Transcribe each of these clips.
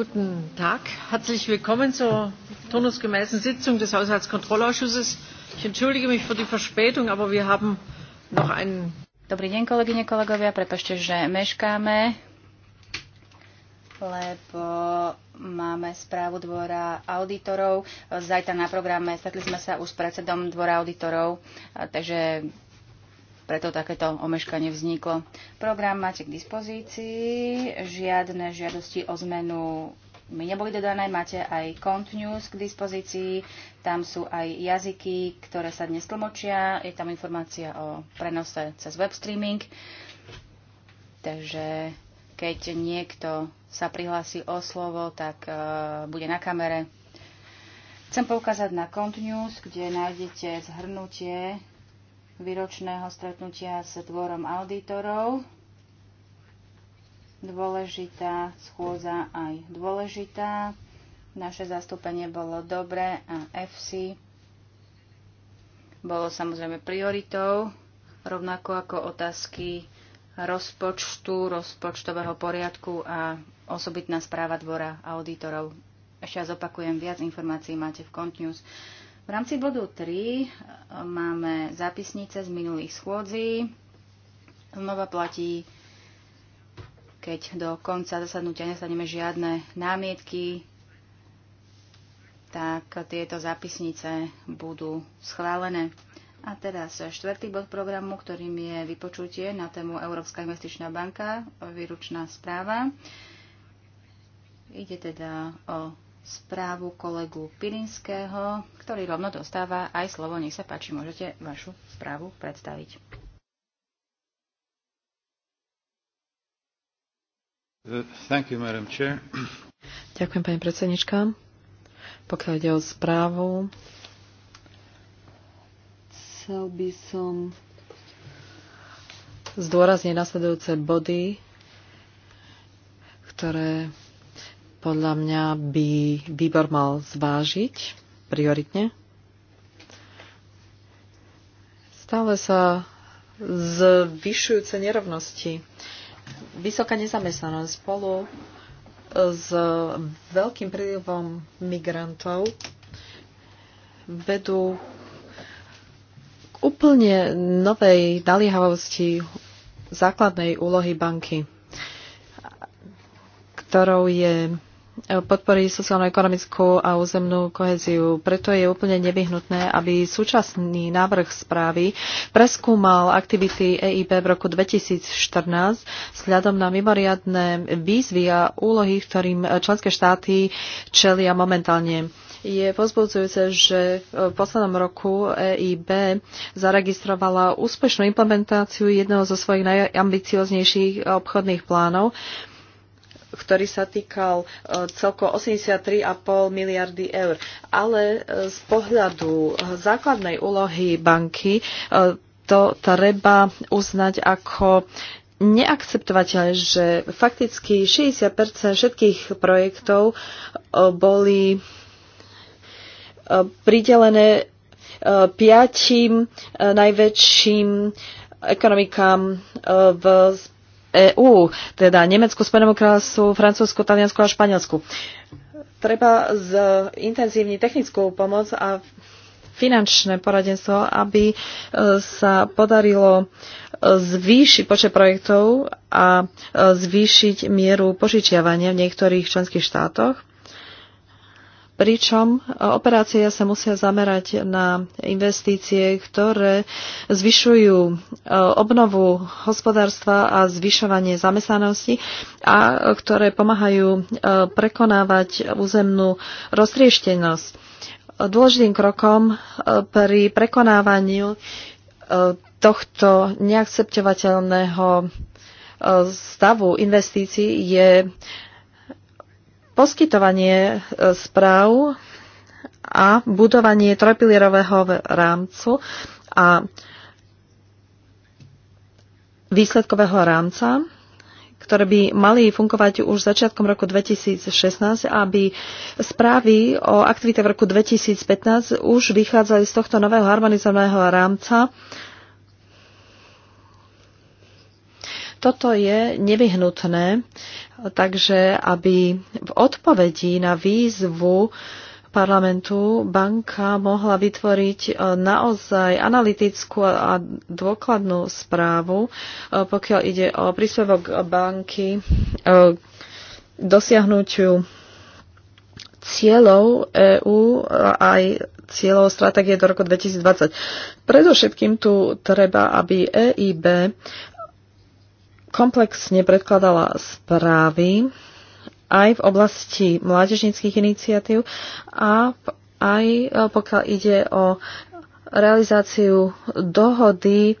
Guten Tag. Herzlich willkommen zur turnusgemäßen Sitzung des Haushaltskontrollausschusses. Ich entschuldige mich für die Verspätung, aber wir haben noch einen... Dobrý deň, kolegyne, kolegovia. Prepašte, že meškáme, lebo máme správu dvora auditorov. Zajtra na programe stretli sme sa už s predsedom dvora auditorov, takže preto takéto omeškanie vzniklo. Program máte k dispozícii, žiadne žiadosti o zmenu mi neboli dodané, máte aj Cont News k dispozícii, tam sú aj jazyky, ktoré sa dnes tlmočia, je tam informácia o prenose cez web streaming, takže keď niekto sa prihlási o slovo, tak uh, bude na kamere. Chcem poukázať na Cont News, kde nájdete zhrnutie výročného stretnutia s dvorom auditorov. Dôležitá schôdza aj dôležitá. Naše zastúpenie bolo dobré a FC bolo samozrejme prioritou, rovnako ako otázky rozpočtu, rozpočtového poriadku a osobitná správa dvora auditorov. Ešte raz opakujem, viac informácií máte v Contnews. V rámci bodu 3 e, máme zápisnice z minulých schôdzí. Znova platí, keď do konca zasadnutia nestaneme žiadne námietky, tak tieto zápisnice budú schválené. A teraz štvrtý bod programu, ktorým je vypočutie na tému Európska investičná banka, výručná správa. Ide teda o správu kolegu Pirinského, ktorý rovno dostáva aj slovo. Nech sa páči, môžete vašu správu predstaviť. Uh, you, Ďakujem, pani predsednička. Pokiaľ ide o správu, chcel by som zdôrazniť nasledujúce body, ktoré podľa mňa by výbor mal zvážiť prioritne. Stále sa zvyšujúce nerovnosti, vysoká nezamestnanosť spolu s veľkým prílivom migrantov vedú k úplne novej naliehavosti základnej úlohy banky, ktorou je podporí sociálno-ekonomickú a územnú koheziu. Preto je úplne nevyhnutné, aby súčasný návrh správy preskúmal aktivity EIB v roku 2014 vzhľadom na mimoriadne výzvy a úlohy, ktorým členské štáty čelia momentálne. Je pozbudzujúce, že v poslednom roku EIB zaregistrovala úspešnú implementáciu jedného zo svojich najambicioznejších obchodných plánov, ktorý sa týkal e, celko 83,5 miliardy eur. Ale e, z pohľadu e, základnej úlohy banky to treba uznať ako neakceptovateľné, že fakticky 60% všetkých projektov boli pridelené piatim najväčším ekonomikám v EÚ, teda Nemecku, Spojenému kráľovstvu, Francúzsku, Taliansku a Španielsku. Treba zintenzívniť technickú pomoc a finančné poradenstvo, aby e, sa podarilo e, zvýšiť počet projektov a e, zvýšiť mieru požičiavania v niektorých členských štátoch pričom e, operácie sa musia zamerať na investície, ktoré zvyšujú e, obnovu hospodárstva a zvyšovanie zamestnanosti a ktoré pomáhajú e, prekonávať územnú roztrieštenosť. Dôležitým krokom pri prekonávaniu tohto neakceptovateľného stavu investícií je Poskytovanie e, správ a budovanie trojpilierového rámcu a výsledkového rámca, ktoré by mali fungovať už začiatkom roku 2016, aby správy o aktivite v roku 2015 už vychádzali z tohto nového harmonizovaného rámca Toto je nevyhnutné, takže aby v odpovedí na výzvu parlamentu banka mohla vytvoriť e, naozaj analytickú a dôkladnú správu, e, pokiaľ ide o príspevok banky e, dosiahnutiu cieľov EÚ aj cieľov stratégie do roku 2020. Predovšetkým tu treba, aby EIB komplexne predkladala správy aj v oblasti mládežnických iniciatív a aj e, pokiaľ ide o realizáciu dohody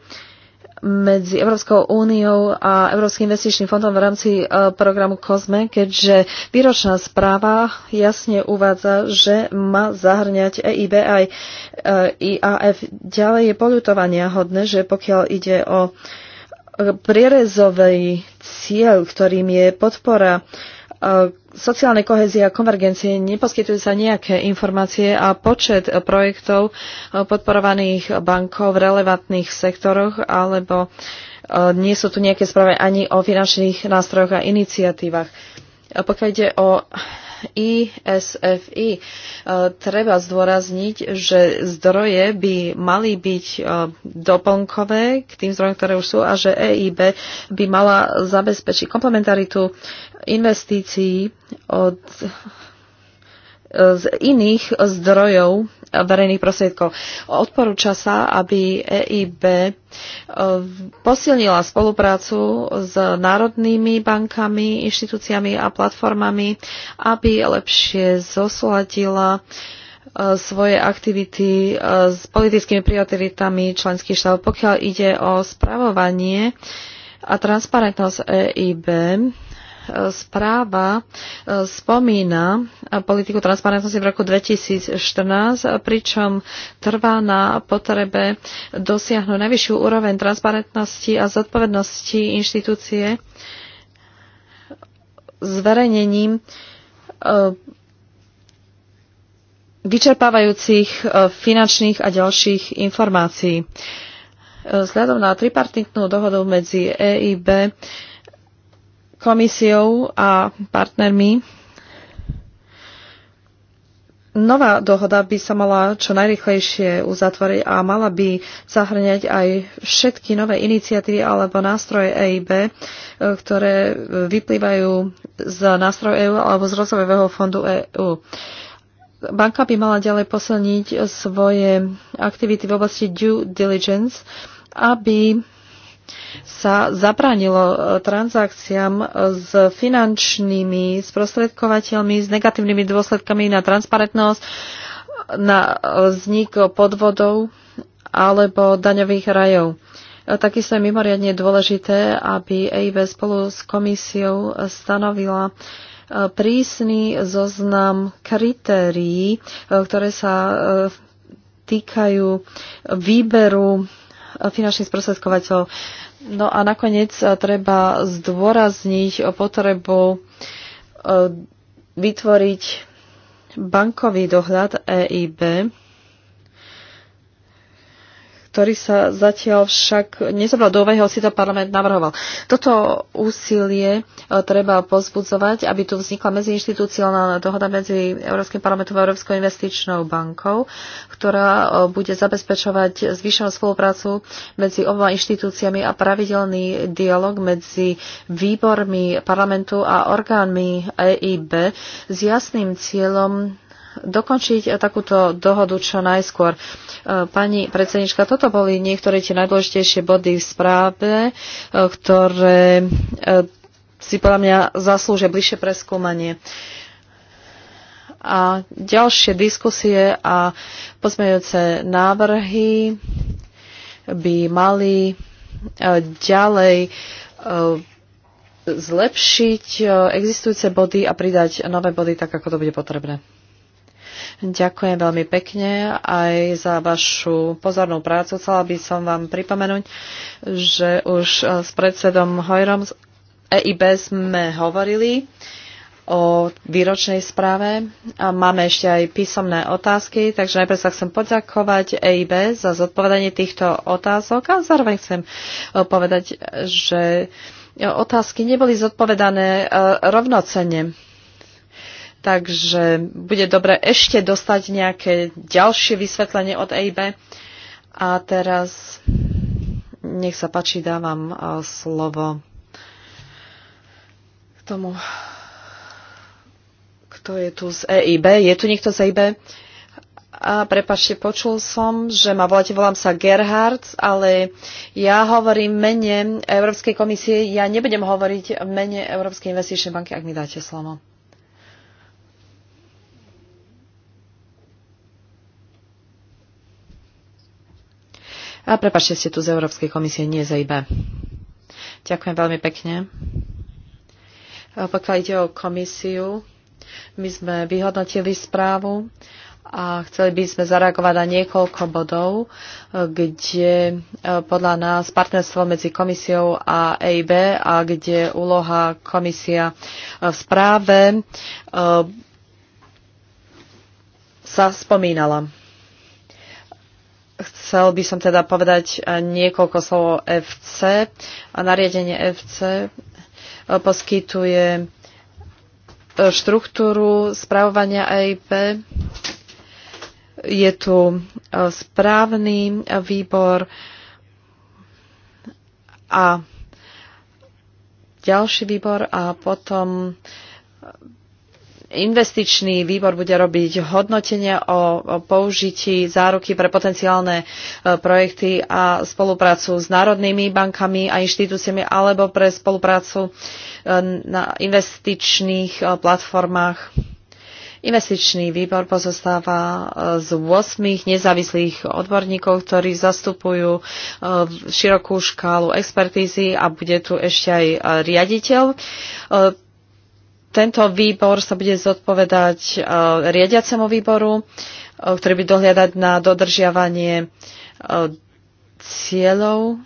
medzi Európskou úniou a Európskym investičným fondom v rámci e, programu COSME, keďže výročná správa jasne uvádza, že má zahrňať EIB aj e, IAF. Ďalej je poľutovania hodné, že pokiaľ ide o prierezový cieľ, ktorým je podpora e, sociálnej kohezie a konvergencie neposkytujú sa nejaké informácie a počet projektov e, podporovaných bankov v relevantných sektoroch alebo e, nie sú tu nejaké správy ani o finančných nástrojoch a iniciatívach. Pokiaľ ide o ISFI. E, treba zdôrazniť, že zdroje by mali byť e, doplnkové k tým zdrojom, ktoré už sú a že EIB by mala zabezpečiť komplementaritu investícií od e, z iných zdrojov verejných prostriedkov. Odporúča sa, aby EIB e, posilnila spoluprácu s národnými bankami, inštitúciami a platformami, aby lepšie zosúladila e, svoje aktivity e, s politickými prioritami členských štátov. Pokiaľ ide o spravovanie a transparentnosť EIB, správa e, spomína politiku transparentnosti v roku 2014, pričom trvá na potrebe dosiahnuť najvyššiu úroveň transparentnosti a zodpovednosti inštitúcie zverejnením e, vyčerpávajúcich e, finančných a ďalších informácií. Vzhľadom na tripartitnú dohodu medzi EIB, komisiou a partnermi. Nová dohoda by sa mala čo najrychlejšie uzatvoriť a mala by zahrňať aj všetky nové iniciatívy alebo nástroje EIB, e, ktoré vyplývajú z nástrojov EU alebo z rozvojového fondu EU. Banka by mala ďalej posilniť svoje aktivity v oblasti due diligence, aby sa zabránilo e, transakciám e, s finančnými sprostredkovateľmi, s negatívnymi dôsledkami na transparentnosť, na e, vznik podvodov alebo daňových rajov. Takisto je mimoriadne dôležité, aby EIB spolu s komisiou stanovila prísny zoznam kritérií, ktoré sa týkajú výberu finančných sprostredkovateľov. No a nakoniec e, treba zdôrazniť o potrebu e, vytvoriť bankový dohľad EIB ktorý sa zatiaľ však nezobral do úvahy, hoci to parlament navrhoval. Toto úsilie e, treba pozbudzovať, aby tu vznikla medziinstitucionálna dohoda medzi Európskym parlamentom a Európskou investičnou bankou, ktorá e, bude zabezpečovať zvýšenú spoluprácu medzi oboma inštitúciami a pravidelný dialog medzi výbormi parlamentu a orgánmi EIB s jasným cieľom dokončiť takúto dohodu čo najskôr. E, pani predsednička, toto boli niektoré tie najdôležitejšie body v správe, e, ktoré e, si podľa mňa zaslúžia bližšie preskúmanie. A ďalšie diskusie a pozmeňujúce návrhy by mali ďalej zlepšiť existujúce body a pridať nové body tak, ako to bude potrebné. Ďakujem veľmi pekne aj za vašu pozornú prácu. Chcela by som vám pripomenúť, že už e, s predsedom Hojrom z EIB sme hovorili o výročnej správe a máme ešte aj písomné otázky, takže najprv sa chcem poďakovať EIB za zodpovedanie týchto otázok a zároveň chcem e, povedať, že e, otázky neboli zodpovedané rovnocene takže bude dobre ešte dostať nejaké ďalšie vysvetlenie od EIB. A teraz nech sa páči, dávam slovo k tomu, kto je tu z EIB. Je tu niekto z EIB? A prepačte, počul som, že ma voláte, volám sa Gerhard, ale ja hovorím mene Európskej komisie, ja nebudem hovoriť mene Európskej investičnej banky, ak mi dáte slovo. A prepačte, ste tu z Európskej komisie, nie z EIB. Ďakujem veľmi pekne. E, pokiaľ ide o komisiu, my sme vyhodnotili správu a chceli by sme zareagovať na niekoľko bodov, e, kde e, podľa nás partnerstvo medzi komisiou a EIB a kde úloha komisia v správe sa spomínala. Chcel by som teda povedať eh, niekoľko slov o FC. Nariadenie FC eh, poskytuje eh, štruktúru správovania EIP. Je tu správny výbor a ďalší výbor a potom investičný výbor bude robiť hodnotenie o použití záruky pre potenciálne e, projekty a spoluprácu s národnými bankami a inštitúciami alebo pre spoluprácu e, na investičných e, platformách. Investičný výbor pozostáva z 8 nezávislých odborníkov, ktorí zastupujú širokú škálu expertízy a bude tu ešte aj riaditeľ. Tento výbor sa bude zodpovedať e, riadiacemu výboru, e, ktorý by dohliadať na dodržiavanie e, cieľov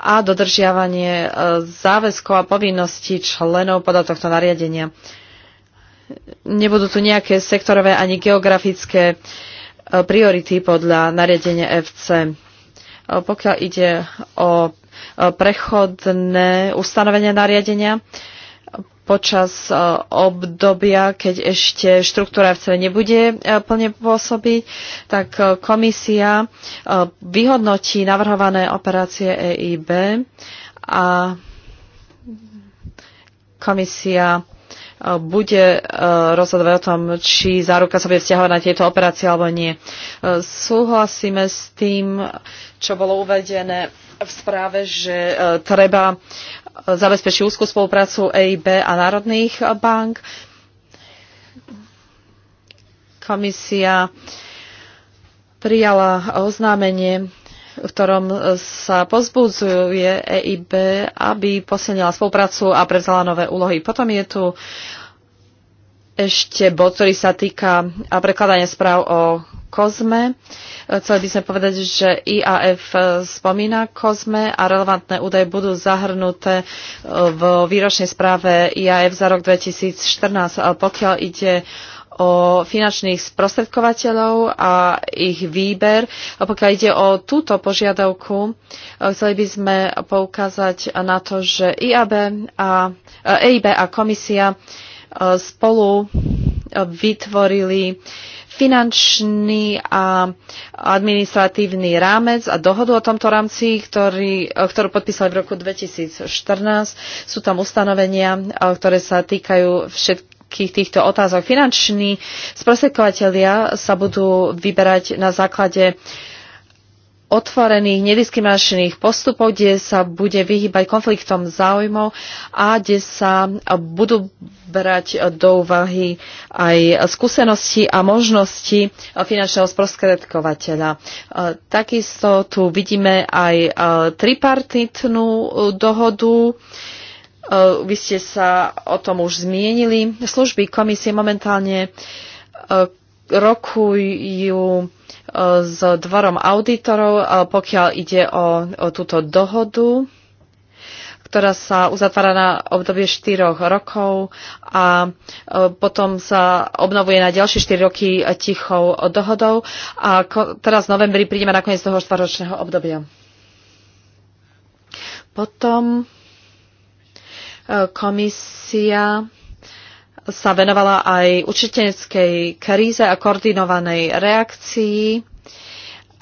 a dodržiavanie záväzkov a povinností členov podľa tohto nariadenia. Nebudú tu nejaké sektorové ani geografické priority podľa nariadenia FC. Pokiaľ ide o prechodné ustanovenie nariadenia, počas e, obdobia, keď ešte štruktúra v nebude e, plne pôsobiť, tak e, komisia vyhodnotí navrhované operácie EIB a komisia bude rozhodovať o tom, či záruka sa bude vzťahovať na tieto operácie alebo nie. Súhlasíme s tým, čo bolo uvedené v správe, že treba zabezpečí úzkú spoluprácu EIB a národných bank. Komisia prijala oznámenie, v ktorom sa pozbudzuje EIB, aby posilnila spoluprácu a prevzala nové úlohy. Potom je tu ešte bod, ktorý sa týka prekladania správ o Kozme. Chceli by sme povedať, že IAF spomína Kozme a relevantné údaje budú zahrnuté e, v výročnej správe IAF za rok 2014. Ale pokiaľ ide o finančných sprostredkovateľov a ich výber. A pokiaľ ide o túto požiadavku, e, chceli by sme poukázať na to, že IAB a, EIB e, a komisia spolu vytvorili finančný a administratívny rámec a dohodu o tomto rámci, ktorý, ktorú podpísali v roku 2014. Sú tam ustanovenia, e, ktoré sa týkajú všetkých týchto otázok. Finanční sprostredkovateľia sa budú vyberať na základe otvorených, nediskriminačných postupov, kde sa bude vyhýbať konfliktom záujmov a kde sa budú brať do úvahy aj skúsenosti a možnosti finančného sprostredkovateľa. Takisto tu vidíme aj tripartitnú dohodu, vy ste sa o tom už zmienili. Služby komisie momentálne rokujú s dvorom auditorov, e, pokiaľ ide o, o túto dohodu, ktorá sa uzatvára na obdobie 4 rokov a e, potom sa obnovuje na ďalšie 4 roky tichou dohodou a teraz v novembri prídeme na koniec toho štvoročného obdobia. Potom e, komisia sa venovala aj učiteľskej kríze a koordinovanej reakcii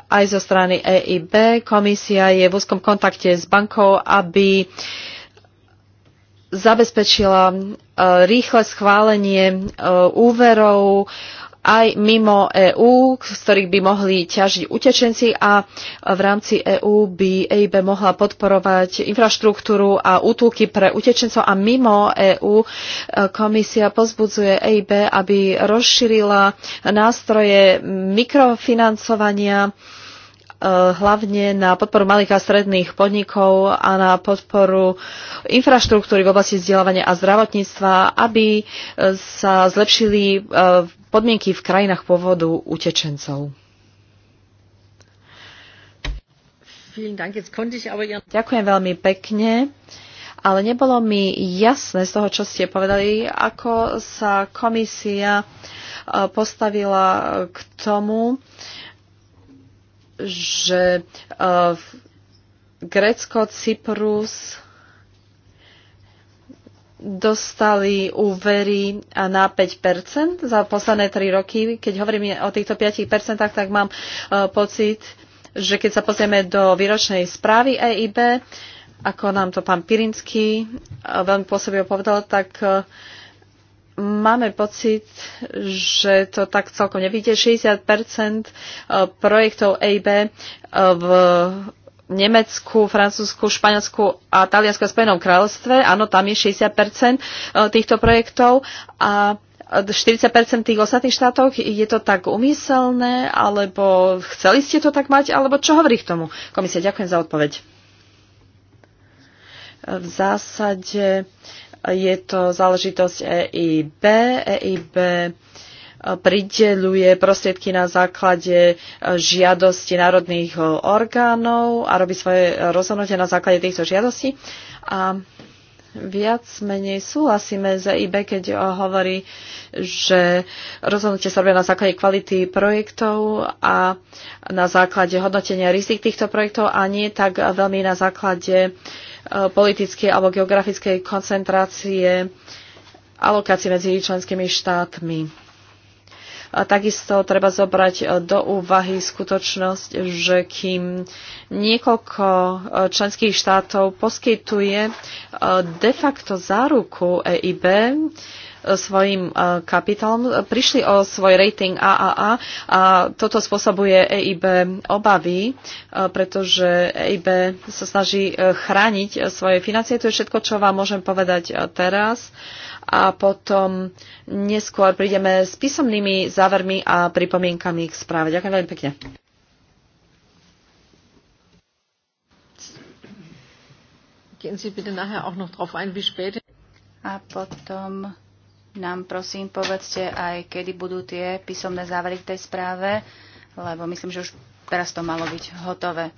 aj zo strany EIB. Komisia je v úzkom kontakte s bankou, aby zabezpečila e, rýchle schválenie e, úverov aj mimo EÚ, z ktorých by mohli ťažiť utečenci a v rámci EÚ by EIB mohla podporovať infraštruktúru a útulky pre utečencov a mimo EÚ e, komisia pozbudzuje EIB, aby rozšírila nástroje mikrofinancovania e, hlavne na podporu malých a stredných podnikov a na podporu infraštruktúry v oblasti vzdelávania a zdravotníctva, aby e, sa zlepšili podmienky v krajinách pôvodu utečencov. Ďakujem veľmi pekne, ale nebolo mi jasné z toho, čo ste povedali, ako sa komisia e, postavila k tomu, že e, Grécko, Cyprus, dostali úvery na 5% za posledné 3 roky. Keď hovorím o týchto 5%, tak mám e, pocit, že keď sa pozrieme do výročnej správy EIB, ako nám to pán Pirinsky e, veľmi pôsobivo povedal, tak e, máme pocit, že to tak celkom nevíte. 60 projektov EIB v Nemecku, Francúzsku, Španielsku a Taliansku a Spojenom kráľovstve. Áno, tam je 60 e, týchto projektov a 40 tých ostatných štátov Je to tak umyselné, alebo chceli ste to tak mať, alebo čo hovorí k tomu? Komisia, ďakujem za odpoveď. V zásade je to záležitosť EIB. EIB prideluje prostriedky na základe e, žiadosti národných e, orgánov a robí svoje rozhodnutie na základe týchto žiadostí. A viac menej súhlasíme s e IB, keď hovorí, že rozhodnutie sa robia na základe kvality projektov a na základe hodnotenia rizik týchto projektov a nie tak veľmi na základe politickej alebo geografickej koncentrácie alokácie medzi členskými štátmi a takisto treba zobrať e, do úvahy skutočnosť, že kým niekoľko e, členských štátov poskytuje e, de facto záruku EIB, svojim e, kapitálom, prišli o svoj rating AAA a toto spôsobuje EIB obavy, e, pretože EIB sa snaží e, chrániť svoje financie. To je všetko, čo vám môžem povedať teraz a potom neskôr prídeme s písomnými závermi a pripomienkami k správe. Ďakujem veľmi pekne. Gehen Sie bitte nachher auch noch drauf ein, wie spät. A potom nám prosím povedzte aj, kedy budú tie písomné závery k tej správe, lebo myslím, že už teraz to malo byť hotové.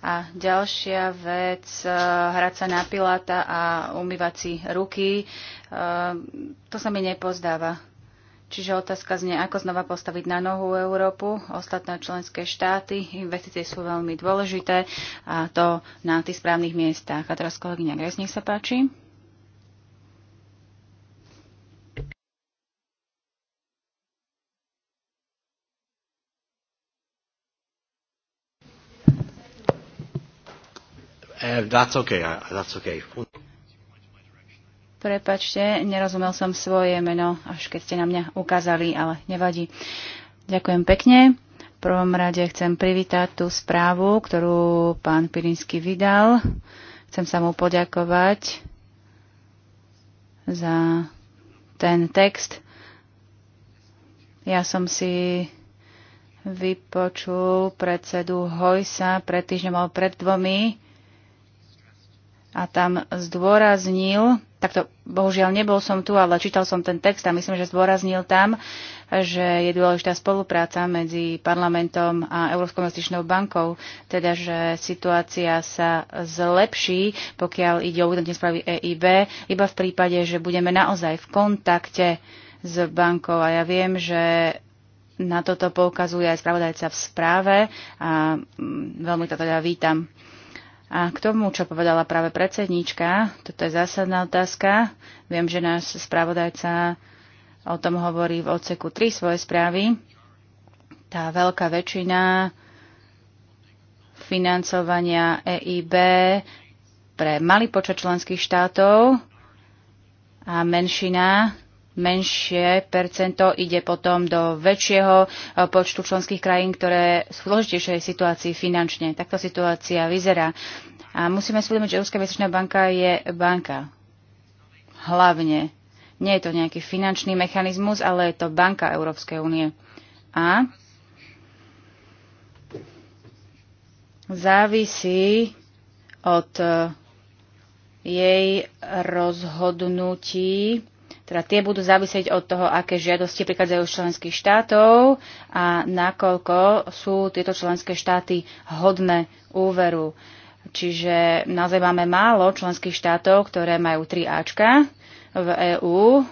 A ďalšia vec, eh, hrať sa na piláta a umývať si ruky, eh, to sa mi nepozdáva. Čiže otázka znie, ako znova postaviť na nohu Európu. Ostatné členské štáty, investície sú veľmi dôležité a to na tých správnych miestach. A teraz kolegyňa Gres, nech sa páči. Uh, that's okay, uh, that's okay. Prepačte, nerozumel som svoje meno, až keď ste na mňa ukázali, ale nevadí. Ďakujem pekne. V prvom rade chcem privítať tú správu, ktorú pán Pirinsky vydal. Chcem sa mu poďakovať za ten text. Ja som si vypočul predsedu Hojsa pred týždňom, pred dvomi a tam zdôraznil, takto bohužiaľ nebol som tu, ale čítal som ten text a myslím, že zdôraznil tam, že je dôležitá spolupráca medzi parlamentom a Európskou investičnou bankou, teda že situácia sa zlepší, pokiaľ ide o údajne správy EIB, iba v prípade, že budeme naozaj v kontakte s bankou. A ja viem, že na toto poukazuje aj spravodajca v správe a mm, veľmi to teda vítam. A k tomu, čo povedala práve predsedníčka, toto je zásadná otázka. Viem, že náš spravodajca o tom hovorí v odseku 3 svoje správy. Tá veľká väčšina financovania EIB pre malý počet členských štátov a menšina menšie percento ide potom do väčšieho e, počtu členských krajín, ktoré sú v zložitejšej situácii finančne. Takto situácia vyzerá. A musíme si že Európska investičná banka je banka. Hlavne. Nie je to nejaký finančný mechanizmus, ale je to banka Európskej únie. A závisí od e, jej rozhodnutí teda tie budú závisieť od toho, aké žiadosti prichádzajú z členských štátov a nakoľko sú tieto členské štáty hodné úveru. Čiže naozaj máme málo členských štátov, ktoré majú 3 Ačka v EÚ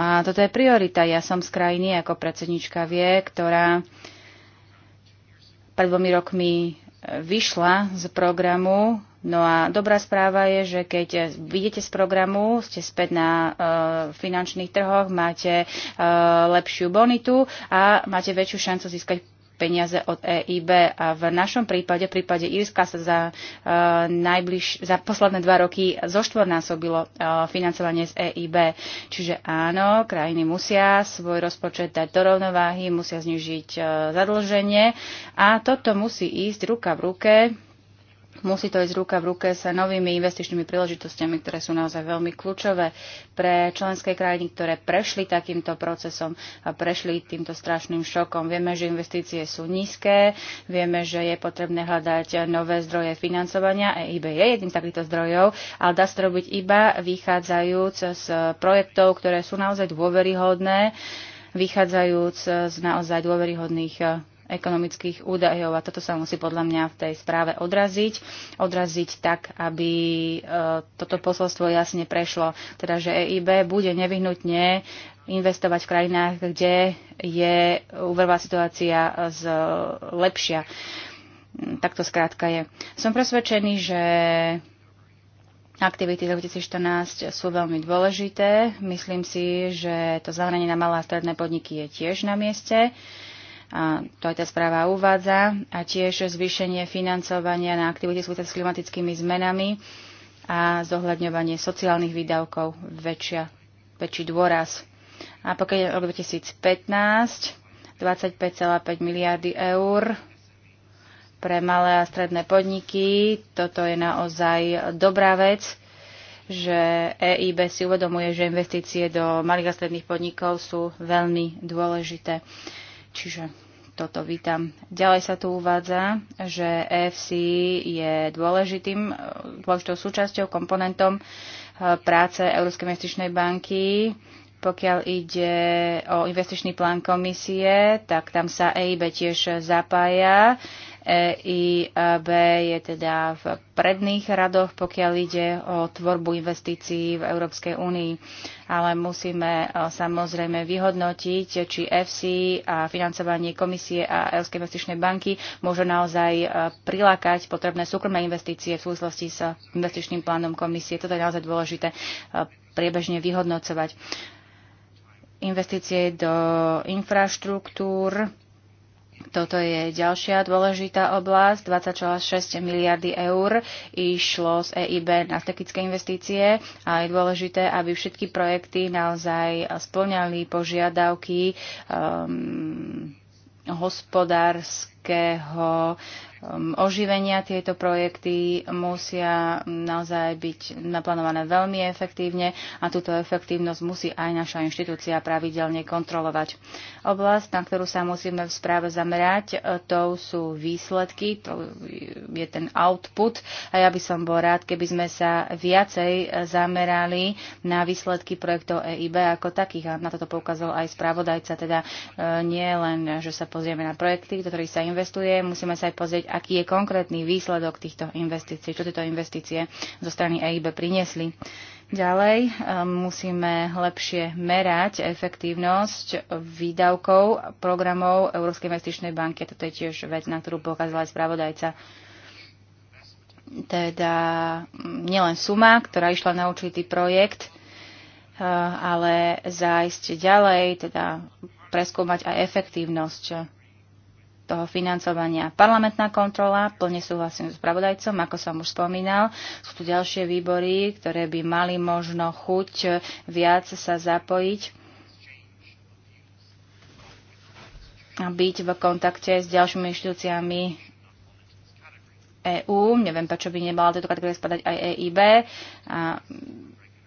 a toto je priorita. Ja som z krajiny, ako predsednička vie, ktorá pred dvomi rokmi vyšla z programu No a dobrá správa je, že keď vidíte z programu, ste späť na e, finančných trhoch, máte e, lepšiu bonitu a máte väčšiu šancu získať peniaze od EIB a v našom prípade, v prípade Irska sa za, uh, najbliž, za posledné dva roky zoštvornásobilo uh, financovanie z EIB. Čiže áno, krajiny musia svoj rozpočet dať do rovnováhy, musia znižiť uh, zadlženie a toto musí ísť ruka v ruke Musí to ísť ruka v ruke sa novými investičnými príležitostiami, ktoré sú naozaj veľmi kľúčové pre členské krajiny, ktoré prešli takýmto procesom a prešli týmto strašným šokom. Vieme, že investície sú nízke, vieme, že je potrebné hľadať nové zdroje financovania. EIB je jedným takýchto zdrojov, ale dá sa to robiť iba vychádzajúc z projektov, ktoré sú naozaj dôveryhodné, vychádzajúc z naozaj dôveryhodných ekonomických údajov a toto sa musí podľa mňa v tej správe odraziť. Odraziť tak, aby e, toto posolstvo jasne prešlo, teda že EIB bude nevyhnutne investovať v krajinách, kde je úverová situácia e, lepšia. Mm, tak to skrátka je. Som presvedčený, že Aktivity 2014 sú veľmi dôležité. Myslím si, že to zahranie na malé a stredné podniky je tiež na mieste. Uh, a to aj tá správa uvádza, a tiež zvýšenie financovania na aktivity súvisia s klimatickými zmenami a zohľadňovanie sociálnych výdavkov, väčšia, väčší dôraz. A pokiaľ je rok 2015, 25,5 miliardy eur pre malé a stredné podniky, toto je naozaj dobrá vec že EIB si uvedomuje, že investície do malých a stredných podnikov sú veľmi dôležité. Čiže toto vítam. Ďalej sa tu uvádza, že EFC je dôležitým, e, dôležitou súčasťou, komponentom e, práce Európskej investičnej banky. Pokiaľ ide o investičný plán komisie, tak tam sa EIB tiež zapája. EIB je teda v predných radoch, pokiaľ ide o tvorbu investícií v Európskej únii. Ale musíme e, samozrejme vyhodnotiť, či FC a financovanie komisie a Európskej investičnej banky môže naozaj e, prilákať potrebné súkromné investície v súvislosti s investičným plánom komisie. Toto je naozaj dôležité e, priebežne vyhodnocovať. Investície do infraštruktúr, toto je ďalšia dôležitá oblasť. 20,6 miliardy eur išlo z EIB na strategické investície a je dôležité, aby všetky projekty naozaj splňali požiadavky um, hospodárskeho uh, Um, oživenia tieto projekty musia naozaj byť naplánované veľmi efektívne a túto efektívnosť musí aj naša inštitúcia pravidelne kontrolovať. Oblasť, na ktorú sa musíme v správe zamerať, e, to sú výsledky, to je ten output a ja by som bol rád, keby sme sa viacej e, zamerali na výsledky projektov EIB ako takých a na toto poukázal aj spravodajca, teda e, nie len, že sa pozrieme na projekty, do ktorých sa investuje, musíme sa aj pozrieť aký je konkrétny výsledok týchto investícií, čo tieto investície zo strany EIB priniesli. Ďalej um, musíme lepšie merať efektívnosť výdavkov programov Európskej investičnej banky. Toto je tiež vec, na ktorú pokázala aj spravodajca. Teda mm, nielen suma, ktorá išla na určitý projekt, uh, ale zájsť ďalej, teda preskúmať aj efektívnosť toho financovania. Parlamentná kontrola, plne súhlasím s pravodajcom, ako som už spomínal. Sú tu ďalšie výbory, ktoré by mali možno chuť viac sa zapojiť a byť v kontakte s ďalšími inštitúciami EÚ. Neviem, prečo by nemala tejto kategórie spadať aj EIB. A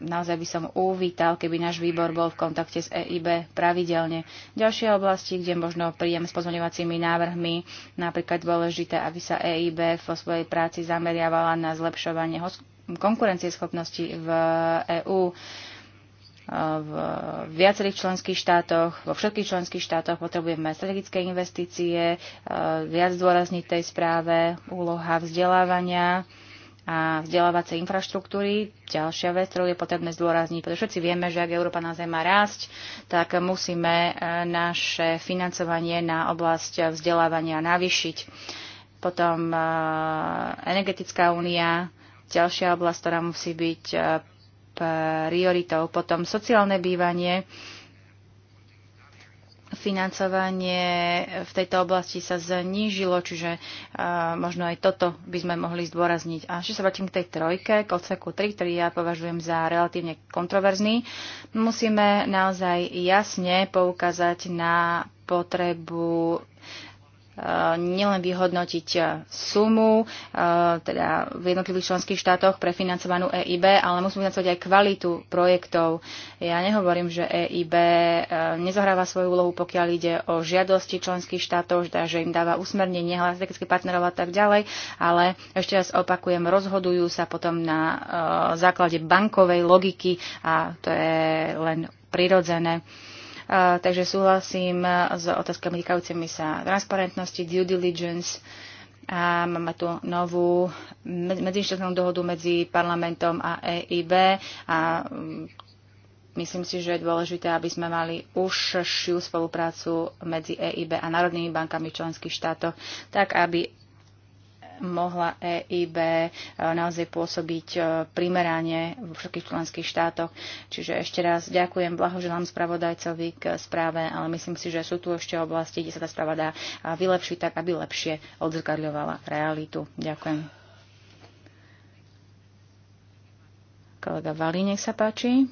naozaj by som uvítal, keby náš výbor bol v kontakte s EIB pravidelne. Ďalšie oblasti, kde možno príjem s pozmeňovacími návrhmi, napríklad dôležité, aby sa EIB vo svojej práci zameriavala na zlepšovanie konkurencieschopnosti v EÚ e, v viacerých členských štátoch, vo všetkých členských štátoch potrebujeme strategické investície, e, viac zdôrazniť tej správe, úloha vzdelávania, a vzdelávacej infraštruktúry. Ďalšia vec, ktorú je potrebné zdôrazniť, pretože všetci vieme, že ak Európa Zem má rásť, tak musíme e, naše financovanie na oblasť vzdelávania navyšiť. Potom e, energetická únia, ďalšia oblasť, ktorá musí byť e, prioritou. Potom sociálne bývanie, financovanie v tejto oblasti sa znížilo, čiže možno aj toto by sme mohli zdôrazniť. A ešte sa vrátim k tej trojke, k odseku 3, ktorý ja považujem za relatívne kontroverzný. Musíme naozaj jasne poukázať na potrebu nielen vyhodnotiť eh, sumu, eh, teda v jednotlivých členských štátoch pre financovanú EIB, ale musíme vyhodnotiť aj kvalitu projektov. Ja nehovorím, že EIB eh, nezohráva svoju úlohu, pokiaľ ide o žiadosti členských štátov, že im dáva usmernenie, strategických partnerov a tak ďalej, ale ešte raz opakujem, rozhodujú sa potom na základe bankovej logiky a to je len prirodzené takže súhlasím s otázkami týkajúcimi sa transparentnosti, due diligence, a máme tu novú medzištátnu dohodu medzi parlamentom a EIB a mm, myslím si, že je dôležité, aby sme mali užšiu spoluprácu medzi EIB a národnými bankami v členských štátoch, tak aby mohla EIB e, naozaj pôsobiť e, primerane vo všetkých členských štátoch. Čiže ešte raz ďakujem, blahoželám spravodajcovi k správe, ale myslím si, že sú tu ešte oblasti, kde sa tá správa dá vylepšiť tak, aby lepšie odzrkadľovala realitu. Ďakujem. Kolega Valí, nech sa páči.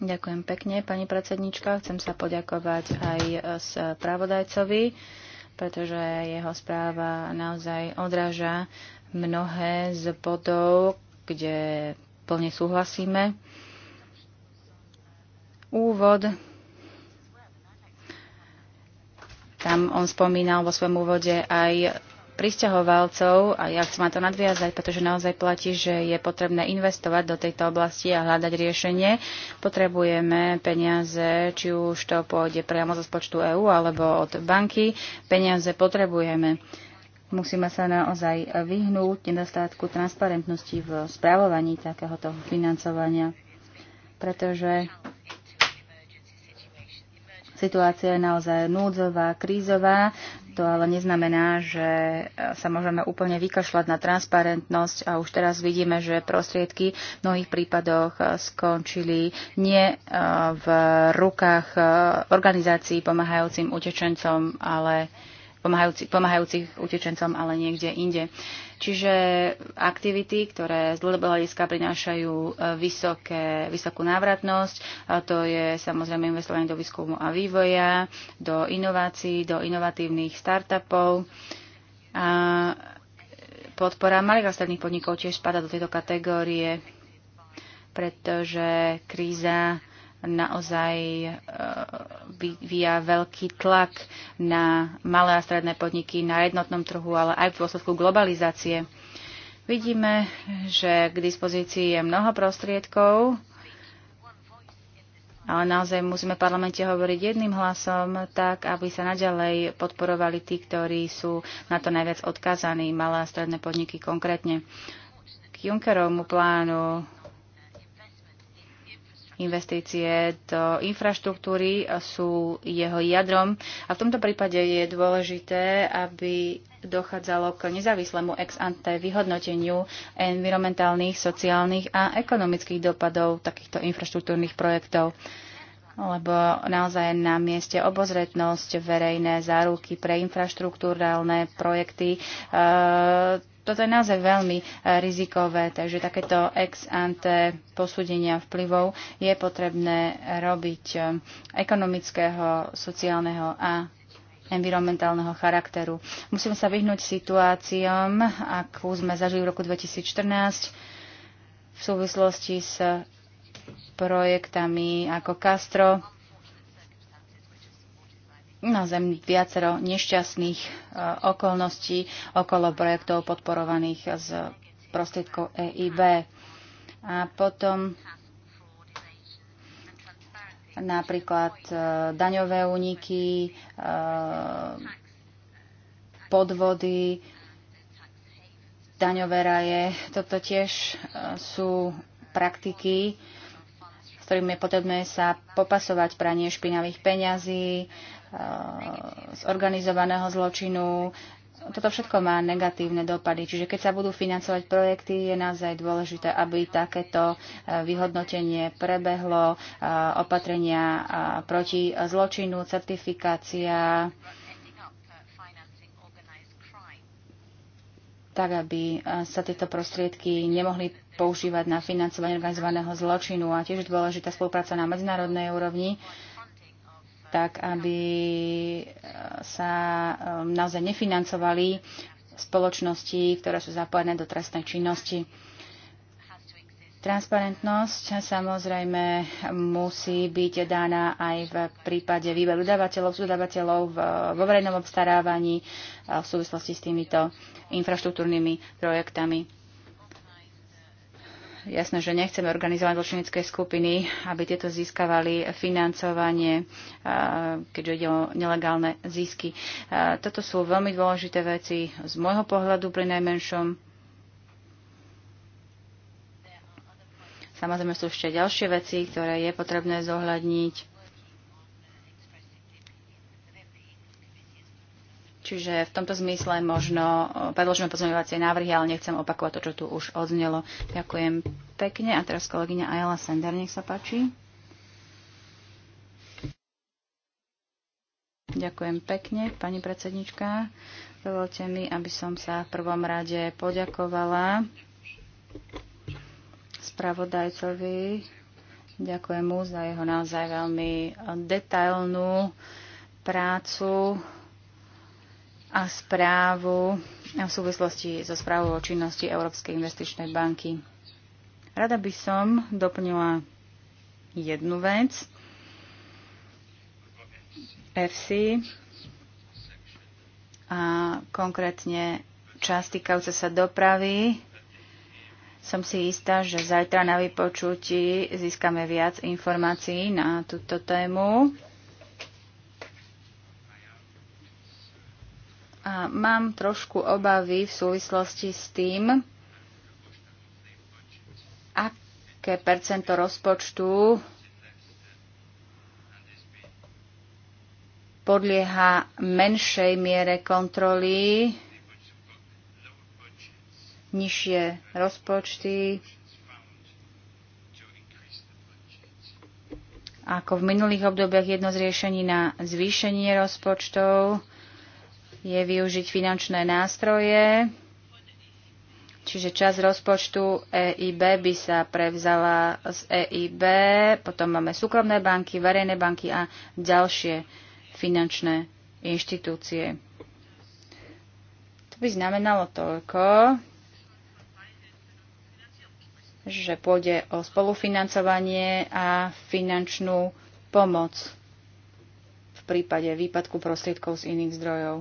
Ďakujem pekne, pani predsednička. Chcem sa poďakovať aj e, spravodajcovi pretože jeho správa naozaj odráža mnohé z bodov, kde plne súhlasíme. Úvod. Tam on spomínal vo svojom úvode aj pristahovalcov a ja chcem na to nadviazať, pretože naozaj platí, že je potrebné investovať do tejto oblasti a hľadať riešenie. Potrebujeme peniaze, či už to pôjde priamo zo spočtu EÚ alebo od banky. Peniaze potrebujeme. Musíme sa naozaj vyhnúť nedostatku transparentnosti v správovaní takéhoto financovania, pretože Situácia je naozaj núdzová, krízová. To ale neznamená, že e, sa môžeme úplne vykašľať na transparentnosť a už teraz vidíme, že prostriedky v mnohých prípadoch e, skončili nie e, v rukách organizácií pomáhajúcim utečencom, ale pomáhajúcich, pomáhajúcich utečencom, ale niekde inde. Uh, Čiže aktivity, ktoré z dlhodobého hľadiska prinášajú e, vysoké, vysokú návratnosť, a to je samozrejme investovanie do výskumu a vývoja, do inovácií, do inovatívnych startupov. A podpora malých a stredných podnikov tiež spada do tejto kategórie, pretože kríza naozaj e, vyvíja veľký tlak na malé a stredné podniky na jednotnom trhu, ale aj v dôsledku globalizácie. Vidíme, že k dispozícii je mnoho prostriedkov, ale naozaj musíme v parlamente hovoriť jedným hlasom, tak aby sa naďalej podporovali tí, ktorí sú na to najviac odkazaní, malé a stredné podniky konkrétne. K Junckerovmu plánu Investície do infraštruktúry sú jeho jadrom a v tomto prípade je dôležité, aby dochádzalo k nezávislému ex ante vyhodnoteniu environmentálnych, sociálnych a ekonomických dopadov takýchto infraštruktúrnych projektov lebo naozaj na mieste obozretnosť, verejné záruky pre infraštruktúrálne projekty. E, toto je naozaj veľmi e, rizikové, takže takéto ex ante posúdenia vplyvov je potrebné robiť e, ekonomického, sociálneho a environmentálneho charakteru. Musíme sa vyhnúť situáciám, akú sme zažili v roku 2014 v súvislosti s projektami ako Castro. Na zem viacero nešťastných e, okolností okolo projektov podporovaných z prostriedkov EIB. A potom napríklad e, daňové úniky, e, podvody, daňové raje. Toto tiež sú praktiky, ktorým je potrebné sa popasovať pranie špinavých peňazí, e, z organizovaného zločinu. Toto všetko má negatívne dopady, čiže keď sa budú financovať projekty, je naozaj dôležité, aby takéto e, vyhodnotenie prebehlo, e, opatrenia proti zločinu, certifikácia, tak aby sa tieto prostriedky nemohli používať na financovanie organizovaného zločinu a tiež dôležitá spolupráca na medzinárodnej úrovni, tak aby eh, sa eh, naozaj nefinancovali spoločnosti, ktoré sú zapojené do trestnej činnosti. Transparentnosť samozrejme musí byť dána aj v prípade výberu dávateľov, dodávateľov vo verejnom obstarávaní eh, v súvislosti s týmito infraštruktúrnymi projektami jasné, že nechceme organizovať zločinecké skupiny, aby tieto získavali financovanie, keďže ide o nelegálne zisky. Toto sú veľmi dôležité veci z môjho pohľadu pri najmenšom. Samozrejme sú ešte ďalšie veci, ktoré je potrebné zohľadniť Čiže v tomto zmysle možno eh, predložíme pozmeňovacie návrhy, ale nechcem opakovať to, čo tu už odznelo. Ďakujem pekne. A teraz kolegyňa Ayala Sender, nech sa páči. Ďakujem pekne, pani predsednička. Dovolte mi, aby som sa v prvom rade poďakovala spravodajcovi. Ďakujem mu za jeho naozaj veľmi eh, detailnú prácu a správu v súvislosti so správou o činnosti Európskej investičnej banky. Rada by som doplnila jednu vec. FC a konkrétne časť týkajúce sa dopravy. Som si istá, že zajtra na vypočutí získame viac informácií na túto tému. A mám trošku obavy v súvislosti s tým, aké percento rozpočtu podlieha menšej miere kontroly, nižšie rozpočty, ako v minulých obdobiach jedno z riešení na zvýšenie rozpočtov je využiť finančné nástroje, čiže čas rozpočtu EIB by sa prevzala z EIB, potom máme súkromné banky, verejné banky a ďalšie finančné inštitúcie. To by znamenalo toľko, že pôjde o spolufinancovanie a finančnú pomoc v prípade výpadku prostriedkov z iných zdrojov.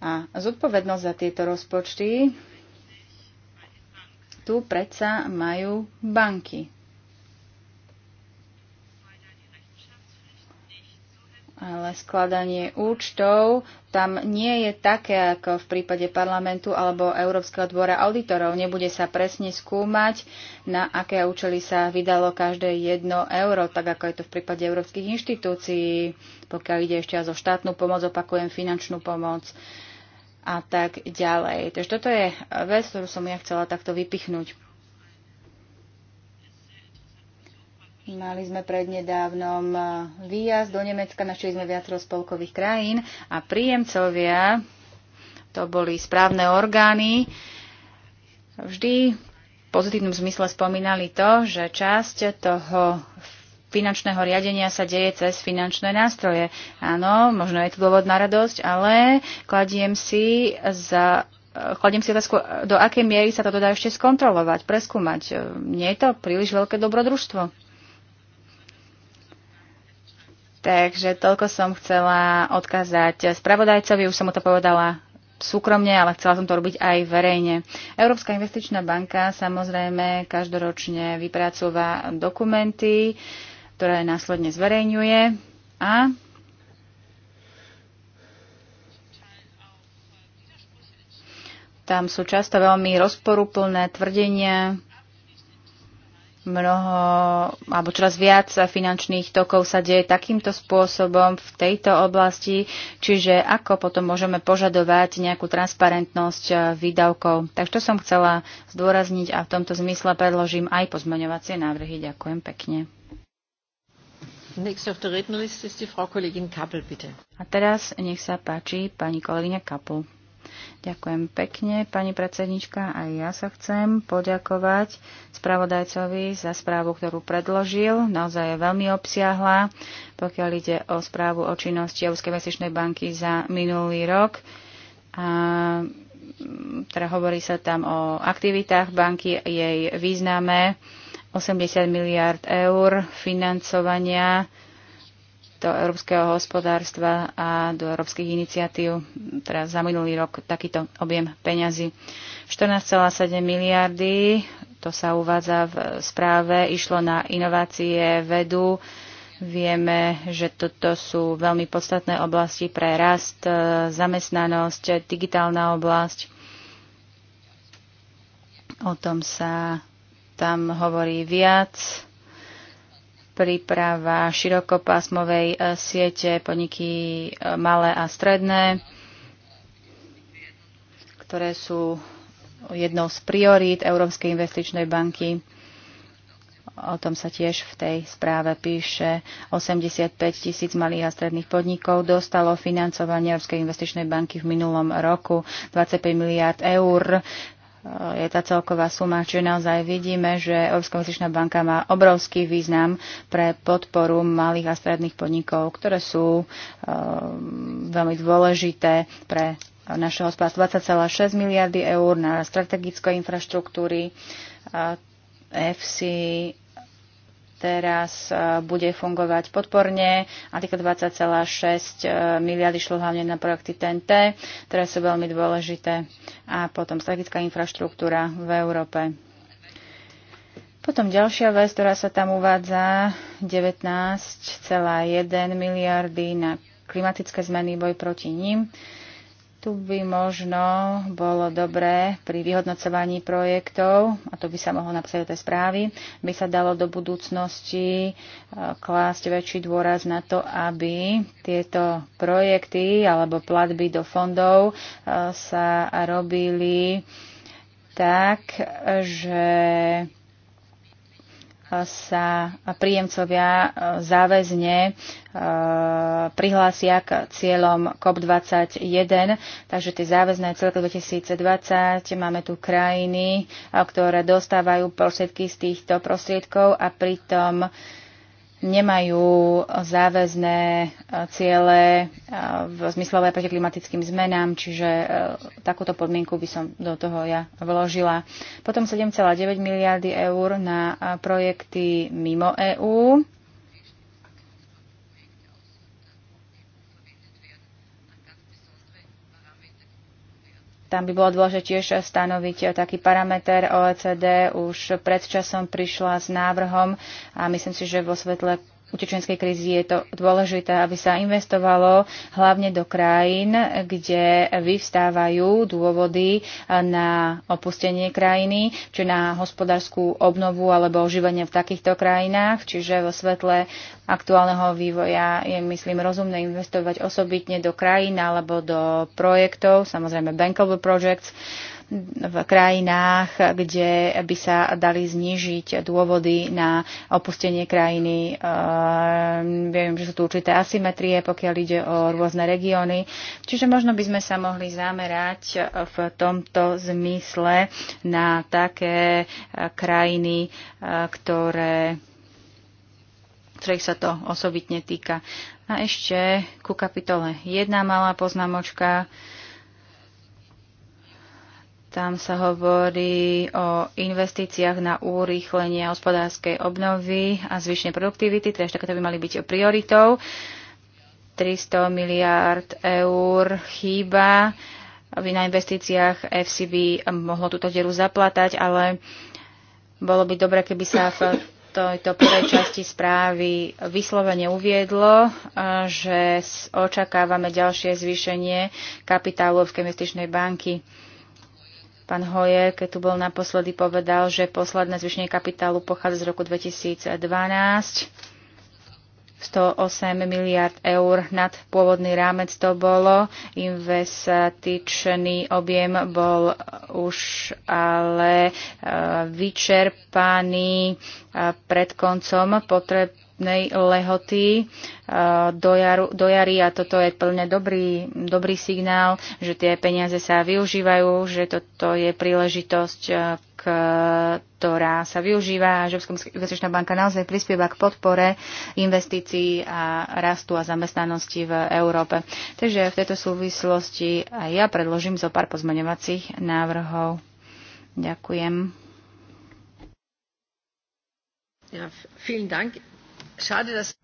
A zodpovednosť za tieto rozpočty tu predsa majú banky. Ale skladanie účtov tam nie je také ako v prípade parlamentu alebo Európskeho dvora auditorov. Nebude sa presne skúmať, na aké účely sa vydalo každé jedno euro, tak ako je to v prípade európskych inštitúcií, pokiaľ ide ešte aj zo štátnu pomoc, opakujem finančnú pomoc. Uh, a tak ďalej. Takže toto je vec, ktorú som ja chcela takto vypichnúť. Mali sme prednedávnom eh, výjazd do Nemecka, našli sme viacero spolkových krajín a príjemcovia, to boli správne orgány, vždy v pozitívnom zmysle spomínali to, že časť toho finančného riadenia sa deje cez finančné nástroje. Áno, možno je to dôvod na radosť, ale kladiem si za Chladím si otázku, do akej miery sa to dá ešte skontrolovať, preskúmať. Nie je to príliš veľké dobrodružstvo. Takže toľko som chcela odkázať spravodajcovi, už som mu to povedala súkromne, ale chcela som to robiť aj verejne. Európska investičná banka samozrejme každoročne vypracúva dokumenty, uh, ktoré následne zverejňuje a tam sú často veľmi rozporuplné tvrdenia, mnoho, alebo čoraz viac finančných tokov sa deje takýmto spôsobom v tejto oblasti, čiže ako potom môžeme požadovať nejakú transparentnosť eh, výdavkov. Takže to som chcela zdôrazniť a v tomto zmysle predložím aj pozmeňovacie návrhy. Ďakujem pekne. A teraz nech sa páči pani kolegyňa Kapl. Ďakujem pekne, pani predsednička. Aj ja sa chcem poďakovať spravodajcovi za správu, ktorú predložil. Naozaj je veľmi obsiahla, pokiaľ ide o správu o činnosti Európskej investičnej banky za minulý rok. A teda hovorí sa tam o aktivitách banky, jej význame 80 miliard eur financovania do európskeho hospodárstva a do európskych iniciatív, teraz za minulý rok takýto objem peňazí. 14,7 miliardy, to sa uvádza v správe, išlo na inovácie, vedu. Vieme, že toto sú veľmi podstatné oblasti pre rast, zamestnanosť, digitálna oblasť. O tom sa tam hovorí viac. Príprava širokopásmovej e, siete, podniky e, malé a stredné, ktoré sú jednou z priorít Európskej investičnej banky. O tom sa tiež v tej správe píše. 85 tisíc malých a stredných podnikov dostalo financovanie Európskej investičnej banky v minulom roku 25 miliard eur je tá celková suma, čiže naozaj vidíme, že Európska investičná banka má obrovský význam pre podporu malých a stredných podnikov, ktoré sú eh, veľmi dôležité pre naše hospodárstvo. 20,6 miliardy eur na strategické infraštruktúry, eh, FC, teraz e, bude fungovať podporne a týka 20,6 miliardy šlo hlavne na projekty TNT, ktoré sú veľmi dôležité a potom strategická infraštruktúra v Európe. Potom ďalšia vec, ktorá sa tam uvádza, 19,1 miliardy na klimatické zmeny, boj proti ním. Tu by možno bolo dobré pri vyhodnocovaní projektov, a to by sa mohlo napísať do tej správy, by sa dalo do budúcnosti e, klásť väčší dôraz na to, aby tieto projekty alebo platby do fondov e, sa robili tak, že sa príjemcovia e, záväzne e, prihlásia k cieľom COP21, takže tie záväzné cieľe 2020, máme tu krajiny, e, ktoré dostávajú prostriedky z týchto prostriedkov a pritom nemajú záväzné e, ciele e, v zmysle proti klimatickým zmenám, čiže e, takúto podmienku by som do toho ja vložila. Potom 7,9 miliardy eur na projekty mimo EÚ Tam by bolo dôležité tiež stanoviť taký parameter. OECD už pred časom prišla s návrhom a myslím si, že vo svetle utečenskej krízy je to dôležité, aby sa investovalo hlavne do krajín, kde vyvstávajú dôvody na opustenie krajiny, či na hospodárskú obnovu alebo oživenie v takýchto krajinách. Čiže vo svetle aktuálneho vývoja je, myslím, rozumné investovať osobitne do krajín alebo do projektov, samozrejme bankable projects, v krajinách, kde by sa dali znížiť dôvody na opustenie krajiny. Ehm, viem, že sú tu určité asymetrie, pokiaľ ide o rôzne regióny. Čiže možno by sme sa mohli zamerať v tomto zmysle na také eh, krajiny, eh, ktoré ktorých sa to osobitne týka. A ešte ku kapitole jedna malá poznámočka. Tam sa hovorí o investíciách na urýchlenie hospodárskej obnovy a zvyšenie produktivity, teda takéto by mali byť prioritou. 300 miliárd eur chýba. Na investíciách FCB mohlo túto dieru zaplatať, ale bolo by dobre, keby sa v tejto prvej časti správy vyslovene uviedlo, že očakávame ďalšie zvýšenie kapitálu v investičnej banky. Pán Hoje, keď tu bol naposledy, povedal, že posledné zvyšenie kapitálu pochádza z roku 2012. 108 miliard eur nad pôvodný rámec to bolo. Investičný objem bol už ale e, vyčerpaný e, pred koncom potreb platobnej lehoty eh, do, jaru, do jary a toto je plne dobrý, dobrý signál, že tie peniaze sa využívajú, že toto je príležitosť, eh, ktorá sa využíva a že investičná banka naozaj prispieva k podpore investícií a rastu a zamestnanosti v Európe. Takže v tejto súvislosti aj ja predložím zo pár pozmeňovacích návrhov. Ďakujem. Ja, vielen Dank. Schade, dass...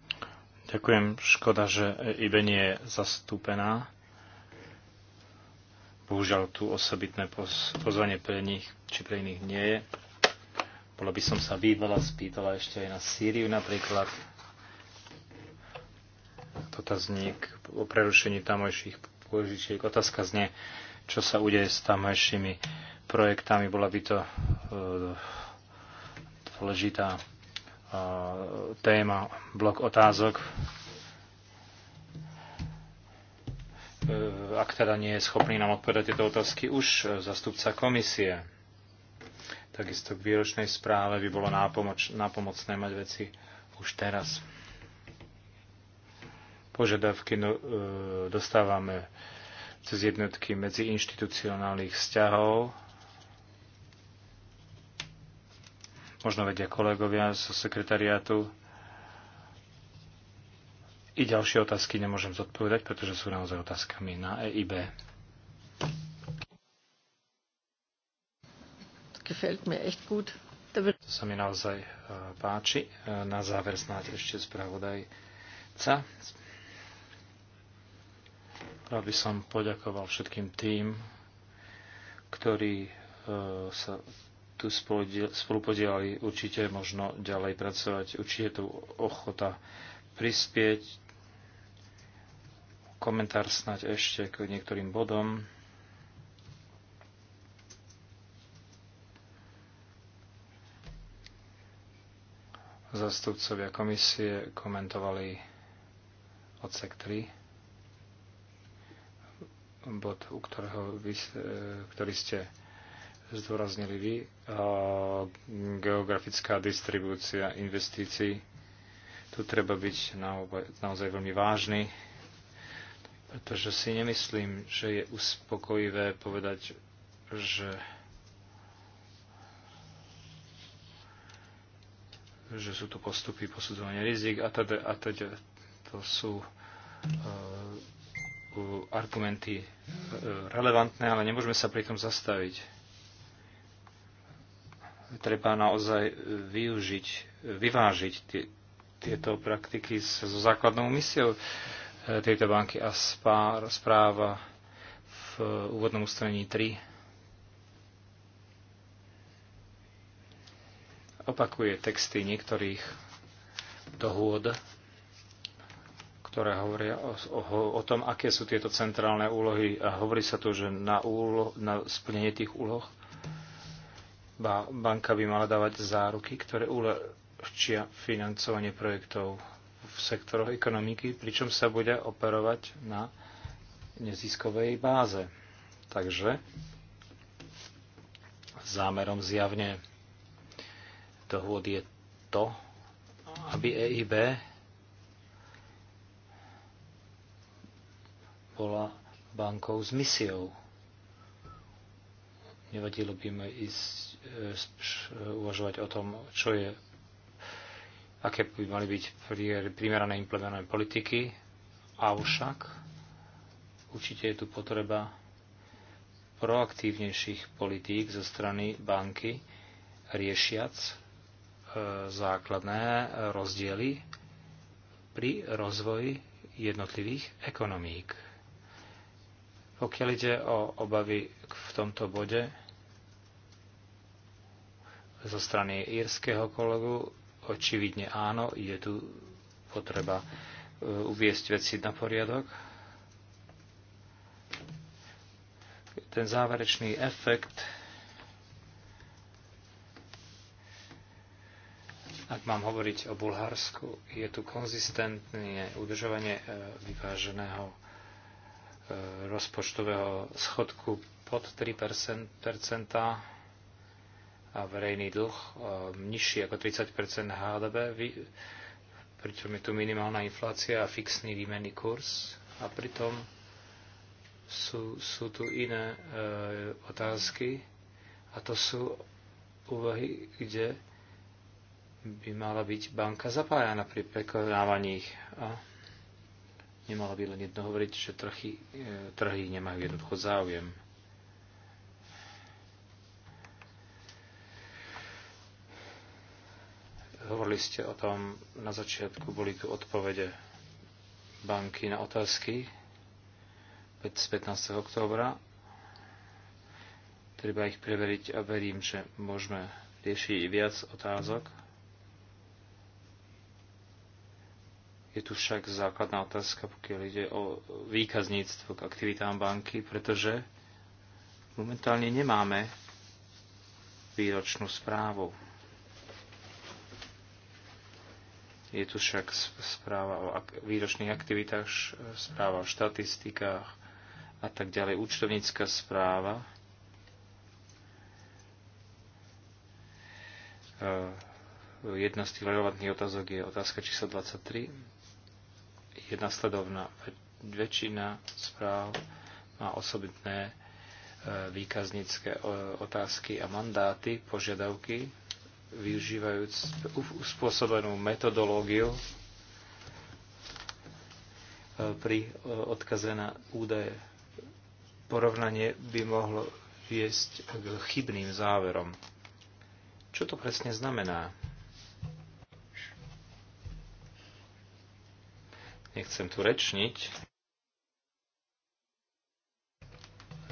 Ďakujem, škoda, že IBE nie je zastúpená. Bohužiaľ, tu osobitné pozvanie pre nich či pre iných nie je. Bolo by som sa bývala spýtala ešte aj na Sýriu napríklad. Otazník o prerušení tamojších pôžičiek. Otázka znie, čo sa udeje s tamojšími projektami. Bola by to e, dôležitá téma, blok otázok. E, ak teda nie je schopný nám odpovedať tieto otázky už zastupca komisie, takisto k výročnej správe by bolo nápomoč, nápomocné mať veci už teraz. Požiadavky no, e, dostávame cez jednotky medzi inštitucionálnych vzťahov, možno vedia kolegovia zo sekretariátu. I ďalšie otázky nemôžem zodpovedať, pretože sú naozaj otázkami na EIB. To sa mi naozaj e, páči. E, na záver snáď ešte spravodajca. Rád by som poďakoval všetkým tým, ktorí e, sa tu spolupodielali, určite možno ďalej pracovať, určite tu ochota prispieť, komentár snať ešte k niektorým bodom. Zastupcovia komisie komentovali odsek 3 bod, u ktorého vy, e, ktorý ste zdôraznili vy, geografická distribúcia investícií. Tu treba byť naozaj veľmi vážny, pretože si nemyslím, že je uspokojivé povedať, že že sú to postupy posudzovania rizik a teda, a teda to sú uh, argumenty e, relevantné, ale nemôžeme sa pri tom zastaviť treba naozaj e, využiť, vyvážiť tie, tieto praktiky so základnou misiou e, tejto banky a spár, správa v e, úvodnom ustanovení 3 opakuje texty niektorých dohôd, ktoré hovoria o, o, o tom, aké sú tieto centrálne úlohy a hovorí sa tu, že na, úlo, na splnenie tých úloh Banka by mala dávať záruky, ktoré uľahčia financovanie projektov v sektoroch ekonomiky, pričom sa bude operovať na neziskovej báze. Takže zámerom zjavne dohôd je to, aby EIB bola bankou s misiou. Nevadilo by mi ísť E, e, uvažovať o tom, čo je, aké by mali byť primerané implementované politiky. Avšak určite je tu potreba proaktívnejších politík zo strany banky, riešiac e, základné rozdiely pri rozvoji jednotlivých ekonomík. Pokiaľ ide o obavy v tomto bode, zo strany írskeho kolegu. Očividne áno, je tu potreba e, uviesť veci na poriadok. Ten záverečný efekt, ak mám hovoriť o Bulharsku, je tu konzistentné udržovanie e, vyváženého e, rozpočtového schodku pod 3 a verejný dlh eh, nižší ako 30 HDB, pričom je tu minimálna inflácia a fixný výmenný kurz a pritom sú, sú tu iné e, otázky a to sú úvahy, kde by mala byť banka zapájana pri prekonávaní ich. A nemala by len jedno hovoriť, že trhy, e, trhy nemajú jednoducho záujem. Hovorili ste o tom na začiatku, boli tu odpovede banky na otázky z 15. októbra. Treba ich preveriť a verím, že môžeme riešiť viac otázok. Je tu však základná otázka, pokiaľ ide o výkazníctvo k aktivitám banky, pretože momentálne nemáme výročnú správu Je tu však správa o ak- výročných aktivitách, správa o štatistikách a tak ďalej, účtovnícka správa. E, jedna z tých relevantných otázok je otázka číslo 23. Je nasledovná. Väčšina správ má osobitné e, výkaznícke e, otázky a mandáty, požiadavky využívajúc uspôsobenú metodológiu e, pri e, odkaze na údaje. Porovnanie by mohlo viesť k chybným záverom. Čo to presne znamená? Nechcem tu rečniť.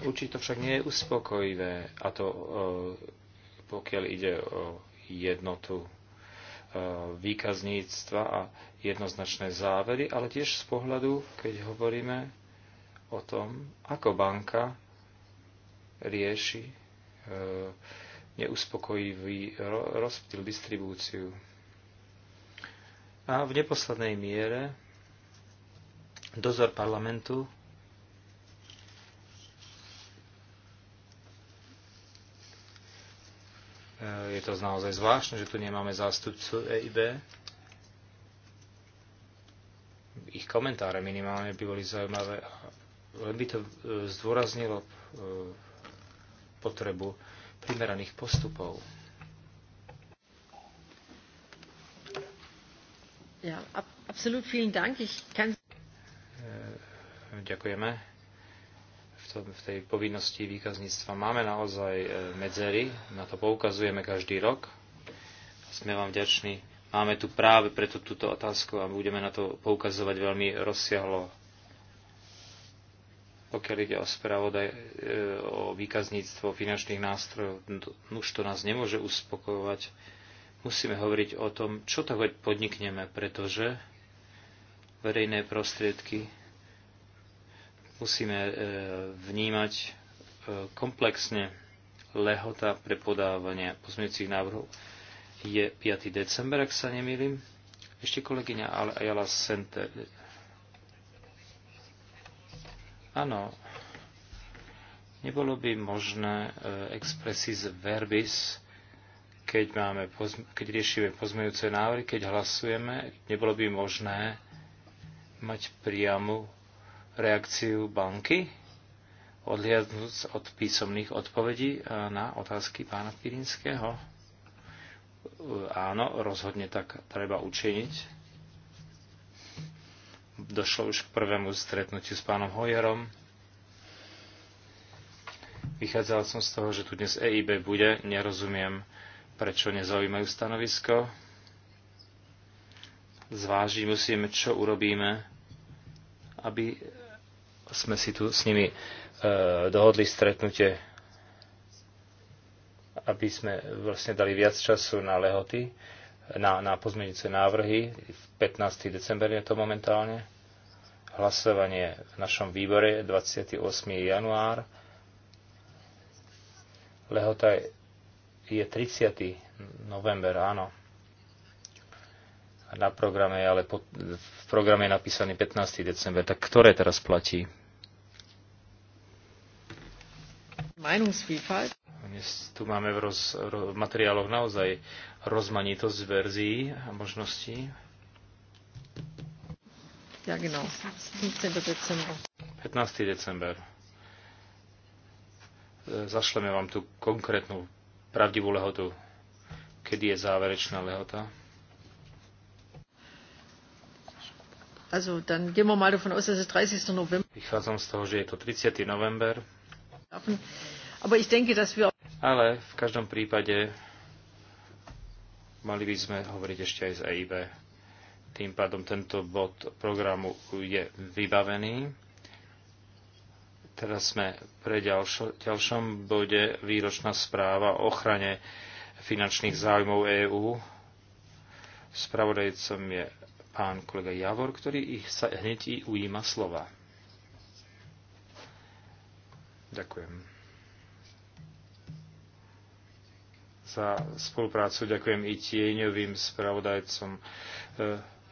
Určite to však nie je uspokojivé, a to e, pokiaľ ide o jednotu e, výkazníctva a jednoznačné závery, ale tiež z pohľadu, keď hovoríme o tom, ako banka rieši e, neuspokojivý rozptyl distribúciu. A v neposlednej miere dozor parlamentu Je to naozaj zvláštne, že tu nemáme zástupcu EIB. Ich komentáre minimálne by boli zaujímavé. Len by to e, zdôraznilo e, potrebu primeraných postupov. Ja, absolút vielen Dank. Ich kann... E, ďakujeme v tej povinnosti výkazníctva máme naozaj e, medzery, na to poukazujeme každý rok. Sme vám vďační. Máme tu práve preto túto otázku a budeme na to poukazovať veľmi rozsiahlo. Pokiaľ ide o spravodaj, e, o výkazníctvo finančných nástrojov, už to nás nemôže uspokojovať. Musíme hovoriť o tom, čo tak podnikneme, pretože verejné prostriedky musíme e, vnímať e, komplexne lehota pre podávanie pozmeňujúcich návrhov je 5. december, ak sa nemýlim. Ešte kolegyňa Ayala Center. Áno, nebolo by možné e, expressis verbis, keď, máme, keď riešime pozmeňujúce návrhy, keď hlasujeme, nebolo by možné mať priamu reakciu banky, odliadnúc od písomných odpovedí e, na otázky pána Pirinského? E, áno, rozhodne tak treba učiniť. Došlo už k prvému stretnutiu s pánom Hojerom. Vychádzal som z toho, že tu dnes EIB bude. Nerozumiem, prečo nezaujímajú stanovisko. Zvážiť musíme, čo urobíme, aby sme si tu s nimi e, dohodli stretnutie, aby sme vlastne dali viac času na lehoty, na, na pozmeňujúce návrhy. 15. december je to momentálne. Hlasovanie v našom výbore 28. január. Lehota je 30. november, áno na programe, ale po, v programe je napísaný 15. december. Tak ktoré teraz platí? Dnes tu máme v, roz, ro, v materiáloch naozaj rozmanitosť verzií a možností. Ja, no? 15. 15. december. E, zašleme vám tu konkrétnu pravdivú lehotu. Kedy je záverečná lehota? Also dann gehen wir mal davon aus, dass es 30. November. Vychádzam z toho, že je to 30. november. Aber ich denke, dass wir... Ale v každom prípade mali by sme hovoriť ešte aj z EIB. Tým pádom tento bod programu je vybavený. Teraz sme pre ďalšo, ďalšom bode výročná správa o ochrane finančných záujmov EÚ. Spravodajcom je pán kolega Javor, ktorý ich sa hneď i ujíma slova. Ďakujem. Za spoluprácu ďakujem i tieňovým spravodajcom. E,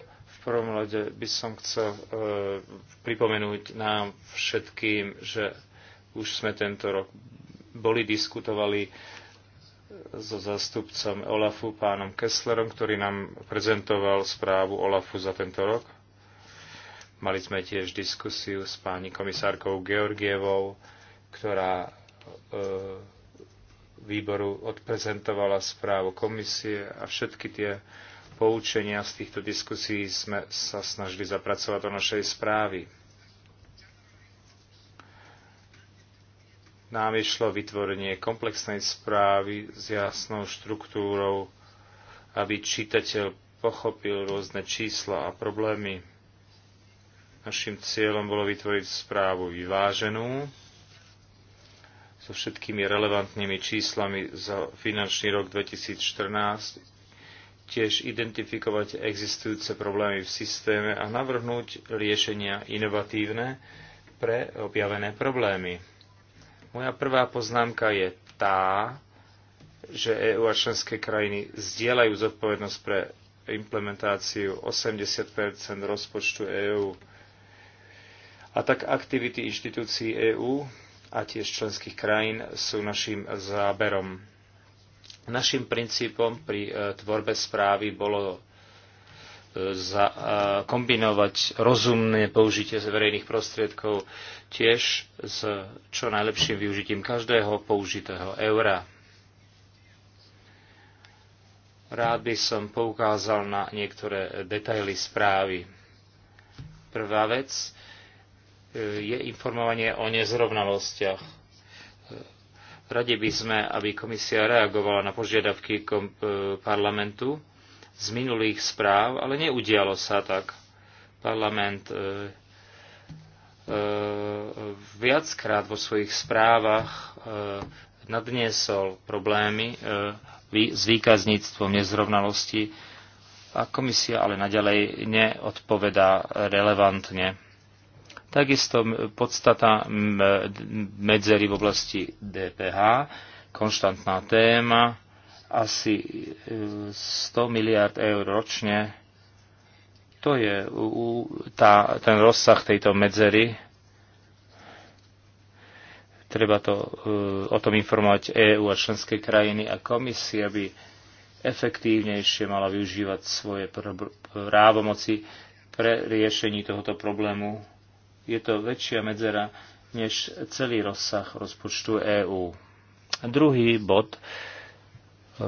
v prvom rade by som chcel e, pripomenúť nám všetkým, že už sme tento rok boli diskutovali so zástupcom OLAFu, pánom Kesslerom, ktorý nám prezentoval správu OLAFu za tento rok. Mali sme tiež diskusiu s pani komisárkou Georgievou, ktorá e, výboru odprezentovala správu komisie a všetky tie poučenia z týchto diskusí sme sa snažili zapracovať do našej správy. nám išlo vytvorenie komplexnej správy s jasnou štruktúrou, aby čitateľ pochopil rôzne čísla a problémy. Našim cieľom bolo vytvoriť správu vyváženú so všetkými relevantnými číslami za finančný rok 2014, tiež identifikovať existujúce problémy v systéme a navrhnúť riešenia inovatívne pre objavené problémy moja prvá poznámka je tá, že EÚ a členské krajiny zdieľajú zodpovednosť pre implementáciu 80 rozpočtu EÚ a tak aktivity inštitúcií EÚ a tiež členských krajín sú našim záberom. Našim princípom pri e, tvorbe správy bolo za, kombinovať rozumné použitie verejných prostriedkov tiež s čo najlepším využitím každého použitého eura. Rád by som poukázal na niektoré detaily správy. Prvá vec e, je informovanie o nezrovnalostiach. Radi by sme, aby komisia reagovala na požiadavky e, parlamentu z minulých správ, ale neudialo sa tak. Parlament e, e, viackrát vo svojich správach e, nadniesol problémy e, s výkazníctvom nezrovnalosti a komisia ale naďalej neodpovedá relevantne. Takisto podstata medzery v oblasti DPH, konštantná téma, asi 100 e, miliard eur ročne. To je tá, ten rozsah tejto medzery. Treba to, e, o tom informovať EÚ a členské krajiny a komisie, aby efektívnejšie mala využívať svoje právomoci pre riešení tohoto problému. Je to väčšia medzera než celý rozsah rozpočtu EÚ. Druhý bod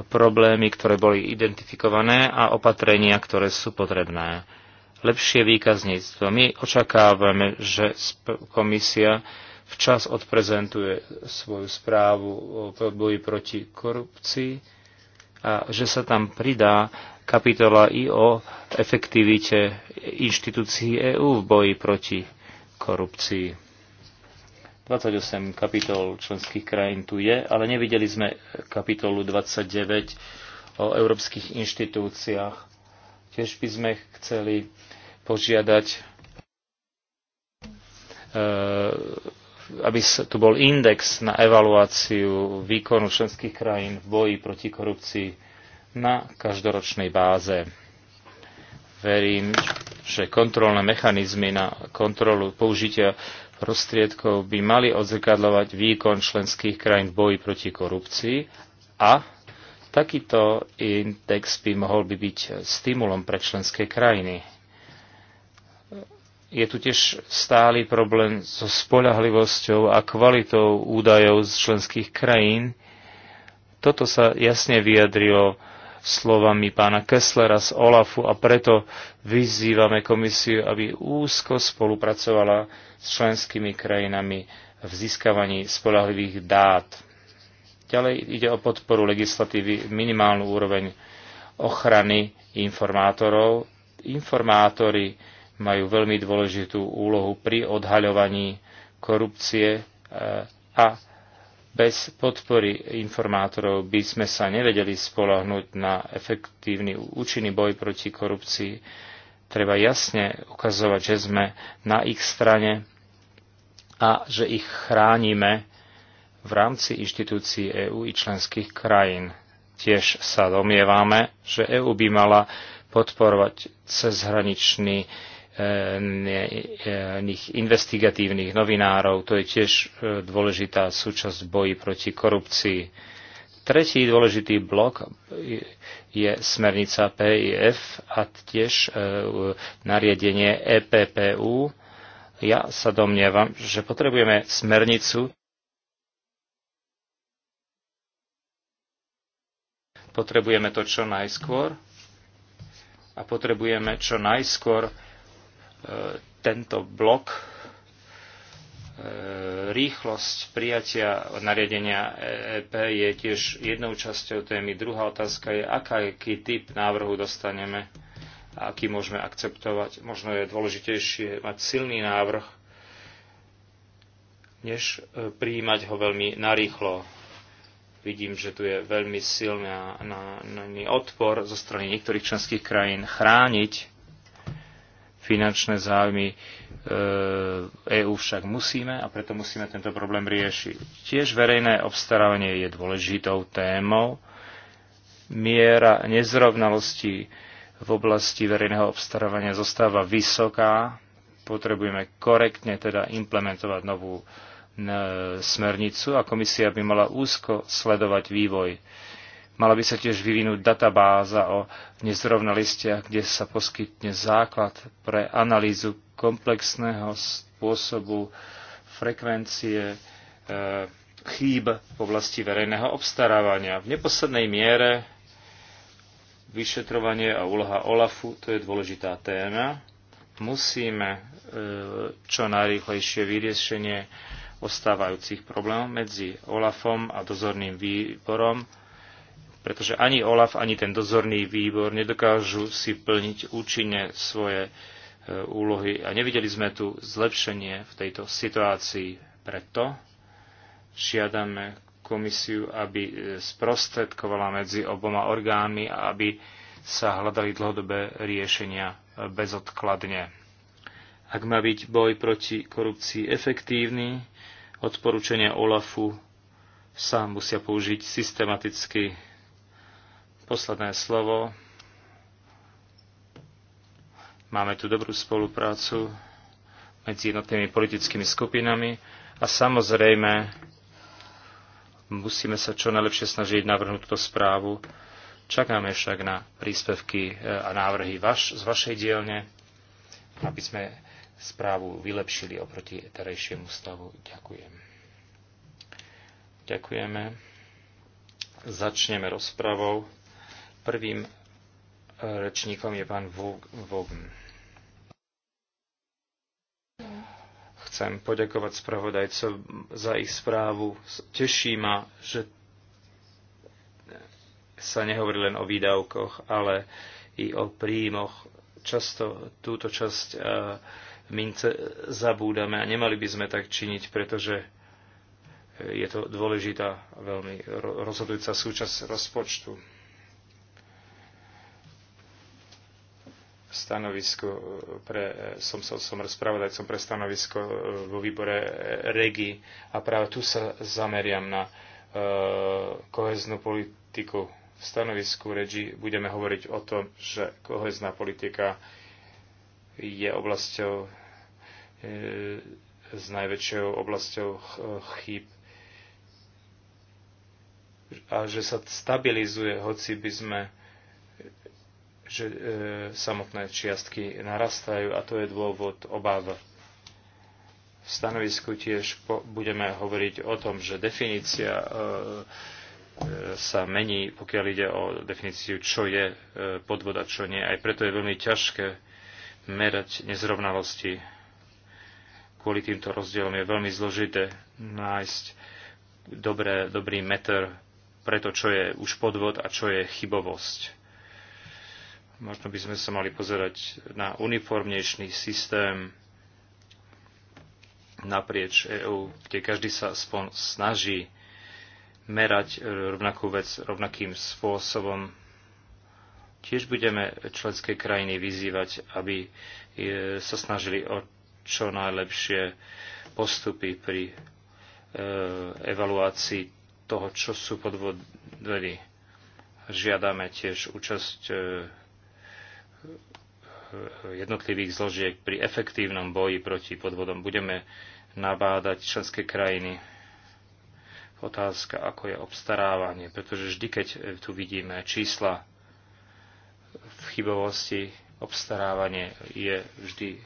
problémy, ktoré boli identifikované a opatrenia, ktoré sú potrebné. Lepšie výkazníctvo. My očakávame, že komisia včas odprezentuje svoju správu o boji proti korupcii a že sa tam pridá kapitola i o efektivite inštitúcií EÚ v boji proti korupcii. 28 kapitol členských krajín tu je, ale nevideli sme kapitolu 29 o európskych inštitúciách. Tiež by sme chceli požiadať, eh, aby tu bol index na evaluáciu výkonu členských krajín v boji proti korupcii na každoročnej báze. Verím, že kontrolné mechanizmy na kontrolu použitia prostriedkov by mali odzrkadľovať výkon členských krajín v boji proti korupcii a takýto index by mohol by byť stimulom pre členské krajiny. Je tu tiež stály problém so spolahlivosťou a kvalitou údajov z členských krajín. Toto sa jasne vyjadrilo slovami pána Kesslera z OLAFu a preto vyzývame komisiu, aby úzko spolupracovala s členskými krajinami v získavaní spolahlivých dát. Ďalej ide o podporu legislatívy minimálnu úroveň ochrany informátorov. Informátori majú veľmi dôležitú úlohu pri odhaľovaní korupcie eh, a bez podpory informátorov by sme sa nevedeli spolahnúť na efektívny účinný boj proti korupcii. Treba jasne ukazovať, že sme na ich strane a že ich chránime v rámci inštitúcií EÚ i členských krajín. Tiež sa domievame, že EÚ by mala podporovať cezhraničný Eh, eh, investigatívnych novinárov. To je tiež eh, dôležitá súčasť boji proti korupcii. Tretí dôležitý blok je smernica PIF a tiež nariadenie EPPU. Ja sa domnievam, že potrebujeme smernicu, potrebujeme to čo najskôr a potrebujeme čo najskôr tento blok rýchlosť prijatia nariadenia EP je tiež jednou časťou témy. Druhá otázka je, aký typ návrhu dostaneme a aký môžeme akceptovať. Možno je dôležitejšie mať silný návrh, než prijímať ho veľmi narýchlo. Vidím, že tu je veľmi silný odpor zo strany niektorých členských krajín chrániť Finančné záujmy EÚ e však musíme a preto musíme tento problém riešiť. Tiež verejné obstarávanie je dôležitou témou. Miera nezrovnalosti v oblasti verejného obstarávania zostáva vysoká. Potrebujeme korektne teda implementovať novú e, smernicu a komisia by mala úzko sledovať vývoj Mala by sa tiež vyvinúť databáza o nezrovnalistiach, kde sa poskytne základ pre analýzu komplexného spôsobu frekvencie e, chýb v oblasti verejného obstarávania. V neposlednej miere vyšetrovanie a úloha OLAFu, to je dôležitá téma. Musíme e, čo najrýchlejšie vyriešenie ostávajúcich problémov medzi OLAFom a dozorným výborom pretože ani OLAF, ani ten dozorný výbor nedokážu si plniť účinne svoje e, úlohy a nevideli sme tu zlepšenie v tejto situácii. Preto žiadame komisiu, aby e, sprostredkovala medzi oboma orgánmi a aby sa hľadali dlhodobé riešenia e, bezodkladne. Ak má byť boj proti korupcii efektívny, odporúčania OLAFu sa musia použiť systematicky posledné slovo. Máme tu dobrú spoluprácu medzi jednotnými politickými skupinami a samozrejme musíme sa čo najlepšie snažiť navrhnúť túto správu. Čakáme však na príspevky e, a návrhy vaš, z vašej dielne, aby sme správu vylepšili oproti terajšiemu stavu. Ďakujem. Ďakujeme. Začneme rozpravou. Prvým e, rečníkom je pán Vogn. Chcem poďakovať spravodajcom za ich správu. Teší ma, že sa nehovorí len o výdavkoch, ale i o príjmoch. Často túto časť e, mince zabúdame a nemali by sme tak činiť, pretože je to dôležitá, veľmi rozhodujúca súčasť rozpočtu stanovisko e, pre, e, som, som, som rozpravodajcom pre stanovisko e, vo výbore REGI a práve tu sa zameriam na e, koheznú politiku. V stanovisku REGI budeme hovoriť o tom, že kohezná politika je oblasťou e, s najväčšou oblasťou chýb a že sa stabilizuje, hoci by sme že e, samotné čiastky narastajú a to je dôvod obáv. V stanovisku tiež po, budeme hovoriť o tom, že definícia e, e, sa mení, pokiaľ ide o definíciu, čo je e, podvod a čo nie. Aj preto je veľmi ťažké merať nezrovnalosti. Kvôli týmto rozdielom je veľmi zložité nájsť dobré, dobrý meter pre to, čo je už podvod a čo je chybovosť Možno by sme sa mali pozerať na uniformnejší systém naprieč EÚ, kde každý sa aspoň snaží merať rovnakú vec rovnakým spôsobom. Tiež budeme členské krajiny vyzývať, aby e, sa snažili o čo najlepšie postupy pri e, evaluácii toho, čo sú podvody. Žiadame tiež účasť e, jednotlivých zložiek pri efektívnom boji proti podvodom. Budeme nabádať členské krajiny otázka, ako je obstarávanie, pretože vždy, keď e, tu vidíme čísla v chybovosti, obstarávanie je vždy e,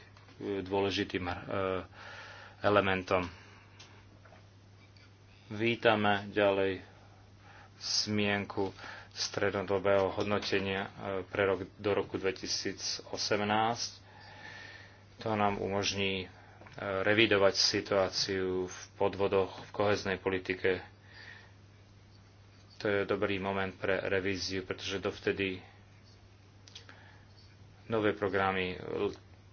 dôležitým e, elementom. Vítame ďalej smienku strednodobého hodnotenia e, pre rok, do roku 2018. To nám umožní e, revidovať situáciu v podvodoch v koheznej politike. To je dobrý moment pre revíziu, pretože dovtedy nové programy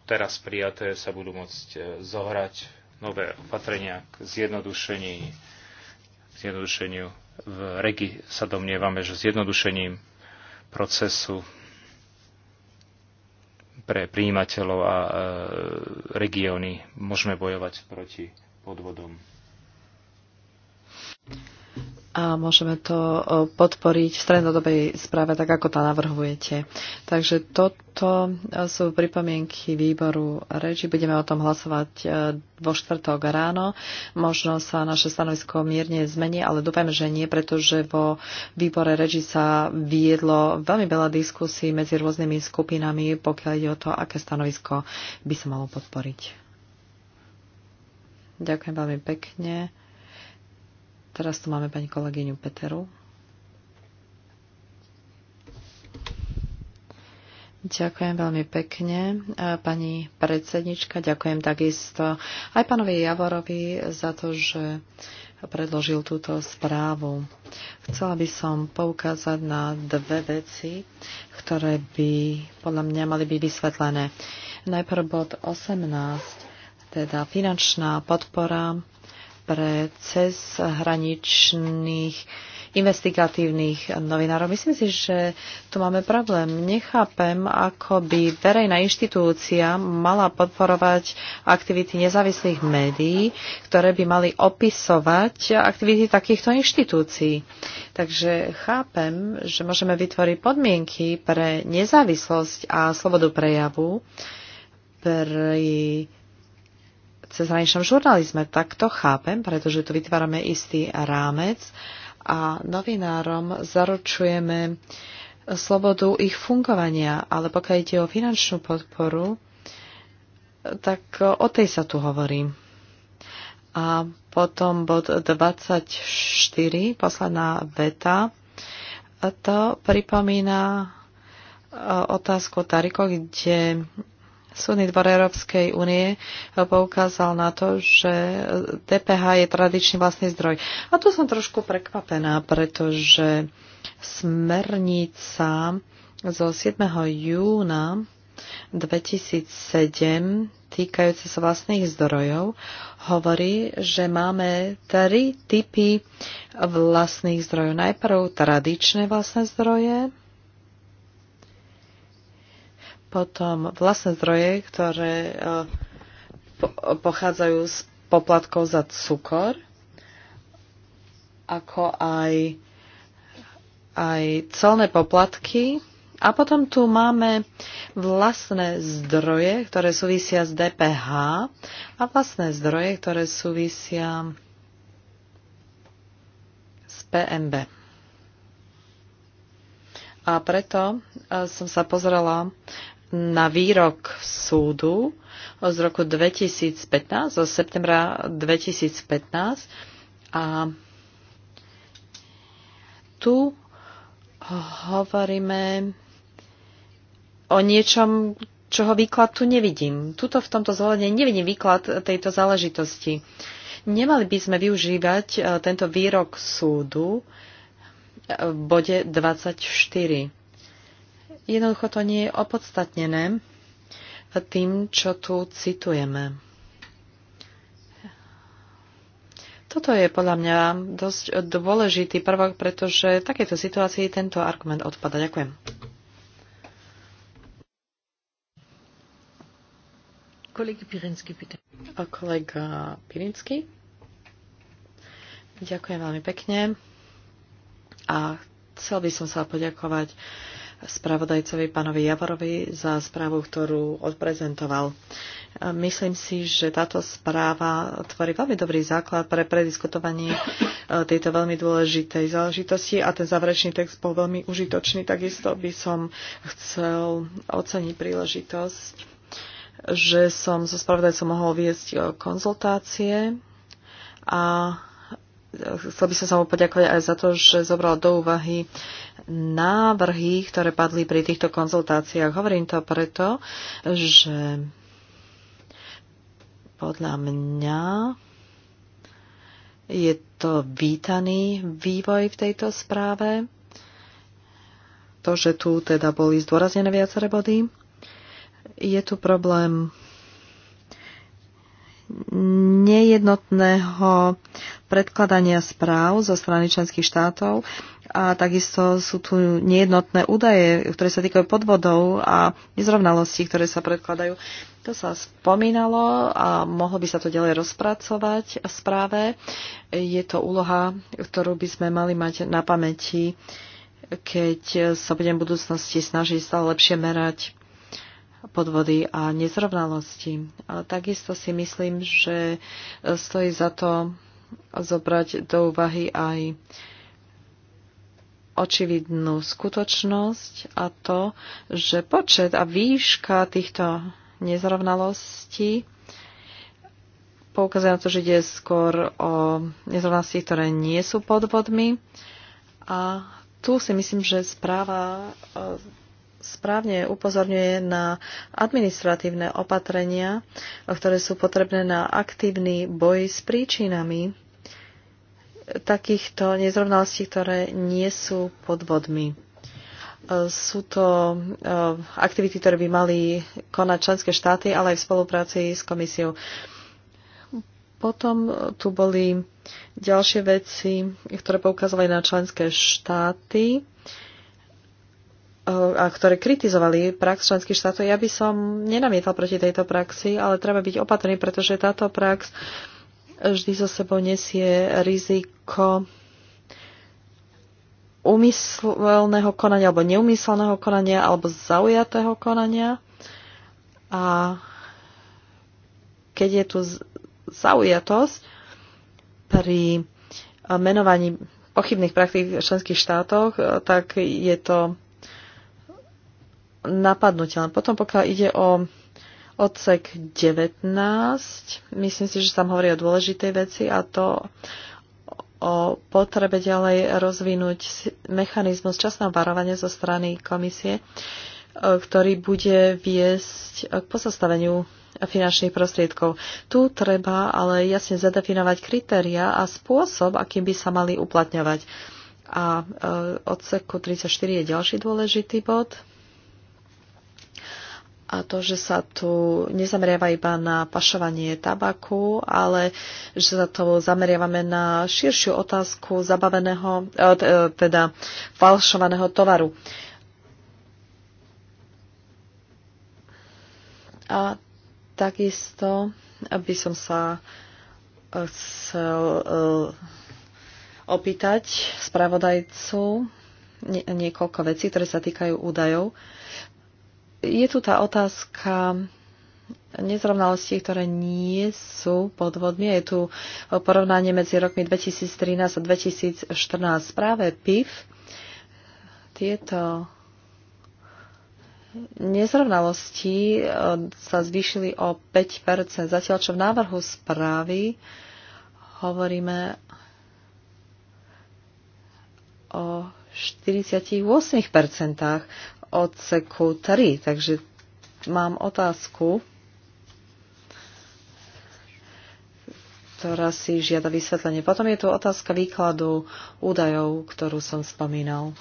teraz prijaté sa budú môcť e, zohrať nové opatrenia k zjednodušení, k zjednodušeniu v REGI sa domnievame, že zjednodušením procesu pre príjimateľov a e, regióny môžeme bojovať proti podvodom a môžeme to podporiť v strednodobej správe, tak ako tá navrhujete. Takže toto e, sú pripomienky výboru reči. Budeme o tom hlasovať e, vo štvrtok ráno. Možno sa naše stanovisko mierne zmení, ale dúfam, že nie, pretože vo výbore reči sa viedlo veľmi veľa diskusí medzi rôznymi skupinami, pokiaľ ide o to, aké stanovisko by sa malo podporiť. Ďakujem veľmi pekne. Teraz tu máme pani kolegyňu Peteru. Ďakujem veľmi pekne, pani predsednička. Ďakujem takisto aj pánovi Javorovi za to, že predložil túto správu. Chcela by som poukázať na dve veci, ktoré by podľa mňa mali byť vysvetlené. Najprv bod 18, teda finančná podpora pre cezhraničných investigatívnych novinárov. Myslím si, že tu máme problém. Nechápem, ako by verejná inštitúcia mala podporovať aktivity nezávislých médií, ktoré by mali opisovať aktivity takýchto inštitúcií. Takže chápem, že môžeme vytvoriť podmienky pre nezávislosť a slobodu prejavu pri cezhraničnom žurnalizme. Tak to chápem, pretože tu vytvárame istý rámec a novinárom zaručujeme slobodu ich fungovania. Ale pokiaľ ide o finančnú podporu, tak o tej sa tu hovorí. A potom bod 24, posledná veta, to pripomína e, otázku Tariko, kde Súdny dvor Európskej únie poukázal na to, že DPH je tradičný vlastný zdroj. A tu som trošku prekvapená, pretože smernica zo 7. júna 2007 týkajúce sa vlastných zdrojov hovorí, že máme tri typy vlastných zdrojov. Najprv tradičné vlastné zdroje, potom vlastné zdroje, ktoré e, pochádzajú z poplatkov za cukor, ako aj, aj celné poplatky. A potom tu máme vlastné zdroje, ktoré súvisia s DPH a vlastné zdroje, ktoré súvisia s PMB. A preto e, som sa pozrela na výrok súdu z roku 2015, zo septembra 2015 a tu hovoríme o niečom, čoho výklad tu nevidím. Tuto v tomto zhľadne nevidím výklad tejto záležitosti. Nemali by sme využívať e, tento výrok súdu v bode 24 Jednoducho to nie je opodstatnené tým, čo tu citujeme. Toto je podľa mňa dosť dôležitý prvok, pretože v takejto situácii tento argument odpada. Ďakujem. Kolega Pirinsky, pýta. Kolega Pirinsky. Ďakujem veľmi pekne a chcel by som sa poďakovať spravodajcovi pánovi Javorovi za správu, ktorú odprezentoval. Myslím si, že táto správa tvorí veľmi dobrý základ pre prediskutovanie e, tejto veľmi dôležitej záležitosti a ten záverečný text bol veľmi užitočný. Takisto by som chcel oceniť príležitosť, že som so spravodajcom mohol viesť e, konzultácie a chcel by som sa mu poďakovať aj za to, že zobral do úvahy návrhy, ktoré padli pri týchto konzultáciách. Hovorím to preto, že podľa mňa je to vítaný vývoj v tejto správe. To, že tu teda boli zdôraznené viaceré body. Je tu problém nejednotného predkladania správ zo strany členských štátov a takisto sú tu nejednotné údaje, ktoré sa týkajú podvodov a nezrovnalostí, ktoré sa predkladajú. To sa spomínalo a mohlo by sa to ďalej rozpracovať v správe. Je to úloha, ktorú by sme mali mať na pamäti, keď sa budem v budúcnosti snažiť stále lepšie merať podvody a nezrovnalosti. A takisto si myslím, že stojí za to zobrať do úvahy aj očividnú skutočnosť a to, že počet a výška týchto nezrovnalostí poukazuje na to, že ide skôr o nezrovnalosti, ktoré nie sú podvodmi. A tu si myslím, že správa správne upozorňuje na administratívne opatrenia, ktoré sú potrebné na aktívny boj s príčinami takýchto nezrovnalostí, ktoré nie sú podvodmi. Sú to eh, aktivity, ktoré by mali konať členské štáty, ale aj v spolupráci s komisiou. Potom eh, tu boli ďalšie veci, ktoré poukázali na členské štáty a ktoré kritizovali prax členských štátov. Ja by som nenamietal proti tejto praxi, ale treba byť opatrný, pretože táto prax vždy so sebou nesie riziko umyselného konania alebo neumyselného konania alebo zaujatého konania. A keď je tu zaujatosť pri menovaní pochybných praktík v členských štátoch, e, tak je to napadnutelné. Potom pokiaľ ide o odsek 19, myslím si, že tam hovorí o dôležitej veci a to o potrebe ďalej rozvinúť mechanizmus časného varovania zo strany komisie, e, ktorý bude viesť k pozastaveniu finančných prostriedkov. Tu treba ale jasne zadefinovať kritéria a spôsob, akým by sa mali uplatňovať. A e, odseku 34 je ďalší dôležitý bod a to, že sa tu nezameriava iba na pašovanie tabaku, ale že sa tu zameriavame na širšiu otázku zabaveného, e, e, teda falšovaného tovaru. A takisto by som sa e, chcel opýtať spravodajcu niekoľko vecí, ktoré sa týkajú údajov je tu tá otázka nezrovnalosti, ktoré nie sú podvodmi. Je tu porovnanie medzi rokmi 2013 a 2014. Práve PIF tieto nezrovnalosti eh, sa zvýšili o 5%, zatiaľ čo v návrhu správy hovoríme o 48% odseku 3. Takže mám otázku, ktorá si žiada vysvetlenie. Potom je tu otázka výkladu údajov, ktorú som spomínal.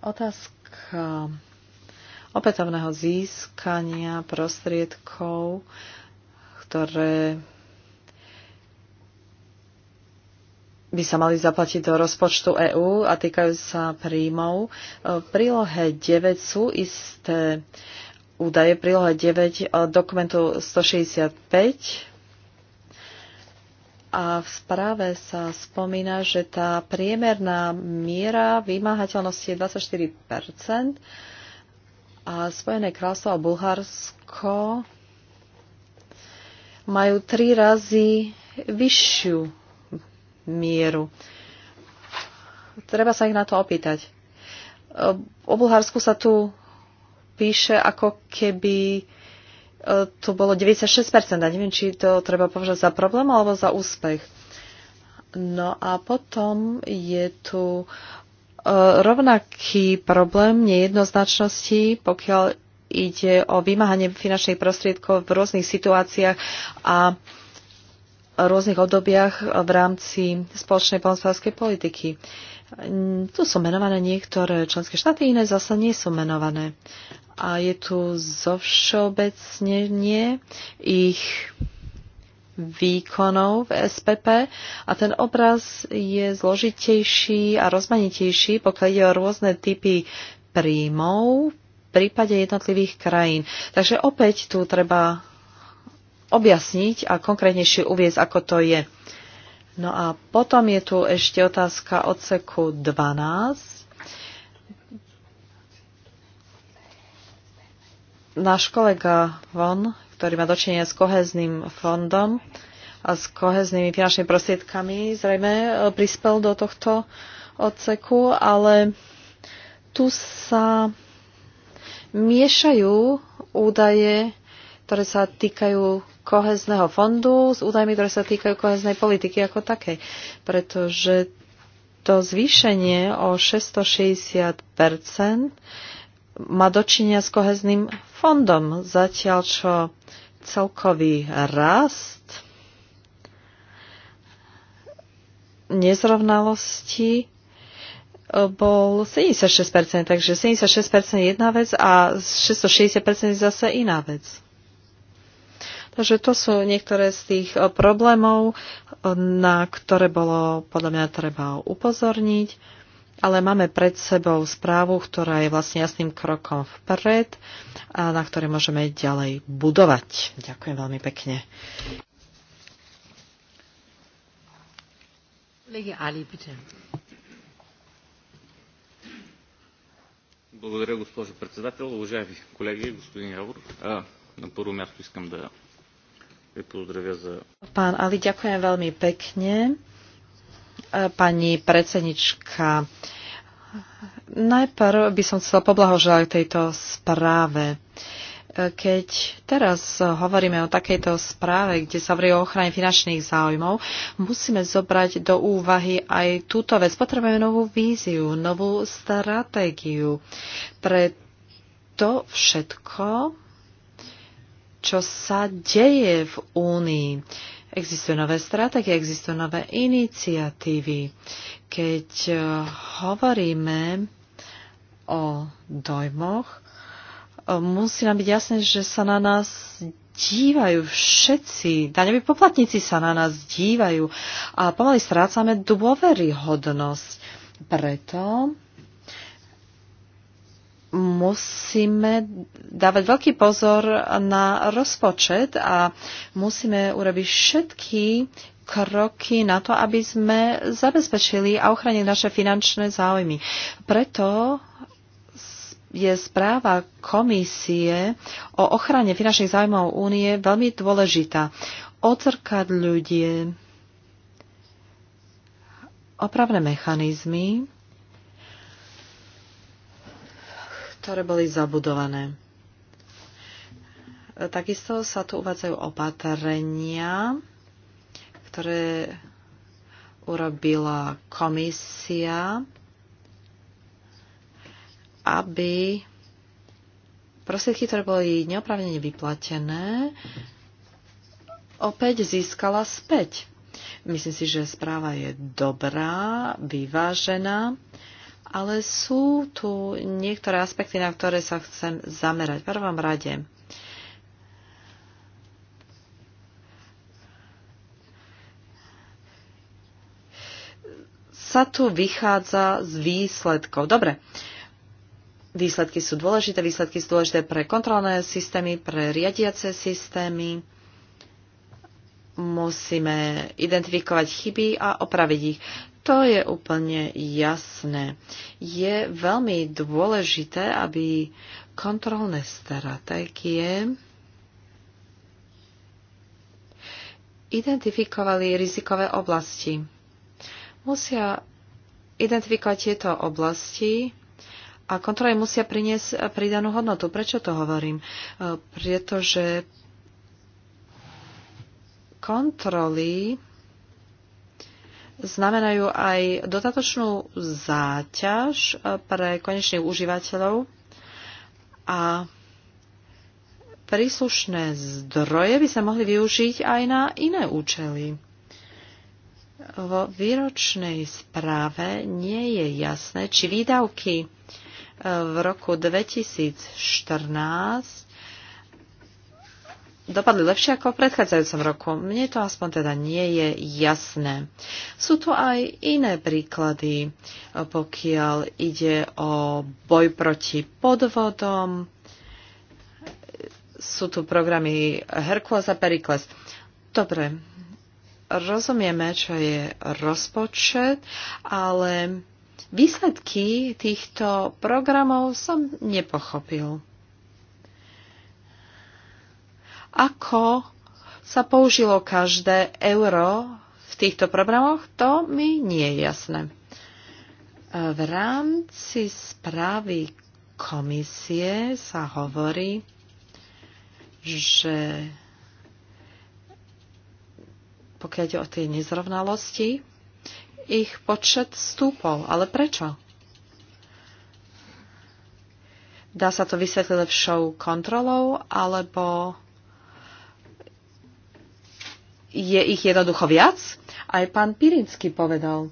Otázka opätovného získania prostriedkov, ktoré by sa mali zaplatiť do rozpočtu EÚ a týkajú sa príjmov. E, v prílohe 9 sú isté údaje, prílohe 9 e, dokumentu 165 a v správe sa spomína, že tá priemerná miera vymáhateľnosti je 24 a Spojené kráľstvo a Bulharsko majú tri razy vyššiu mieru. Treba sa ich na to opýtať. O Bulharsku sa tu píše, ako keby e, to bolo 96%. A neviem, či to treba považať za problém alebo za úspech. No a potom je tu e, rovnaký problém nejednoznačnosti, pokiaľ ide o vymáhanie finančných prostriedkov v rôznych situáciách a rôznych obdobiach v rámci spoločnej polnospodárskej politiky. Tu sú menované niektoré členské štáty, iné zase nie sú menované. A je tu zovšeobecnenie ich výkonov v SPP a ten obraz je zložitejší a rozmanitejší, pokiaľ ide o rôzne typy príjmov v prípade jednotlivých krajín. Takže opäť tu treba objasniť a konkrétnejšie uviezť, ako to je. No a potom je tu ešte otázka odseku 12. Náš kolega Von, ktorý má dočinenie s kohezným fondom a s koheznými finančnými prostriedkami, zrejme e, prispel do tohto odseku, ale tu sa miešajú údaje, ktoré sa týkajú kohezného fondu s údajmi, ktoré sa týkajú koheznej politiky ako takej. Pretože to zvýšenie o 660 má dočinia s kohezným fondom, zatiaľ čo celkový rast nezrovnalosti e, bol 76%, takže 76% je jedna vec a 660% je zase iná vec. Takže to sú niektoré z tých eh, problémov, na ktoré bolo podľa mňa treba upozorniť. Ale máme pred sebou správu, ktorá je vlastne jasným krokom vpred a na ktorej môžeme ďalej budovať. Ďakujem veľmi pekne. Kolega Ali, bitte. Благодаря, госпожо председател. Уважаеми колеги, господин Явор, на първо място искам да Pán Ali, ďakujem veľmi pekne. E, pani predsednička, najprv by som chcela poblahoželať tejto správe. E, keď teraz hovoríme o takejto správe, kde sa hovorí o ochrane finančných záujmov, musíme zobrať do úvahy aj túto vec. Potrebujeme novú víziu, novú stratégiu pre to všetko, čo sa deje v Únii. Existujú nové stratégie, existujú nové iniciatívy. Keď eh, hovoríme o dojmoch, eh, musí nám byť jasné, že sa na nás dívajú všetci, daňoví poplatníci sa na nás dívajú a pomaly strácame dôveryhodnosť. Preto musíme dávať veľký pozor na rozpočet a musíme urobiť všetky kroky na to, aby sme zabezpečili a ochránili naše finančné záujmy. Preto je správa komisie o ochrane finančných záujmov únie veľmi dôležitá. ľudí opravné mechanizmy, ktoré boli zabudované. Takisto sa tu uvádzajú opatrenia, ktoré urobila komisia, aby prostriedky, ktoré boli neoprávnene vyplatené, opäť získala späť. Myslím si, že správa je dobrá, vyvážená ale sú tu niektoré aspekty, na ktoré sa chcem zamerať. V prvom rade sa tu vychádza z výsledkov. Dobre, výsledky sú dôležité, výsledky sú dôležité pre kontrolné systémy, pre riadiace systémy. Musíme identifikovať chyby a opraviť ich. To je úplne jasné. Je veľmi dôležité, aby kontrolné stratégie identifikovali rizikové oblasti. Musia identifikovať tieto oblasti a kontroly musia priniesť pridanú hodnotu. Prečo to hovorím? E, pretože kontroly znamenajú aj dodatočnú záťaž e, pre konečných užívateľov a príslušné zdroje by sa mohli využiť aj na iné účely. Vo výročnej správe nie je jasné, či výdavky e, v roku 2014 dopadli lepšie ako v predchádzajúcom roku. Mne to aspoň teda nie je jasné. Sú tu aj iné príklady, eh, pokiaľ ide o boj proti podvodom. Eh, sú tu programy Herkules a Perikles. Dobre, rozumieme, čo je rozpočet, ale výsledky týchto programov som nepochopil ako sa použilo každé euro v týchto programoch, to mi nie je jasné. E, v rámci správy komisie sa hovorí, že pokiaľ ide o tie nezrovnalosti, ich počet stúpol. Ale prečo? Dá sa to vysvetliť lepšou kontrolou, alebo je ich jednoducho viac. Aj pán Pirinsky povedal,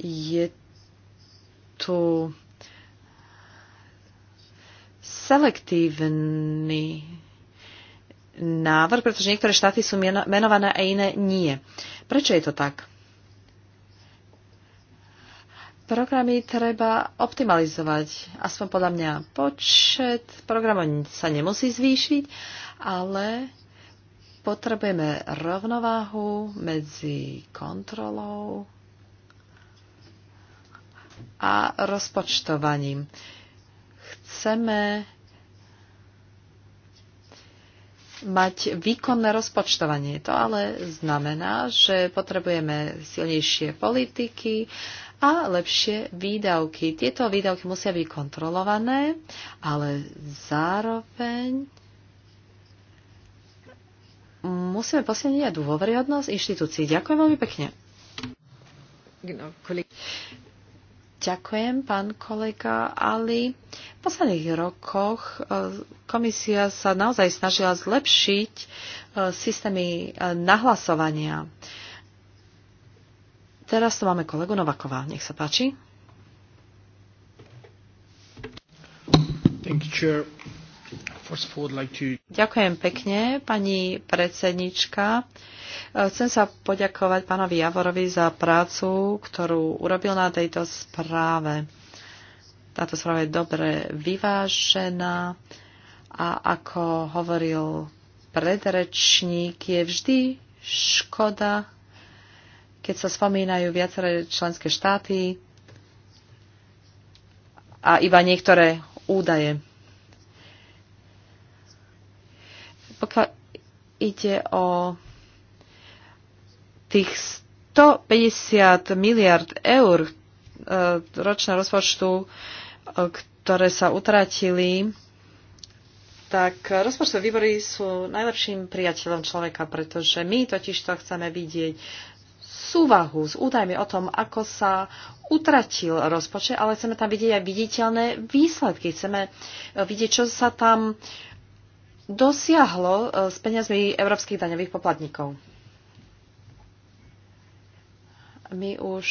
je tu selektívny návrh, pretože niektoré štáty sú menované a iné nie. Prečo je to tak? Programy treba optimalizovať, aspoň podľa mňa. Počet programov sa nemusí zvýšiť, ale Potrebujeme rovnováhu medzi kontrolou a rozpočtovaním. Chceme mať výkonné rozpočtovanie. To ale znamená, že potrebujeme silnejšie politiky a lepšie výdavky. Tieto výdavky musia byť kontrolované, ale zároveň musíme posilniť aj dôveryhodnosť inštitúcií. Ďakujem veľmi pekne. Ďakujem, pán kolega Ali. V posledných rokoch e, komisia sa naozaj snažila zlepšiť e, systémy e, nahlasovania. Teraz tu máme kolegu Novaková, Nech sa páči. Thank you, Chair. Ďakujem pekne, pani predsednička. Chcem sa poďakovať pánovi Javorovi za prácu, ktorú urobil na tejto správe. Táto správa je dobre vyvážená a ako hovoril predrečník, je vždy škoda, keď sa spomínajú viaceré členské štáty a iba niektoré údaje. Pokiaľ ide o tých 150 miliard eur e, ročného rozpočtu, e, ktoré sa utratili, tak rozpočtové výbory sú najlepším priateľom človeka, pretože my totiž to chceme vidieť súvahu s údajmi o tom, ako sa utratil rozpočet, ale chceme tam vidieť aj viditeľné výsledky. Chceme vidieť, čo sa tam uh, dosiahlo e, s peniazmi európskych daňových poplatníkov. My už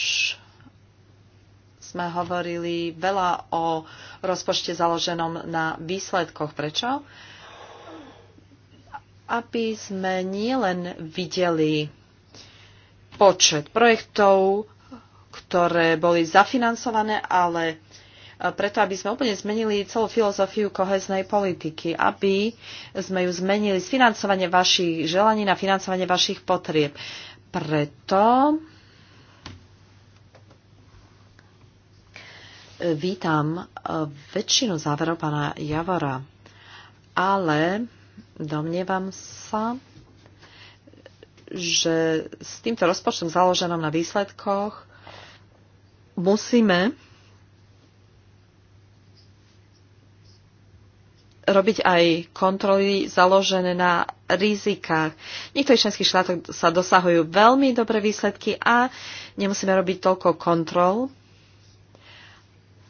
sme hovorili veľa o rozpočte založenom na výsledkoch. Prečo? Aby sme nielen videli počet projektov, ktoré boli zafinancované, ale preto, aby sme úplne zmenili celú filozofiu koheznej politiky, aby sme ju zmenili z financovania vašich želaní na financovanie vašich potrieb. Preto vítam e, väčšinu záverov pána Javora, ale domnievam sa, že s týmto rozpočtom založenom na výsledkoch musíme robiť aj kontroly založené na rizikách. V niektorých členských štátoch sa dosahujú veľmi dobré výsledky a nemusíme robiť toľko kontrol.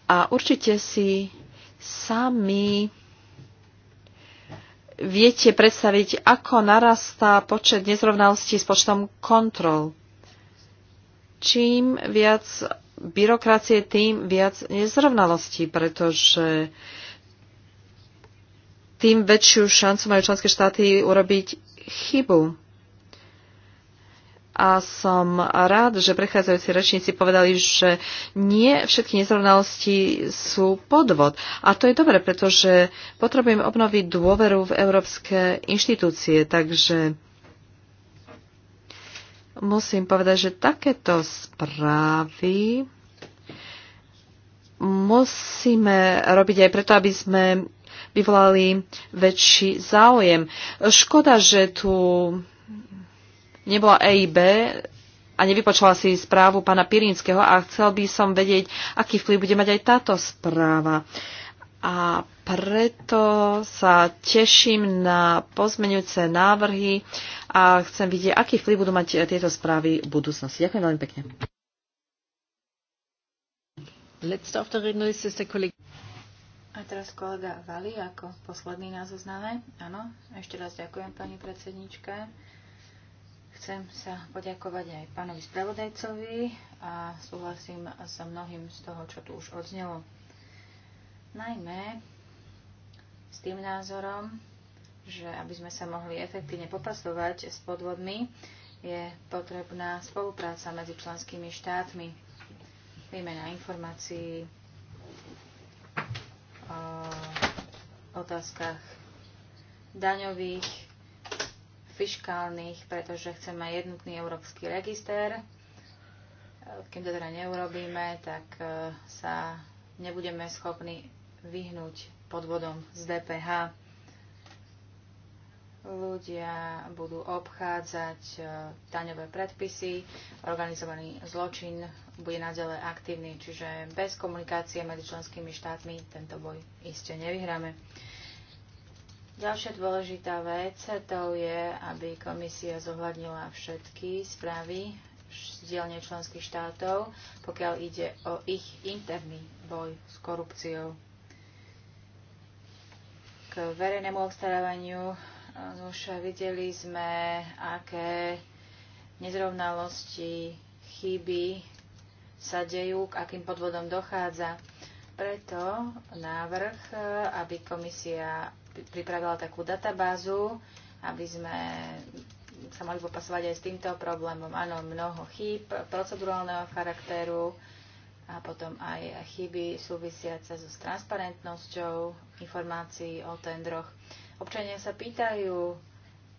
A určite si sami viete predstaviť, ako narastá počet nezrovnalostí s počtom kontrol. Čím viac byrokracie, tým viac nezrovnalostí, pretože tým väčšiu šancu majú členské štáty urobiť chybu. A som rád, že prechádzajúci rečníci povedali, že nie všetky nezrovnalosti sú podvod. A to je dobre, pretože potrebujem obnoviť dôveru v európske inštitúcie. Takže musím povedať, že takéto správy musíme robiť aj preto, aby sme vyvolali väčší záujem. Škoda, že tu nebola EIB a nevypočula si správu pána Pirinského a chcel by som vedieť, aký vplyv bude mať aj táto správa. A preto sa teším na pozmeňujúce návrhy a chcem vidieť, aký vplyv budú mať tieto správy v budúcnosti. Ďakujem veľmi pekne. A teraz kolega Vali ako posledný na zozname. Áno, ešte raz ďakujem pani predsednička. Chcem sa poďakovať aj pánovi spravodajcovi a súhlasím sa mnohým z toho, čo tu už odznelo. Najmä s tým názorom, že aby sme sa mohli efektívne popasovať s podvodmi, je potrebná spolupráca medzi členskými štátmi, výmena informácií, o otázkach daňových, fiškálnych, pretože chceme jednotný európsky register. Kým to teda neurobíme, tak e, sa nebudeme schopní vyhnúť podvodom z DPH. Ľudia budú obchádzať e, daňové predpisy, organizovaný zločin bude naďalej aktívny, čiže bez komunikácie medzi členskými štátmi tento boj iste nevyhráme. Ďalšia dôležitá vec to je, aby komisia zohľadnila všetky správy z dielne členských štátov, pokiaľ ide o ich interný boj s korupciou. K verejnému obstarávaniu no už videli sme, aké nezrovnalosti, chyby sa dejú, k akým podvodom dochádza. Preto návrh, e, aby komisia pripravila takú databázu, aby sme sa mohli popasovať aj s týmto problémom. Áno, mnoho chýb procedurálneho charakteru a potom aj chyby súvisiace so transparentnosťou informácií o tendroch. Občania sa pýtajú,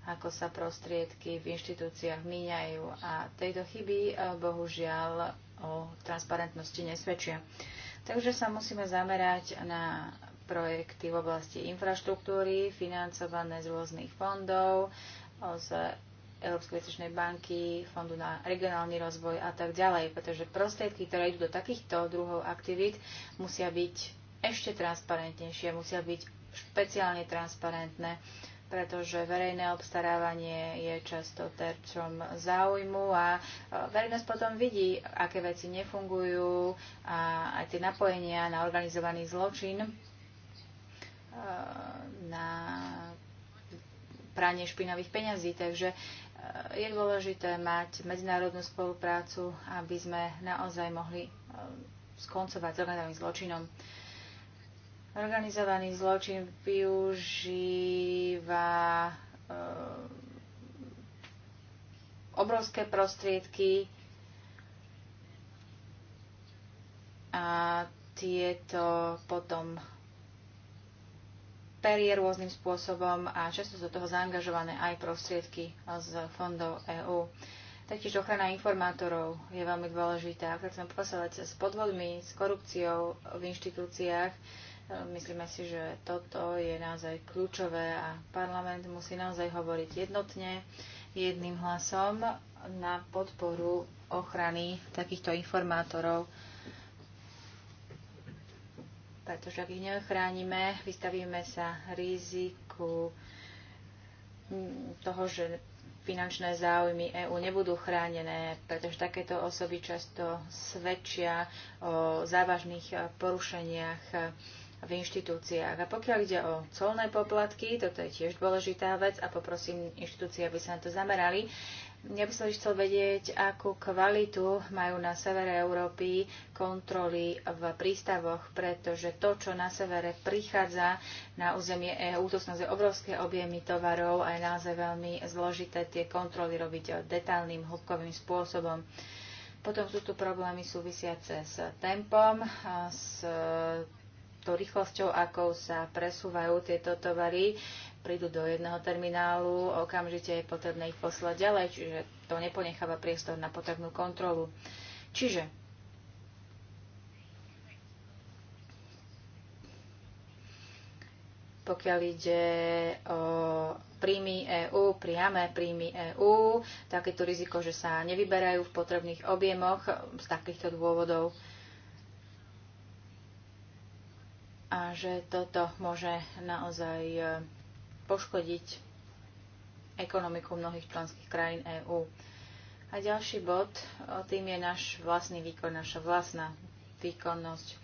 ako sa prostriedky v inštitúciách míňajú a tejto chyby e, bohužiaľ o transparentnosti nesvedčia. Takže sa musíme zamerať na projekty v oblasti infraštruktúry, financované z rôznych fondov, z Európskej investičnej banky, Fondu na regionálny rozvoj a tak ďalej, pretože prostriedky, ktoré idú do takýchto druhov aktivít, musia byť ešte transparentnejšie, musia byť špeciálne transparentné pretože verejné obstarávanie je často terčom záujmu a e, verejnosť potom vidí, aké veci nefungujú a aj tie napojenia na organizovaný zločin, e, na pranie špinavých peňazí. Takže e, je dôležité mať medzinárodnú spoluprácu, aby sme naozaj mohli skoncovať s organizovaným zločinom. Organizovaný zločin využíva eh, obrovské prostriedky a tieto potom perie rôznym spôsobom a často sú do toho zaangažované aj prostriedky z fondov EÚ. Taktiež ochrana informátorov je veľmi dôležitá. Ak chcem posovať sa s podvodmi, s korupciou v inštitúciách, Myslíme si, že toto je naozaj kľúčové a parlament musí naozaj hovoriť jednotne, jedným hlasom na podporu ochrany takýchto informátorov pretože ak ich neochránime, vystavíme sa riziku toho, že finančné záujmy EÚ nebudú chránené, pretože takéto osoby často svedčia o závažných porušeniach v inštitúciách. A pokiaľ ide o colné poplatky, toto je tiež dôležitá vec a poprosím inštitúcie, aby sa na to zamerali. Ja by som chcel vedieť, akú kvalitu majú na severe Európy kontroly v prístavoch, pretože to, čo na severe prichádza na územie EÚ, to sú naozaj obrovské objemy tovarov a je naozaj veľmi zložité tie kontroly robiť detálnym, hĺbkovým spôsobom. Potom sú tu problémy súvisiace s tempom, s to rýchlosťou, ako sa presúvajú tieto tovary, prídu do jedného terminálu, okamžite je potrebné ich poslať ďalej, čiže to neponecháva priestor na potrebnú kontrolu. Čiže pokiaľ ide o príjmy EÚ, priame príjmy EÚ, takéto riziko, že sa nevyberajú v potrebných objemoch z takýchto dôvodov a že toto môže naozaj e, poškodiť ekonomiku mnohých členských krajín EÚ. A ďalší bod, tým je náš vlastný výkon, naša vlastná výkonnosť.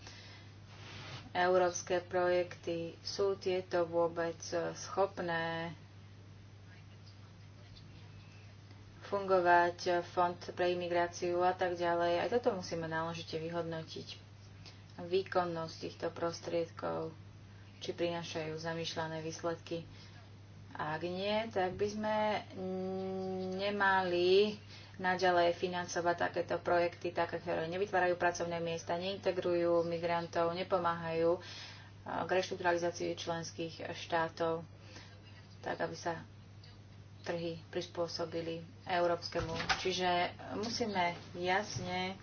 Európske projekty sú tieto vôbec e, schopné fungovať, e, fond pre imigráciu a tak ďalej. Aj toto musíme náležite vyhodnotiť výkonnosť týchto prostriedkov, či prinášajú zamýšľané výsledky. Ak nie, tak by sme nemali naďalej financovať takéto projekty, také, ktoré nevytvárajú pracovné miesta, neintegrujú migrantov, nepomáhajú eh, k reštrukturalizácii členských štátov, tak aby sa trhy prispôsobili európskemu. Čiže musíme jasne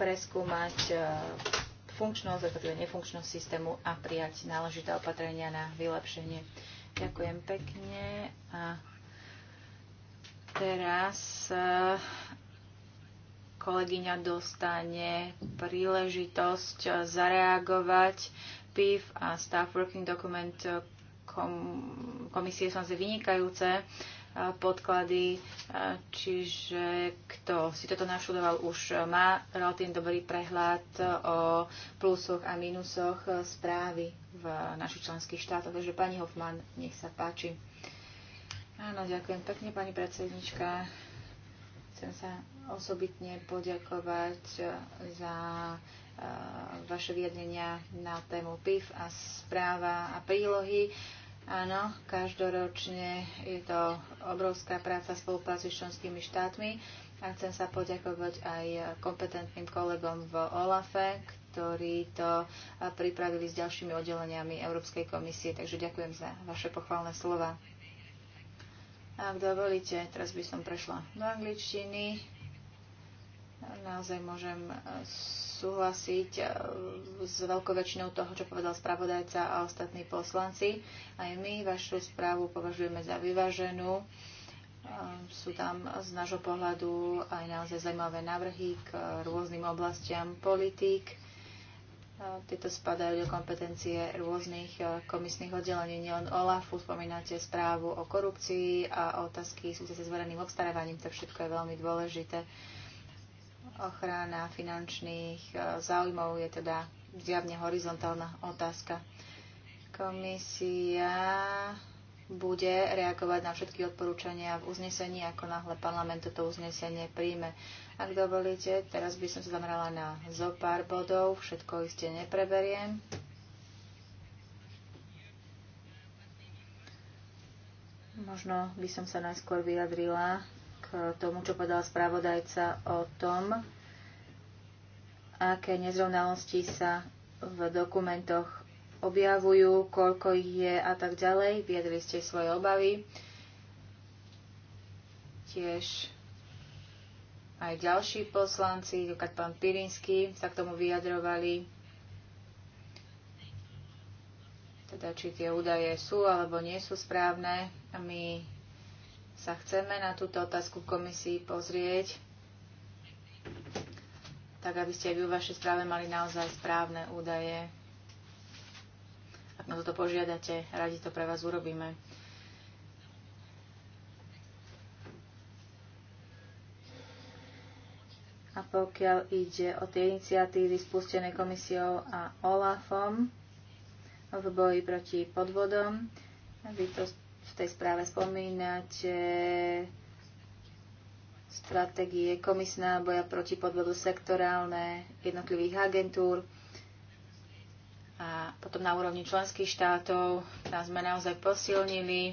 preskúmať eh, funkčnosť, respektíve nefunkčnosť systému a prijať náležité opatrenia na vylepšenie. Ďakujem pekne. A teraz eh, kolegyňa dostane príležitosť zareagovať. PIF a Staff Working Document eh, kom, komisie sú vynikajúce podklady, čiže kto si toto naštudoval, už má relatívne dobrý prehľad o plusoch a mínusoch správy v našich členských štátoch. Takže pani Hoffman, nech sa páči. Áno, ďakujem pekne, pani predsednička. Chcem sa osobitne poďakovať za vaše vyjadrenia na tému PIF a správa a prílohy. Áno, každoročne je to obrovská práca spolupráci s členskými štátmi a chcem sa poďakovať aj kompetentným kolegom v OLAFE, ktorí to pripravili s ďalšími oddeleniami Európskej komisie. Takže ďakujem za vaše pochválne slova. Ak dovolíte, teraz by som prešla do angličtiny. Naozaj môžem súhlasiť eh, s veľkou väčšinou toho, čo povedal spravodajca a ostatní poslanci. Aj my vašu správu považujeme za vyváženú. Eh, sú tam z nášho pohľadu aj naozaj zaujímavé návrhy k rôznym oblastiam politík. Eh, tieto spadajú do kompetencie rôznych komisných oddelení, nielen OLAFu. Spomínate správu o korupcii a otázky súvisia s verejným obstarávaním. To všetko je veľmi dôležité. Ochrana finančných e, záujmov je teda zjavne horizontálna otázka. Komisia bude reagovať na všetky odporúčania v uznesení, ako náhle parlament toto uznesenie príjme. Ak dovolíte, teraz by som sa zamerala na zo pár bodov, všetko iste nepreberiem. Možno by som sa najskôr vyjadrila tomu, čo povedal spravodajca o tom, aké nezrovnalosti sa v dokumentoch objavujú, koľko ich je a tak ďalej. Viedli ste svoje obavy. Tiež aj ďalší poslanci, napríklad pán Pirinsky, sa k tomu vyjadrovali. Teda, či tie údaje sú alebo nie sú správne. A my sa chceme na túto otázku komisii pozrieť, tak aby ste aj vy v vašej správe mali naozaj správne údaje. Ak na toto požiadate, radi to pre vás urobíme. A pokiaľ ide o tie iniciatívy spustené komisiou a OLAFom v boji proti podvodom, vy to tej správe spomínate stratégie komisná boja proti podvodu sektorálne jednotlivých agentúr a potom na úrovni členských štátov tam sme naozaj posilnili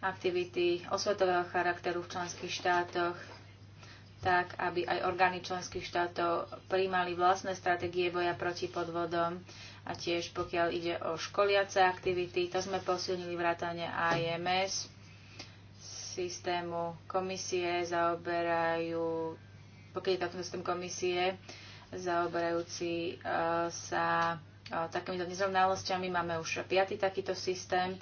aktivity osvetového charakteru v členských štátoch, tak aby aj orgány členských štátov príjmali vlastné stratégie boja proti podvodom, a tiež pokiaľ ide o školiace aktivity, to sme posilnili vrátane AIMS systému komisie zaoberajú, pokiaľ je takto systém komisie, zaoberajúci e, sa e, takýmito nezrovnalosťami. Máme už piaty takýto systém.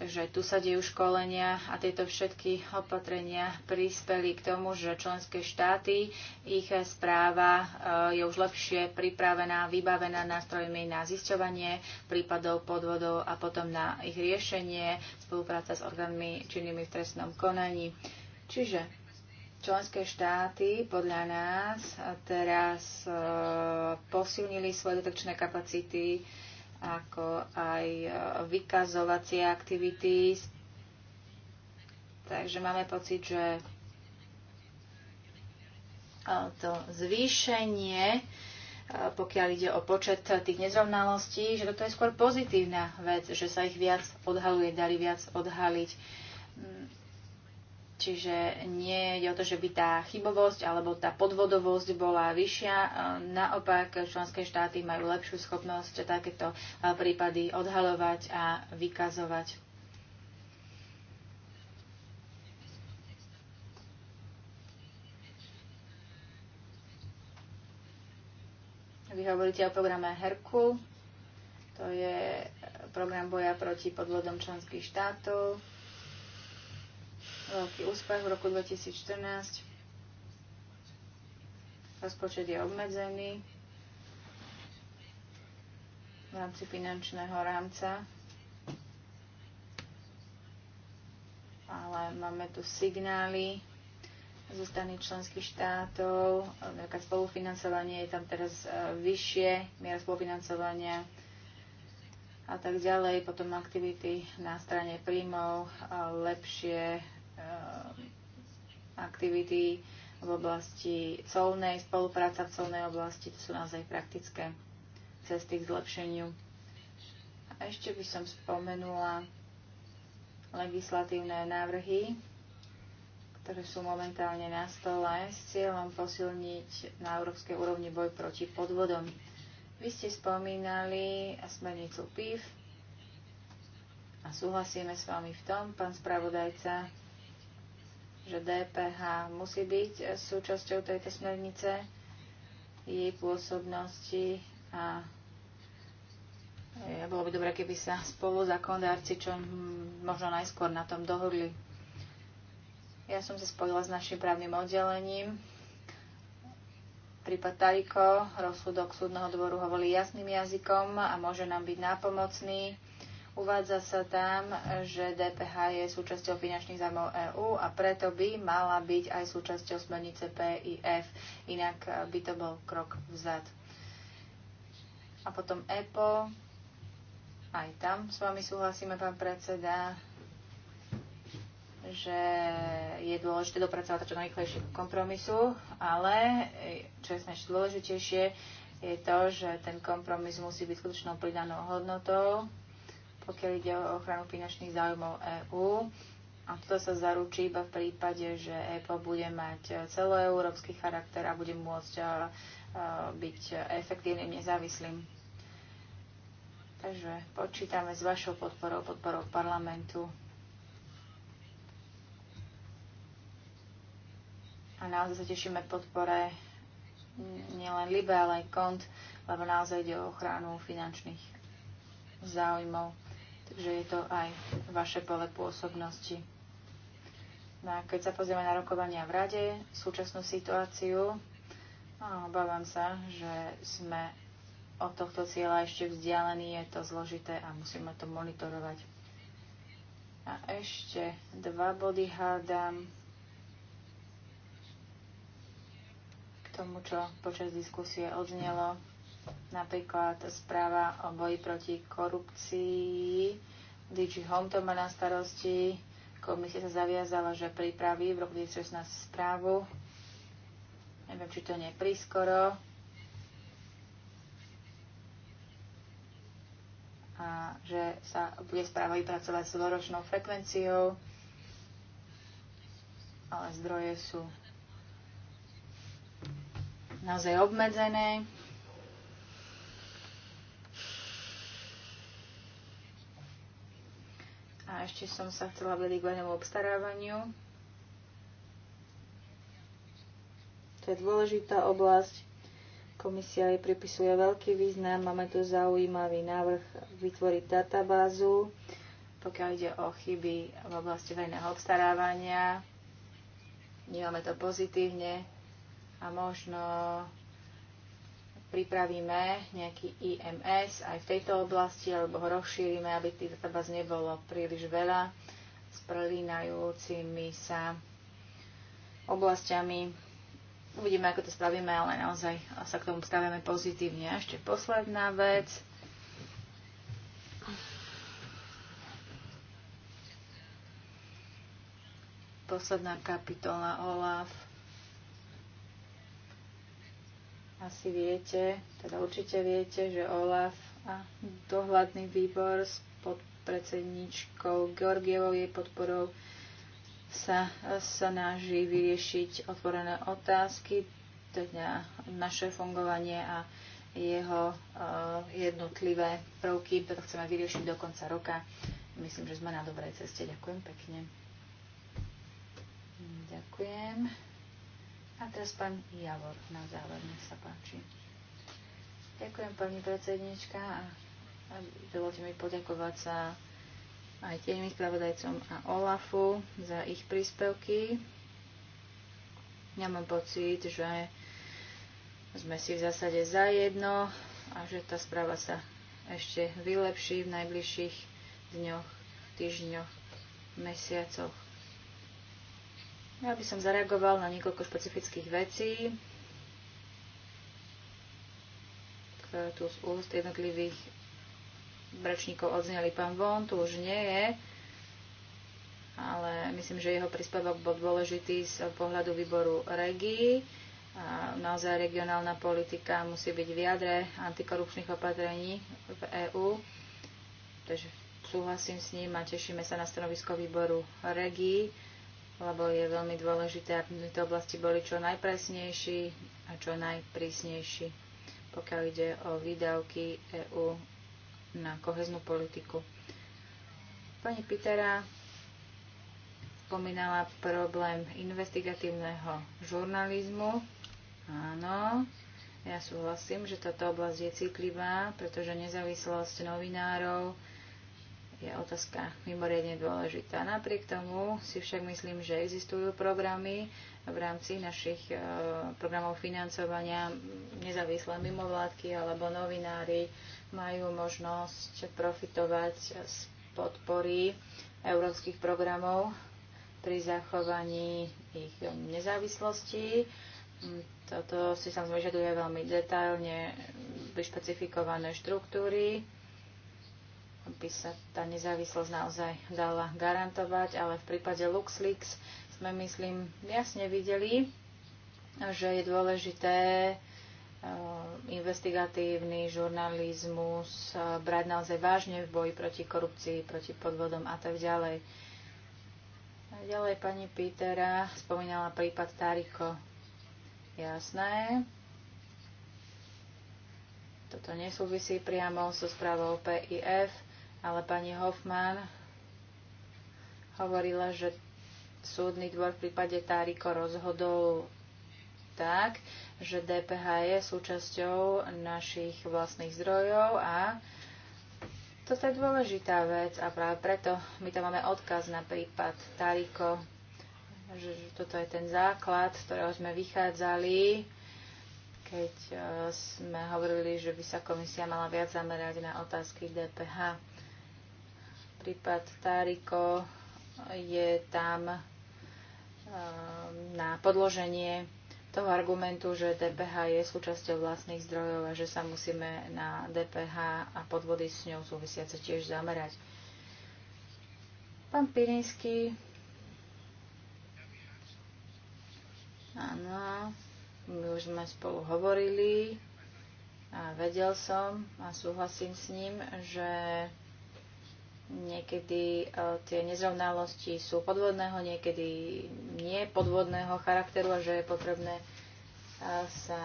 Takže tu sa dejú školenia a tieto všetky opatrenia prispeli k tomu, že členské štáty, ich správa eh, je už lepšie pripravená, vybavená nástrojmi na zisťovanie prípadov podvodov a potom na ich riešenie, spolupráca s orgánmi činnými v trestnom konaní. Čiže členské štáty podľa nás teraz eh, posilnili svoje detekčné kapacity, ako aj e, vykazovacie aktivity. Takže máme pocit, že e, to zvýšenie, e, pokiaľ ide o počet tých nezrovnalostí, že toto je skôr pozitívna vec, že sa ich viac odhaluje, dali viac odhaliť. Mm, Čiže nie je o to, že by tá chybovosť alebo tá podvodovosť bola vyššia. E, Naopak, členské štáty majú lepšiu schopnosť takéto e, prípady odhalovať a vykazovať. Vy hovoríte o programe Herkul. To je program boja proti podvodom členských štátov veľký úspech v roku 2014. Rozpočet je obmedzený v rámci finančného rámca, ale máme tu signály zo strany členských štátov, napríklad spolufinancovanie je tam teraz e, vyššie, miera spolufinancovania a tak ďalej, potom aktivity na strane príjmov, e, lepšie Eh, aktivity v oblasti colnej, spolupráca v colnej oblasti, to sú naozaj praktické cesty k zlepšeniu. A ešte by som spomenula legislatívne návrhy, ktoré sú momentálne na stole s cieľom posilniť na európskej úrovni boj proti podvodom. Vy ste spomínali smernicu PIF a súhlasíme s vami v tom, pán spravodajca, že DPH musí byť súčasťou tejto smernice, jej pôsobnosti a e, bolo by dobre, keby sa spolu zákonodárci čo možno najskôr na tom dohodli. Ja som sa spojila s našim právnym oddelením. Prípad Tariko, rozsudok súdneho dvoru hovorí jasným jazykom a môže nám byť nápomocný Uvádza sa tam, že DPH je súčasťou finančných zájmov EÚ a preto by mala byť aj súčasťou smernice PIF, inak eh, by to bol krok vzad. A potom EPO, aj tam s vami súhlasíme, pán predseda, že je dôležité dopracovať čo najrychlejšie kompromisu, ale eh, čo je dôležitejšie, je to, že ten kompromis musí byť skutočnou pridanou hodnotou pokiaľ ide o ochranu finančných záujmov EÚ. A toto sa zaručí iba v prípade, že EPO bude mať celoeurópsky charakter a bude môcť e, e, byť efektívnym, nezávislým. Takže počítame s vašou podporou, podporou parlamentu. A naozaj sa tešíme podpore nielen Libe, ale aj KONT, lebo naozaj ide o ochranu finančných záujmov že je to aj vaše pole pôsobnosti. No a keď sa pozrieme na rokovania v rade, súčasnú situáciu, no, obávam sa, že sme od tohto cieľa ešte vzdialení, je to zložité a musíme to monitorovať. A ešte dva body hádam k tomu, čo počas diskusie odznelo Napríklad správa o boji proti korupcii. DG Home to má na starosti. Komisia sa zaviazala, že pripraví v roku 2016 správu. Neviem, či to nie je prískoro. A že sa bude správa vypracovať s dôročnou frekvenciou. Ale zdroje sú naozaj obmedzené. A ešte som sa chcela vedieť k lednému obstarávaniu. To je dôležitá oblasť. Komisia jej pripisuje veľký význam. Máme tu zaujímavý návrh vytvoriť databázu, pokiaľ ide o chyby v oblasti verejného obstarávania. Vnímame to pozitívne a možno pripravíme nejaký IMS aj v tejto oblasti, alebo ho rozšírime, aby tých databáz nebolo príliš veľa s prelínajúcimi sa oblastiami. Uvidíme, ako to spravíme, ale naozaj sa k tomu stavíme pozitívne. A ešte posledná vec. Posledná kapitola OLAF Asi viete, teda určite viete, že OLAF a dohľadný výbor s podpredsedničkou Georgievou jej podporou sa snaží vyriešiť otvorené otázky, teda naše fungovanie a jeho eh, jednotlivé prvky. To chceme vyriešiť do konca roka. Myslím, že sme na dobrej ceste. Ďakujem pekne. Hm, ďakujem. A teraz pán Javor na záver, nech sa páči. Ďakujem pani predsednička a, a dovolte mi poďakovať sa aj tým spravodajcom a Olafu za ich príspevky. Ja mám pocit, že sme si v zásade zajedno a že tá správa sa ešte vylepší v najbližších dňoch, týždňoch, mesiacoch. Ja by som zareagoval na niekoľko špecifických vecí, ktoré tu z úst jednotlivých bračníkov odzneli. Pán Von tu už nie je, ale myslím, že jeho príspevok bol dôležitý z pohľadu výboru REGI. Naozaj regionálna politika musí byť v jadre antikorupčných opatrení v EÚ. Takže súhlasím s ním a tešíme sa na stanovisko výboru REGI lebo je veľmi dôležité, aby v tejto oblasti boli čo najpresnejší a čo najprísnejší, pokiaľ ide o výdavky EÚ na koheznú politiku. Pani Pitera spomínala problém investigatívneho žurnalizmu. Áno, ja súhlasím, že táto oblasť je citlivá, pretože nezávislosť novinárov je otázka mimoriadne dôležitá. Napriek tomu si však myslím, že existujú programy v rámci našich e, programov financovania nezávislé mimovládky alebo novinári majú možnosť profitovať z podpory európskych programov pri zachovaní ich nezávislosti. Toto si samozrejme vyžaduje veľmi detailne vyšpecifikované štruktúry by sa tá nezávislosť naozaj dala garantovať, ale v prípade LuxLeaks sme, myslím, jasne videli, že je dôležité eh, investigatívny žurnalizmus eh, brať naozaj vážne v boji proti korupcii, proti podvodom a tak ďalej. A ďalej pani Pítera spomínala prípad Tariko. Jasné. Toto nesúvisí priamo so správou PIF ale pani Hoffman hovorila, že súdny dvor v prípade Táriko rozhodol tak, že DPH je súčasťou našich vlastných zdrojov a toto je dôležitá vec a práve preto my tam máme odkaz na prípad Tariko, že toto je ten základ, z ktorého sme vychádzali, keď eh, sme hovorili, že by sa komisia mala viac zamerať na otázky DPH. Prípad Táriko je tam um, na podloženie toho argumentu, že DPH je súčasťou vlastných zdrojov a že sa musíme na DPH a podvody s ňou súvisiace tiež zamerať. Pán Pirinsky. Áno, my už sme spolu hovorili a vedel som a súhlasím s ním, že Niekedy e, tie nezrovnalosti sú podvodného, niekedy nie podvodného charakteru a že je potrebné e, sa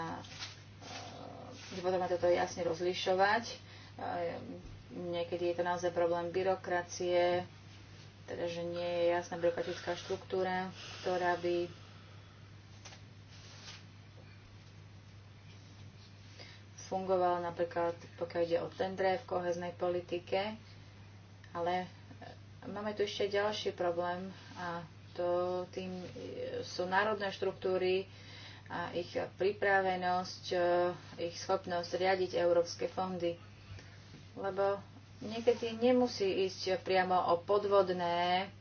e, že potrebné toto jasne rozlišovať. Niekedy je to naozaj problém byrokracie, teda že nie je jasná byrokratická štruktúra, ktorá by fungovala napríklad, pokiaľ ide o tendre v koheznej politike. Ale e, máme tu ešte ďalší problém a to tým e, sú národné štruktúry a ich pripravenosť, e, ich schopnosť riadiť európske fondy. Lebo niekedy nemusí ísť priamo o podvodné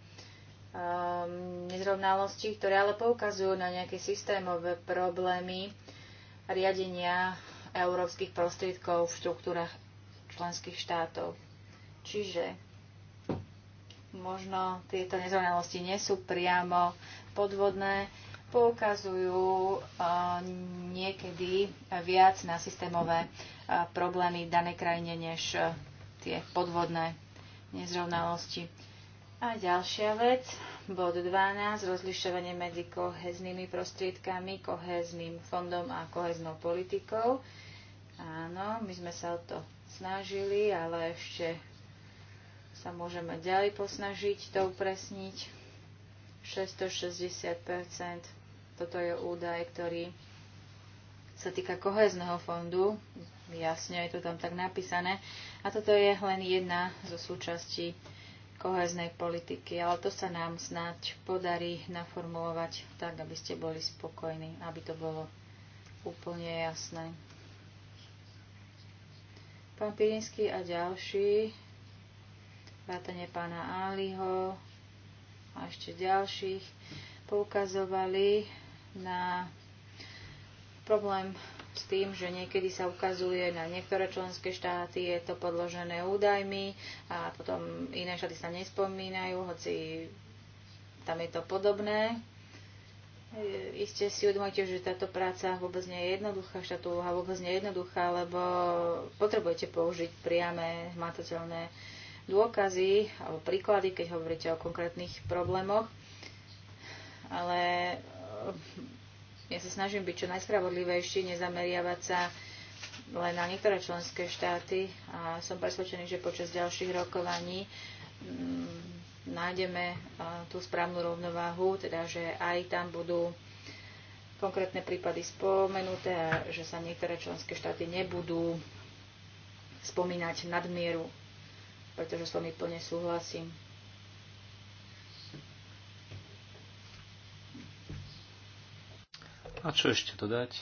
um, nezrovnalosti, ktoré ale poukazujú na nejaké systémové problémy riadenia európskych prostriedkov v štruktúrach členských štátov. Čiže možno tieto nezrovnalosti nie sú priamo podvodné, poukazujú niekedy viac na systémové problémy v danej krajine než tie podvodné nezrovnalosti. A ďalšia vec, bod 12, rozlišovanie medzi koheznými prostriedkami, kohezným fondom a koheznou politikou. Áno, my sme sa o to snažili, ale ešte sa môžeme ďalej posnažiť to upresniť. 660 toto je údaj, ktorý sa týka kohezného fondu. Jasne je to tam tak napísané. A toto je len jedna zo súčastí koheznej politiky, ale to sa nám snáď podarí naformulovať tak, aby ste boli spokojní, aby to bolo úplne jasné. Pán Pirinsky a ďalší vrátane pána Áliho a ešte ďalších, poukazovali na problém s tým, že niekedy sa ukazuje na niektoré členské štáty, je to podložené údajmi a potom iné štáty sa nespomínajú, hoci tam je to podobné. Isté si uvedomujete, že táto práca vôbec nie je jednoduchá, štátu vôbec nie je jednoduchá, lebo potrebujete použiť priame, hmatateľné dôkazy alebo príklady, keď hovoríte o konkrétnych problémoch, ale eh, ja sa snažím byť čo najspravodlivejší, nezameriavať sa len na niektoré členské štáty a som presvedčený, že počas ďalších rokovaní mm, nájdeme eh, tú správnu rovnováhu, teda že aj tam budú konkrétne prípady spomenuté a že sa niektoré členské štáty nebudú spomínať nadmieru pretože s vami plne súhlasím. A čo ešte dodať?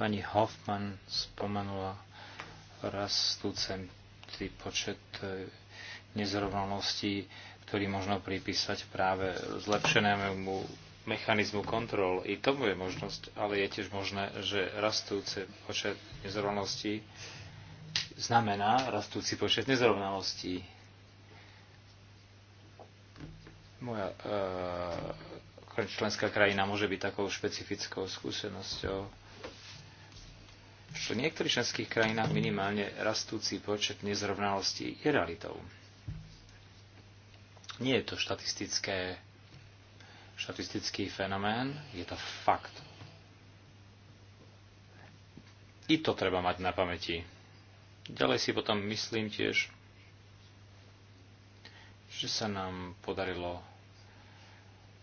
Pani Hoffman spomenula rastúce počet eh, nezrovnalostí, ktorý možno pripísať práve zlepšenému mechanizmu kontrol. I tomu je možnosť, ale je tiež možné, že rastúce počet nezrovnalostí znamená rastúci počet nezrovnalostí. Moja e, členská krajina môže byť takou špecifickou skúsenosťou. V niektorých členských krajinách minimálne rastúci počet nezrovnalostí je realitou. Nie je to štatistické, štatistický fenomén, je to fakt. I to treba mať na pamäti. Ďalej si potom myslím tiež, že sa nám podarilo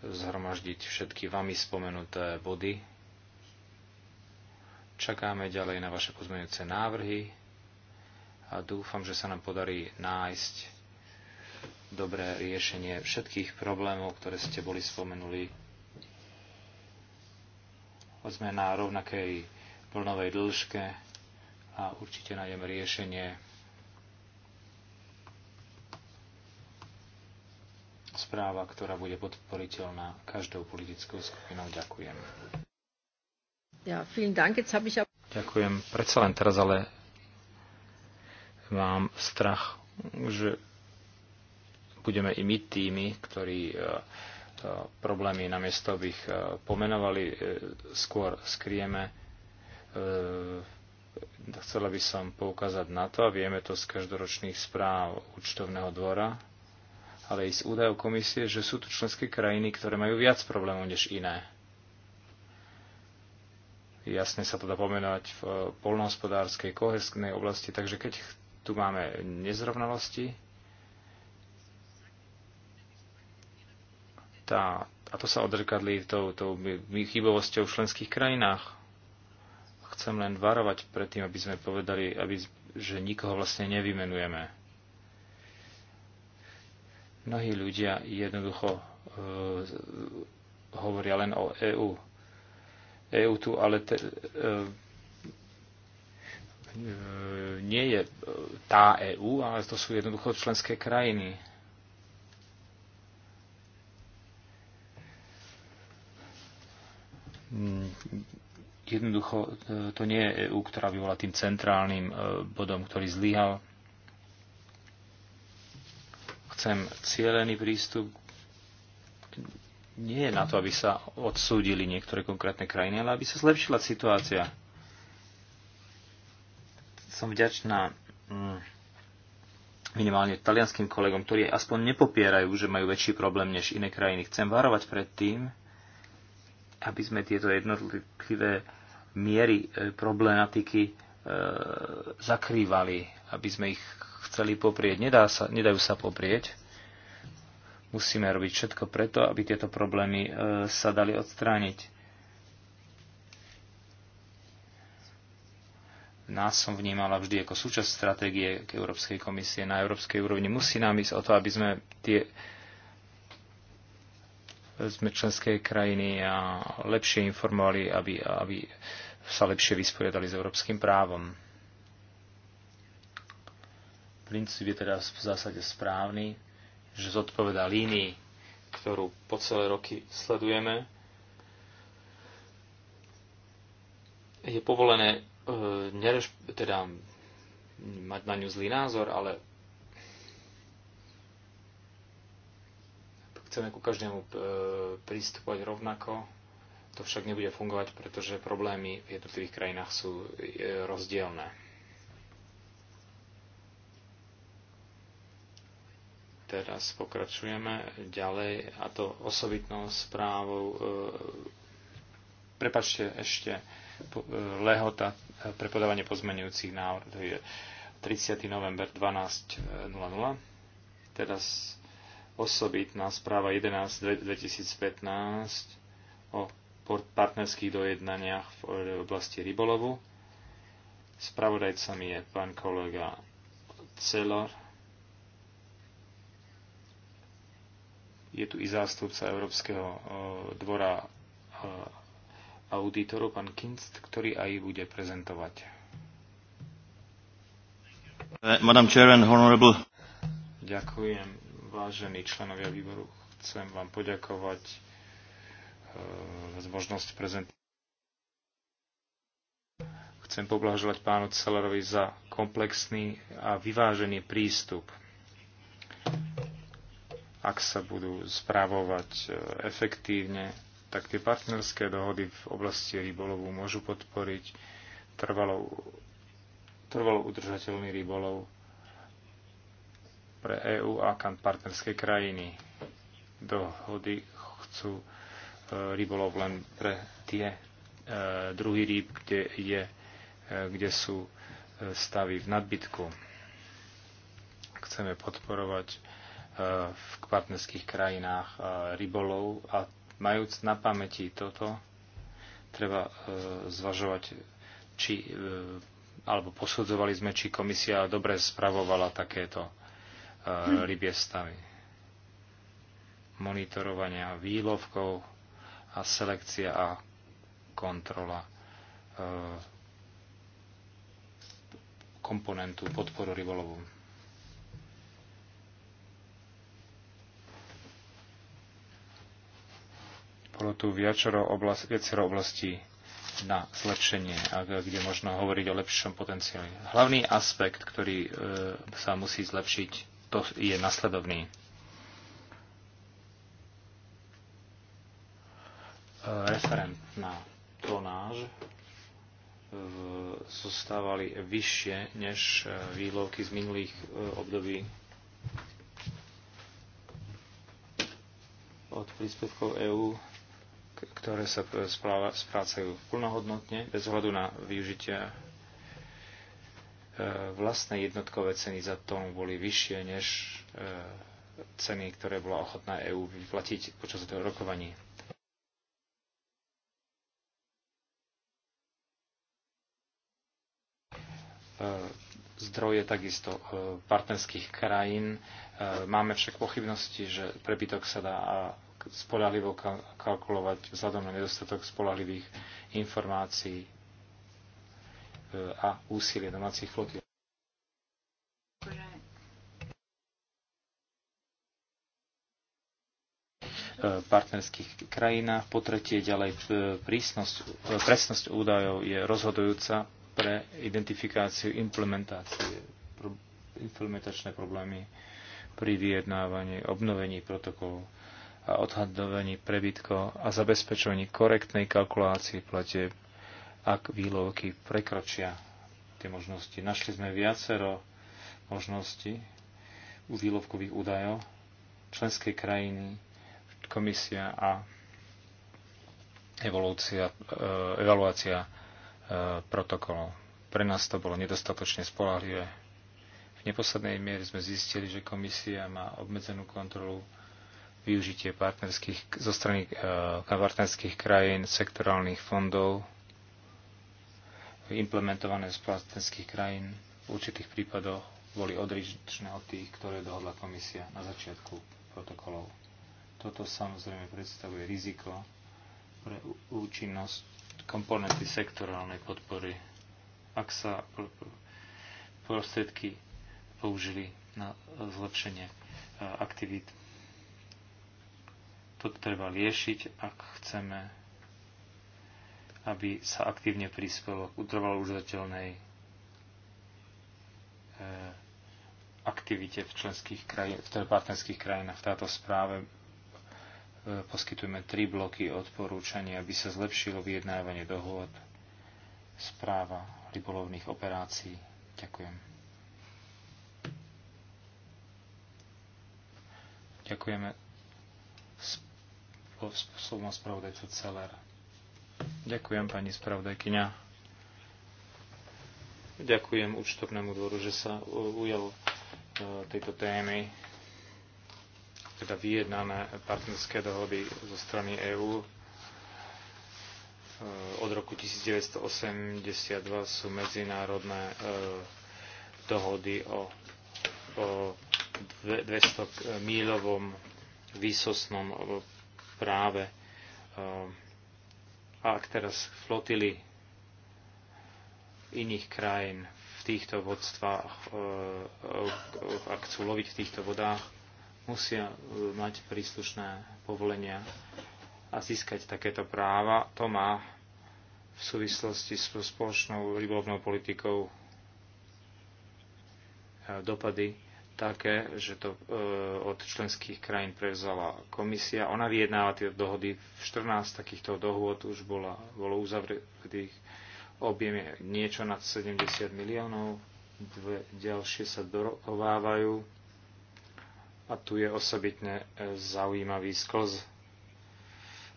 zhromaždiť všetky vami spomenuté body. Čakáme ďalej na vaše pozmeňujúce návrhy a dúfam, že sa nám podarí nájsť dobré riešenie všetkých problémov, ktoré ste boli spomenuli. Sme na rovnakej plnovej dĺžke a určite nájdem riešenie správa, ktorá bude podporiteľná každou politickou skupinou. Ďakujem. Ja, vielen Dank. Jetzt ich... Ďakujem. Predsa len teraz ale mám strach, že budeme i my tými, ktorí e, e, problémy namiesto ich e, pomenovali, skôr skrieme Chcela by som poukázať na to, a vieme to z každoročných správ účtovného dvora, ale aj z údajov komisie, že sú tu členské krajiny, ktoré majú viac problémov než iné. Jasne sa to dá pomenovať v polnohospodárskej, kohezknej oblasti, takže keď tu máme nezrovnalosti, tá, a to sa odrkadlí tou, tou chybovosťou v členských krajinách. Chcem len varovať pred tým, aby sme povedali, aby, že nikoho vlastne nevymenujeme. Mnohí ľudia jednoducho e, hovoria len o EÚ. EÚ tu ale te, e, e nie je tá EÚ, ale to sú jednoducho členské krajiny. Jednoducho e, to nie je EU, ktorá by bola tým centrálnym e, bodom, ktorý zlyhal. Chcem cieľený prístup. Nie je na to, aby sa odsúdili niektoré konkrétne krajiny, ale aby sa zlepšila situácia. Som vďačná mm, minimálne talianským kolegom, ktorí aspoň nepopierajú, že majú väčší problém než iné krajiny. Chcem varovať pred tým, aby sme tieto jednotlivé miery e, problematiky e, zakrývali, aby sme ich chceli poprieť. Nedá sa, nedajú sa poprieť. Musíme robiť všetko preto, aby tieto problémy e, sa dali odstrániť. Nás som vnímala vždy ako súčasť stratégie Európskej komisie na európskej úrovni. Musí nám ísť o to, aby sme tie sme členské krajiny a lepšie informovali, aby, aby sa lepšie vysporiadali s európskym právom. Princíp je teda v zásade správny, že zodpoveda línii, ktorú po celé roky sledujeme. Je povolené e, nereš, teda mať na ňu zlý názor, ale chceme ku každému e, pristupovať rovnako, to však nebude fungovať, pretože problémy v jednotlivých krajinách sú e, rozdielne. Teraz pokračujeme ďalej a to osobitnou správou. E, prepačte ešte lehota pre podávanie pozmenujúcich návrhov. To je 30. november 12.00. Teraz osobitná správa 11 2015 o partnerských dojednaniach v oblasti rybolovu. Spravodajcami je pán kolega Celor. Je tu i zástupca Európskeho dvora auditorov, pán Kinst, ktorý aj bude prezentovať. Madam Chair and Honorable. Ďakujem Vážení členovia výboru, chcem vám poďakovať e, za možnosť prezentovať. Chcem poblahoželať pánu Celerovi za komplexný a vyvážený prístup ak sa budú správovať e, efektívne, tak tie partnerské dohody v oblasti rybolovu môžu podporiť trvalo, trvalo udržateľný rybolov pre EÚ a kam partnerské krajiny. Dohody chcú e, rybolov len pre tie e, druhý rýb, kde, je, e, kde sú stavy v nadbytku. Chceme podporovať v partnerských krajinách rybolov a majúc na pamäti toto, treba zvažovať, či, alebo posudzovali sme, či komisia dobre spravovala takéto E, rybie stavy, monitorovania výlovkov a selekcia a kontrola e, komponentu podporu rybolovu. Bolo tu viacero, oblast, viacero oblastí na zlepšenie, kde možno hovoriť o lepšom potenciáli. Hlavný aspekt, ktorý e, sa musí zlepšiť, to je nasledovný. Referentná tonáž e, zostávali vyššie než e, výlovky z minulých e, období od príspevkov EÚ, ktoré sa sprácajú plnohodnotne bez ohľadu na využitia E, vlastné jednotkové ceny za tón boli vyššie než e, ceny, ktoré bola ochotná EÚ vyplatiť počas toho rokovania. E, zdroje takisto partnerských krajín. Máme však pochybnosti, že prebytok sa dá spolahlivo kalkulovať vzhľadom na nedostatok spolahlivých informácií a úsilie domácich flotil. partnerských krajinách. Po tretie ďalej prísnosť, presnosť údajov je rozhodujúca pre identifikáciu implementácie, implementačné problémy pri vyjednávaní, obnovení protokolov a odhadovaní prebytkov a zabezpečovaní korektnej kalkulácii platieb ak výlovky prekročia tie možnosti. Našli sme viacero možností u výlovkových údajov členskej krajiny, komisia a evolúcia, e, evaluácia e, protokolov. Pre nás to bolo nedostatočne spolahlivé. V neposlednej miere sme zistili, že komisia má obmedzenú kontrolu využitie partnerských, zo strany e, partnerských krajín, sektorálnych fondov, implementované z palestinských krajín v určitých prípadoch boli odlišné od tých, ktoré dohodla komisia na začiatku protokolov. Toto samozrejme predstavuje riziko pre účinnosť komponenty sektorálnej podpory, ak sa prostriedky použili na zlepšenie e, aktivít. Toto treba riešiť, ak chceme aby sa aktívne prispelo k utrvalo užiteľnej eh, aktivite v členských krajinách, v teda partnerských krajinách. V táto správe eh, poskytujeme tri bloky odporúčania, aby sa zlepšilo vyjednávanie dohôd, správa rybolovných operácií. Ďakujem. Ďakujeme slovná spravodajcu Celera. Ďakujem, pani spravodajkyňa. Ďakujem účtovnému dvoru, že sa e, ujal e, tejto témy, teda vyjednané partnerské dohody zo strany EÚ e, od roku 1982 sú medzinárodné dohody o, o 200-mílovom výsosnom práve a ak teraz flotily iných krajín v týchto vodstvách, e, e, ak chcú loviť v týchto vodách, musia e, mať príslušné povolenia a získať takéto práva. To má v súvislosti s spoločnou rybovnou politikou dopady také, že to e, od členských krajín prevzala komisia. Ona vyjednáva tie dohody. V 14 takýchto dohôd už bola, bolo uzavretých objem je niečo nad 70 miliónov. Dve ďalšie sa dorovávajú. A tu je osobitne e, zaujímavý sklz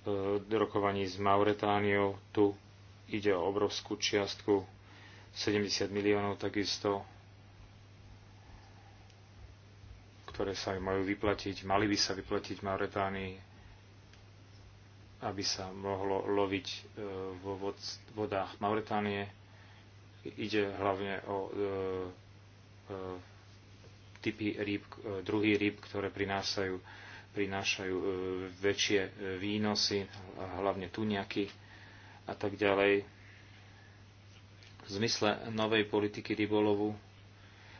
e, rokovaní s Mauretániou. Tu ide o obrovskú čiastku 70 miliónov takisto ktoré sa im majú vyplatiť, mali by sa vyplatiť Mauretánii, aby sa mohlo loviť e, vo vodách Mauretánie. Ide hlavne o e, e, typy rýb, druhý rýb, ktoré prinášajú, prinášajú väčšie výnosy, hlavne tuniaky a tak ďalej. V zmysle novej politiky rybolovu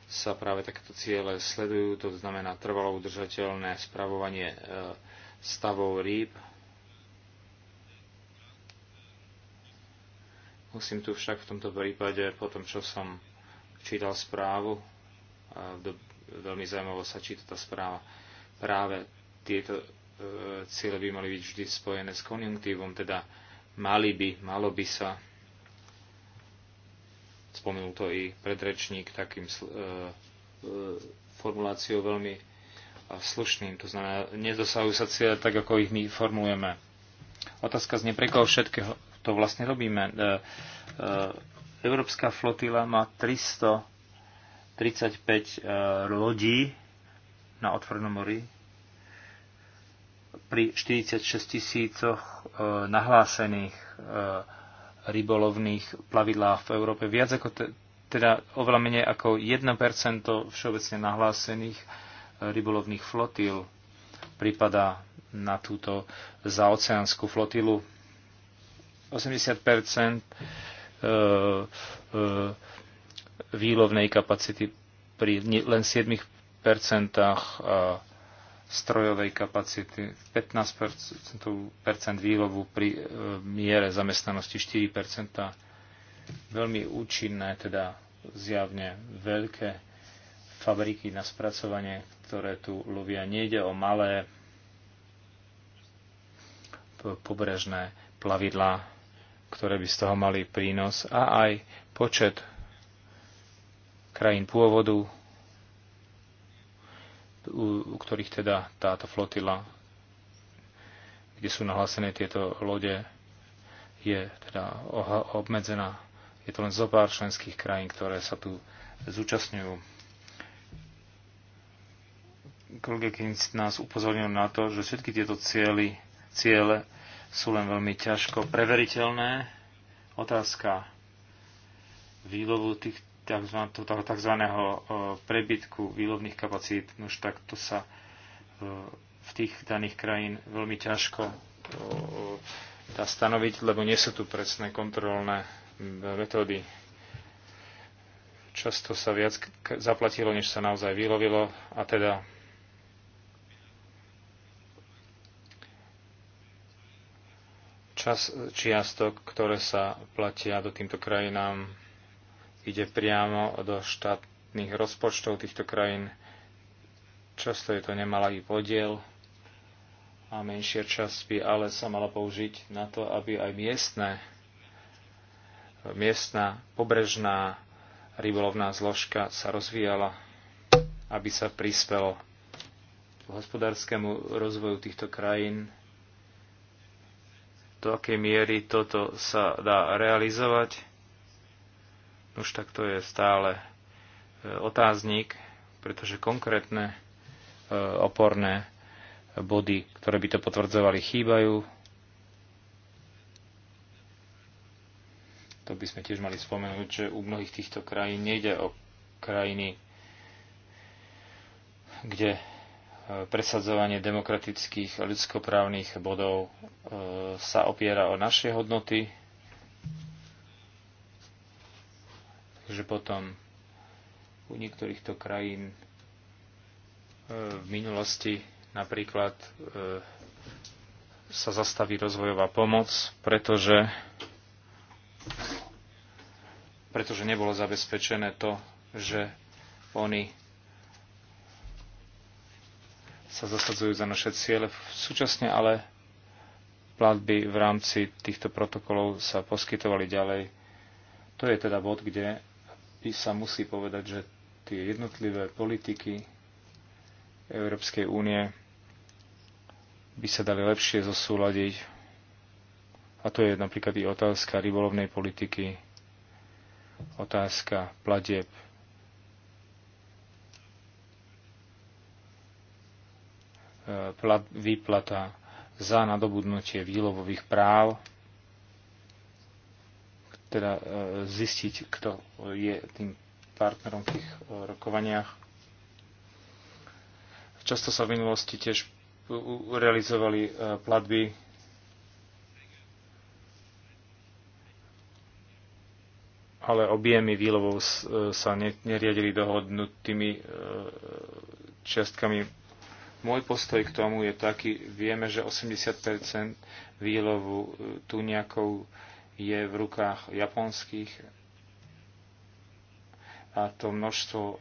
sa práve takéto ciele sledujú, to znamená trvalo udržateľné spravovanie e, stavov rýb. Musím tu však v tomto prípade, po tom, čo som čítal správu, veľmi zaujímavo sa číta tá správa, práve tieto e, ciele by mali byť vždy spojené s konjunktívom, teda mali by, malo by sa spomenul to i predrečník takým e, e, formuláciou veľmi slušným, to znamená, nedosahujú sa cieľe tak, ako ich my formulujeme. Otázka z neprekoho všetkého, to vlastne robíme. E, e, Európska flotila má 335 e, lodí na otvorenom mori pri 46 tisícoch e, nahlásených e, rybolovných plavidlách v Európe. Viac ako te, teda oveľa menej ako 1% všeobecne nahlásených eh, rybolovných flotil pripadá na túto zaoceánsku flotilu. 80% eh, eh, výlovnej kapacity pri len 7% strojovej kapacity, 15% výlovu pri e, miere zamestnanosti 4%. Veľmi účinné, teda zjavne veľké fabriky na spracovanie, ktoré tu lovia. Nejde o malé pobrežné plavidlá, ktoré by z toho mali prínos a aj počet krajín pôvodu u, u ktorých teda táto flotila, kde sú nahlásené tieto lode, je teda obmedzená. Je to len zo pár členských krajín, ktoré sa tu zúčastňujú kolega Kinc nás upozornil na to, že všetky tieto cieľy, ciele sú len veľmi ťažko preveriteľné. Otázka výlovu tých, tzv. prebytku výlovných kapacít, už tak to sa v tých daných krajín veľmi ťažko dá stanoviť, lebo nie sú tu presné kontrolné metódy. Často sa viac zaplatilo, než sa naozaj vylovilo a teda čas čiastok, ktoré sa platia do týmto krajinám, ide priamo do štátnych rozpočtov týchto krajín. Často je to nemalý podiel a menšia časť by ale sa mala použiť na to, aby aj miestne, miestna pobrežná rybolovná zložka sa rozvíjala, aby sa prispelo k hospodárskému rozvoju týchto krajín. Do akej miery toto sa dá realizovať? Už tak to je stále e, otáznik, pretože konkrétne e, oporné body, ktoré by to potvrdzovali, chýbajú. To by sme tiež mali spomenúť, že u mnohých týchto krajín nejde o krajiny, kde e, presadzovanie demokratických a ľudskoprávnych bodov sa opiera o naše hodnoty, že potom u niektorých to krajín e, v minulosti napríklad e, sa zastaví rozvojová pomoc, pretože, pretože nebolo zabezpečené to, že oni sa zasadzujú za naše ciele. Súčasne ale platby v rámci týchto protokolov sa poskytovali ďalej. To je teda bod, kde by sa musí povedať, že tie jednotlivé politiky Európskej únie by sa dali lepšie zosúľadiť. A to je napríklad i otázka rybolovnej politiky, otázka platieb e, výplata za nadobudnutie výlovových práv teda e, zistiť, kto je tým partnerom v tých e, rokovaniach. Často sa v minulosti tiež realizovali e, platby ale objemy výlovov sa neriadili dohodnutými čiastkami. Môj postoj k tomu je taký, vieme, že 80% výlovu tu nejakou je v rukách japonských a to množstvo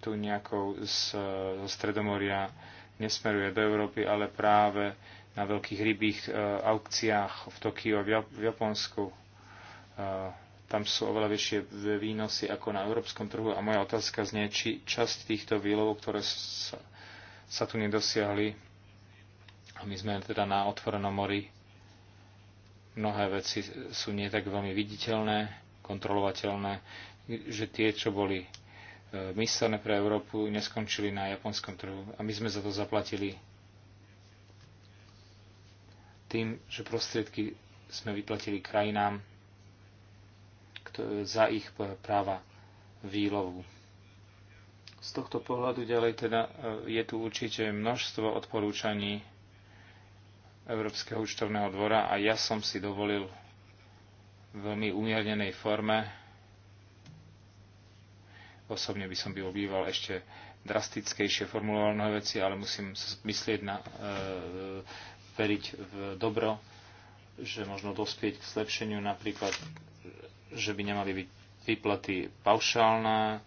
tu nejakou z, zo Stredomoria nesmeruje do Európy, ale práve na veľkých rybých e, aukciách v Tokiu a v, Japonsku. E, tam sú oveľa väčšie výnosy ako na európskom trhu a moja otázka znie, či časť týchto výlovov, ktoré sa, sa tu nedosiahli, a my sme teda na otvorenom mori, mnohé veci sú nie tak veľmi viditeľné, kontrolovateľné, že tie, čo boli e, myslené pre Európu, neskončili na japonskom trhu. A my sme za to zaplatili tým, že prostriedky sme vyplatili krajinám za ich práva výlovu. Z tohto pohľadu ďalej teda e, je tu určite množstvo odporúčaní Európskeho účtovného dvora a ja som si dovolil v veľmi umiernenej forme. Osobne by som by obýval ešte drastickejšie formulované veci, ale musím myslieť na, e, veriť v dobro, že možno dospieť k zlepšeniu napríklad, že by nemali byť výplaty paušálne,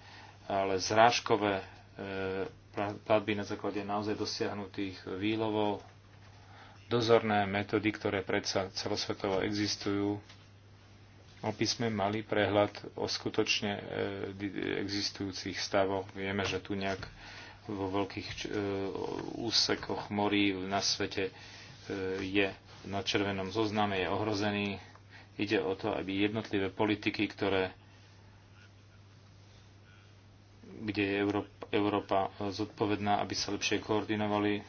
ale zrážkové e, platby na základe naozaj dosiahnutých výlovov dozorné metódy, ktoré predsa celosvetovo existujú, aby sme mali prehľad o skutočne e, existujúcich stavoch. Vieme, že tu nejak vo veľkých e, úsekoch morí na svete e, je na červenom zozname, je ohrozený. Ide o to, aby jednotlivé politiky, ktoré kde je Európa, Európa zodpovedná, aby sa lepšie koordinovali.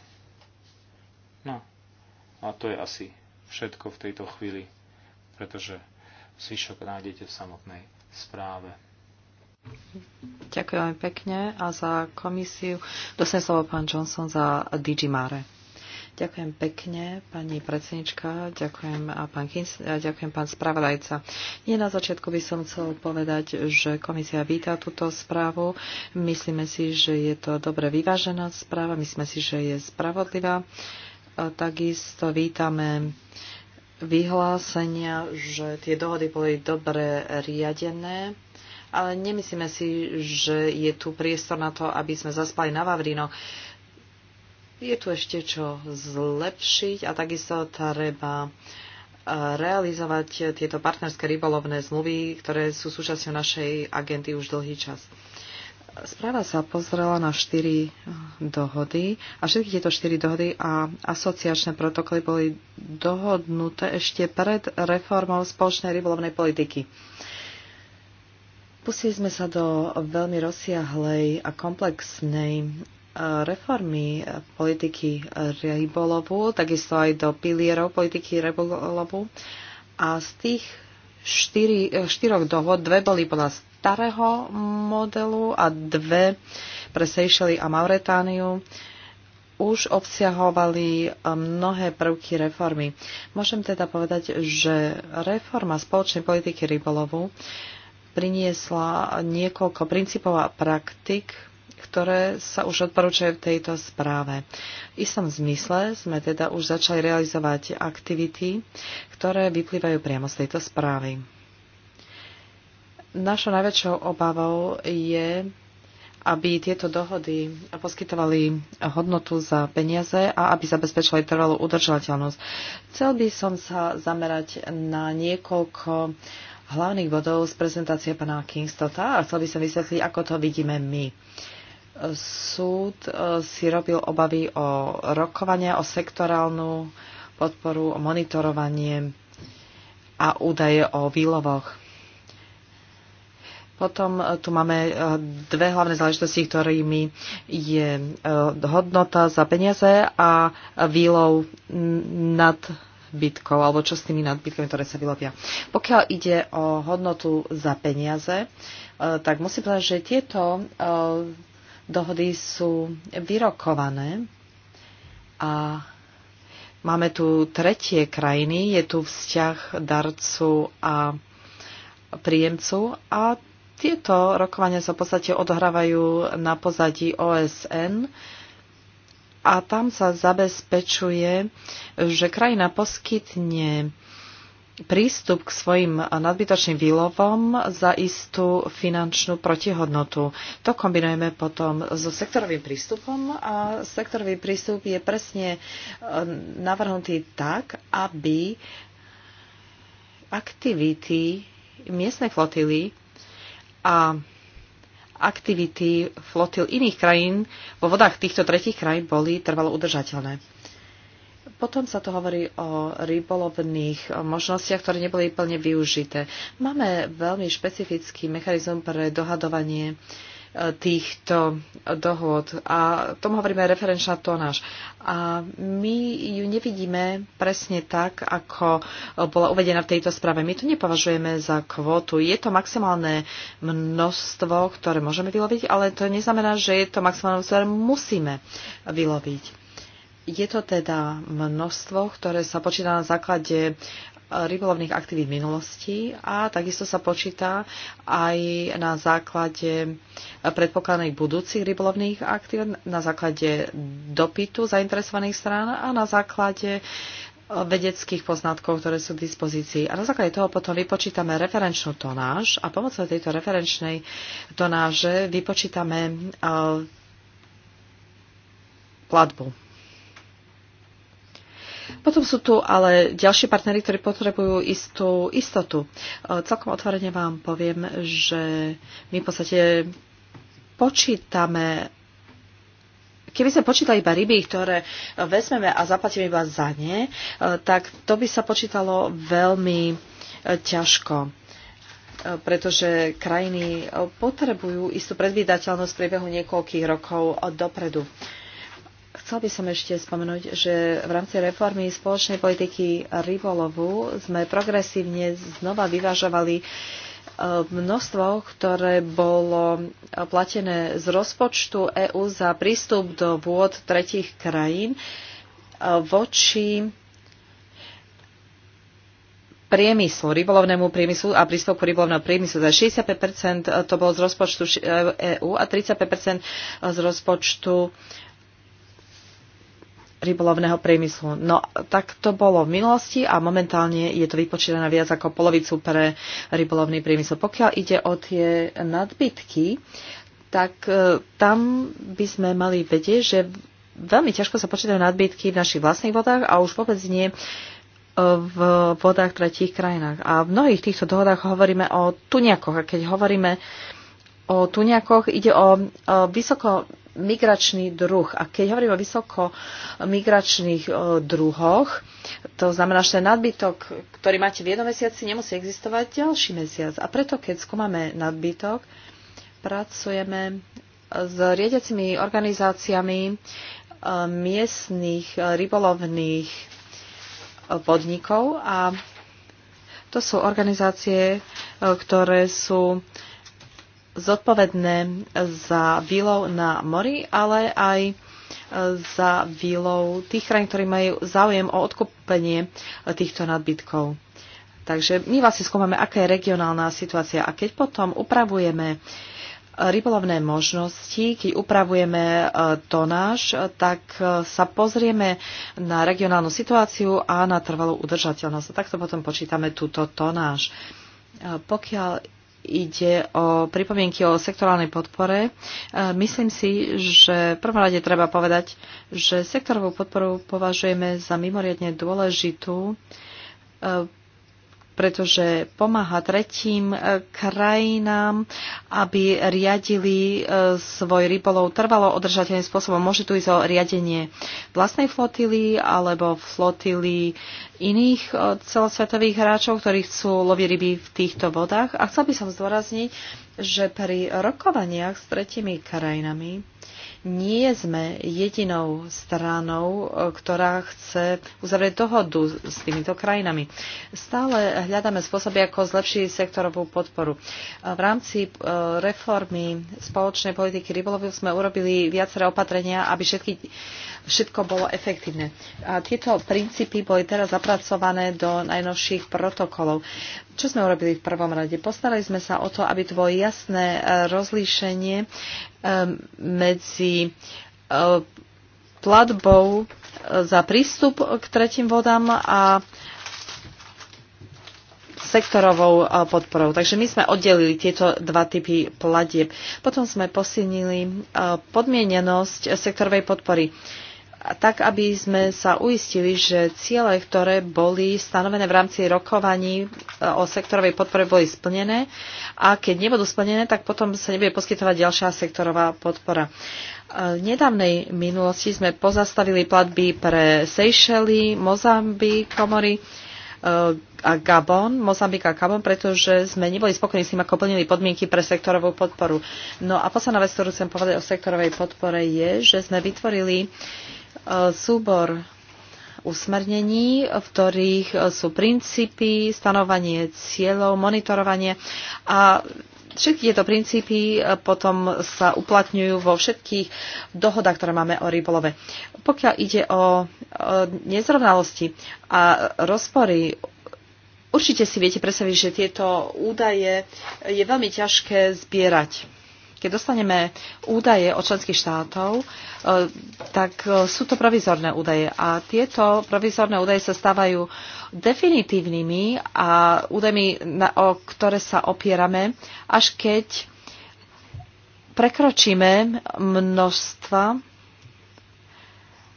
No, a to je asi všetko v tejto chvíli, pretože zvyšok nájdete v samotnej správe. Ďakujem pekne a za komisiu dostane slovo pán Johnson za Digimare. Ďakujem pekne, pani predsednička, ďakujem a pán Kins, a ďakujem pán spravodajca. Nie na začiatku by som chcel povedať, že komisia víta túto správu. Myslíme si, že je to dobre vyvážená správa, myslíme si, že je spravodlivá. Uh, Takisto vítame vyhlásenia, že tie dohody boli dobre riadené, ale nemyslíme si, že je tu priestor na to, aby sme zaspali na vavrino. Je tu ešte čo zlepšiť a takisto treba e, realizovať tieto partnerské rybolovné zmluvy, ktoré sú súčasťou našej agendy už dlhý čas. Správa sa pozrela na štyri eh, dohody a všetky tieto štyri dohody a asociačné protokoly boli dohodnuté ešte pred reformou spoločnej rybolovnej politiky. Pustili sme sa do veľmi rozsiahlej a komplexnej eh, reformy eh, politiky rybolovu, takisto aj do pilierov politiky rybolovu. A z tých štyri, štyroch dohod, dve boli podľa starého modelu a dve pre Seychely a Mauretániu už obsiahovali e, mnohé prvky reformy. Môžem teda povedať, že reforma spoločnej politiky rybolovu priniesla niekoľko princípov a praktik, ktoré sa už odporúčajú v tejto správe. V istom zmysle sme teda už začali realizovať aktivity, ktoré vyplývajú priamo z tejto správy. Našou najväčšou obavou je, aby tieto dohody poskytovali hodnotu za peniaze a aby zabezpečovali trvalú udržateľnosť. Chcel by som sa zamerať na niekoľko hlavných bodov z prezentácie pana Kingstota a chcel by som vysvetliť, ako to vidíme my. Súd eh, si robil obavy o rokovania, o sektorálnu podporu, o monitorovanie a údaje o výlovoch potom e, tu máme e, dve hlavné záležitosti, ktorými je e, hodnota za peniaze a výlov nad bytkov alebo čo s tými nadbytkami, ktoré sa vylovia. Pokiaľ ide o hodnotu za peniaze, tak musím povedať, že tieto dohody sú vyrokované a máme tu tretie krajiny, je tu vzťah darcu a príjemcu a tieto rokovania sa v podstate odohrávajú na pozadí OSN a tam sa zabezpečuje, že krajina poskytne prístup k svojim nadbytočným výlovom za istú finančnú protihodnotu. To kombinujeme potom so sektorovým prístupom a sektorový prístup je presne e, navrhnutý tak, aby aktivity miestnej flotily a aktivity flotil iných krajín vo vodách týchto tretich krajín boli trvalo udržateľné. Potom sa to hovorí o rybolovných možnostiach, ktoré neboli plne využité. Máme veľmi špecifický mechanizm pre dohadovanie týchto dohôd. A tomu hovoríme referenčná tonáž. A my ju nevidíme presne tak, ako bola uvedená v tejto správe. My to nepovažujeme za kvotu. Je to maximálne množstvo, ktoré môžeme vyloviť, ale to neznamená, že je to maximálne, ktoré musíme vyloviť. Je to teda množstvo, ktoré sa počíta na základe rybolovných aktivít minulosti a takisto sa počíta aj na základe predpokladaných budúcich rybolovných aktivít, na základe dopytu zainteresovaných strán a na základe vedeckých poznatkov, ktoré sú k dispozícii. A na základe toho potom vypočítame referenčnú tonáž a pomocou tejto referenčnej tonáže vypočítame eh, platbu. Potom sú tu ale ďalšie partnery, ktorí potrebujú istú istotu. E, celkom otvorene vám poviem, že my v podstate počítame keby sme počítali iba ryby, ktoré vezmeme a zaplatíme iba za ne, e, tak to by sa počítalo veľmi e, ťažko pretože krajiny potrebujú istú predvídateľnosť v priebehu niekoľkých rokov dopredu. Chcel by som ešte spomenúť, že v rámci reformy spoločnej politiky rybolovu sme progresívne znova vyvážovali e, množstvo, ktoré bolo platené z rozpočtu EÚ za prístup do vôd tretich krajín e, voči priemyslu, rybolovnému priemyslu a príspevku rybolovného priemyslu. Za 65% to bolo z rozpočtu EÚ a 35% z rozpočtu rybolovného priemyslu. No tak to bolo v minulosti a momentálne je to vypočítané viac ako polovicu pre rybolovný priemysel. Pokiaľ ide o tie nadbytky, tak e, tam by sme mali vedieť, že veľmi ťažko sa počítajú nadbytky v našich vlastných vodách a už vôbec nie e, v vodách tretích krajinách. A v mnohých týchto dohodách hovoríme o tuniakoch. A keď hovoríme o tuniakoch, ide o e, vysoko migračný druh. A keď hovorím o vysoko migračných e, druhoch, to znamená, že ten nadbytok, ktorý máte v jednom mesiaci, nemusí existovať ďalší mesiac. A preto, keď skúmame nadbytok, pracujeme s riadiacimi organizáciami e, miestných e, rybolovných podnikov a to sú organizácie, ktoré sú zodpovedné za výlov na mori, ale aj e, za výlov tých krajín, ktorí majú záujem o odkúpenie e, týchto nadbytkov. Takže my vlastne skúmame, aká je regionálna situácia a keď potom upravujeme e, rybolovné možnosti, keď upravujeme tonáž, tak sa pozrieme na regionálnu situáciu a na trvalú udržateľnosť. A takto potom počítame túto tonáž. Pokiaľ ide o pripomienky o sektorálnej podpore. E, myslím si, že v prvom rade treba povedať, že sektorovú podporu považujeme za mimoriadne dôležitú e, pretože pomáha tretím e, krajinám, aby riadili e, svoj rybolov trvalo održateľným spôsobom. Môže tu ísť o riadenie vlastnej flotily alebo flotily iných e, celosvetových hráčov, ktorí chcú loviť ryby v týchto vodách. A chcel by som zdôrazniť, že pri rokovaniach s tretími krajinami nie sme jedinou stranou, ktorá chce uzavrieť dohodu s týmito krajinami. Stále hľadáme spôsoby, ako zlepšiť sektorovú podporu. V rámci e, reformy spoločnej politiky rybolovu sme urobili viaceré opatrenia, aby všetky všetko bolo efektívne. A tieto princípy boli teraz zapracované do najnovších protokolov. Čo sme urobili v prvom rade? Postarali sme sa o to, aby to bolo jasné e, rozlíšenie e, medzi e, platbou za prístup k tretím vodám a sektorovou podporou. Takže my sme oddelili tieto dva typy platieb. Potom sme posilnili podmienenosť sektorovej podpory tak aby sme sa uistili, že ciele, ktoré boli stanovené v rámci rokovaní e, o sektorovej podpore, boli splnené a keď nebudú splnené, tak potom sa nebude poskytovať ďalšia sektorová podpora. E, v nedávnej minulosti sme pozastavili platby pre Seychely, Mozambik, Komory e, a Gabon, Mozambik a Gabon, pretože sme neboli spokojní s tým, ako plnili podmienky pre sektorovú podporu. No a posledná vec, ktorú chcem povedať o sektorovej podpore je, že sme vytvorili uh, súbor usmernení, v ktorých sú princípy, stanovanie cieľov, monitorovanie a všetky tieto princípy potom sa uplatňujú vo všetkých dohodách, ktoré máme o rybolove. Pokiaľ ide o nezrovnalosti a rozpory, určite si viete predstaviť, že tieto údaje je veľmi ťažké zbierať keď dostaneme údaje od členských štátov, e, tak e, sú to provizorné údaje a tieto provizorné údaje sa stávajú definitívnymi a údajmi, o ktoré sa opierame, až keď prekročíme množstva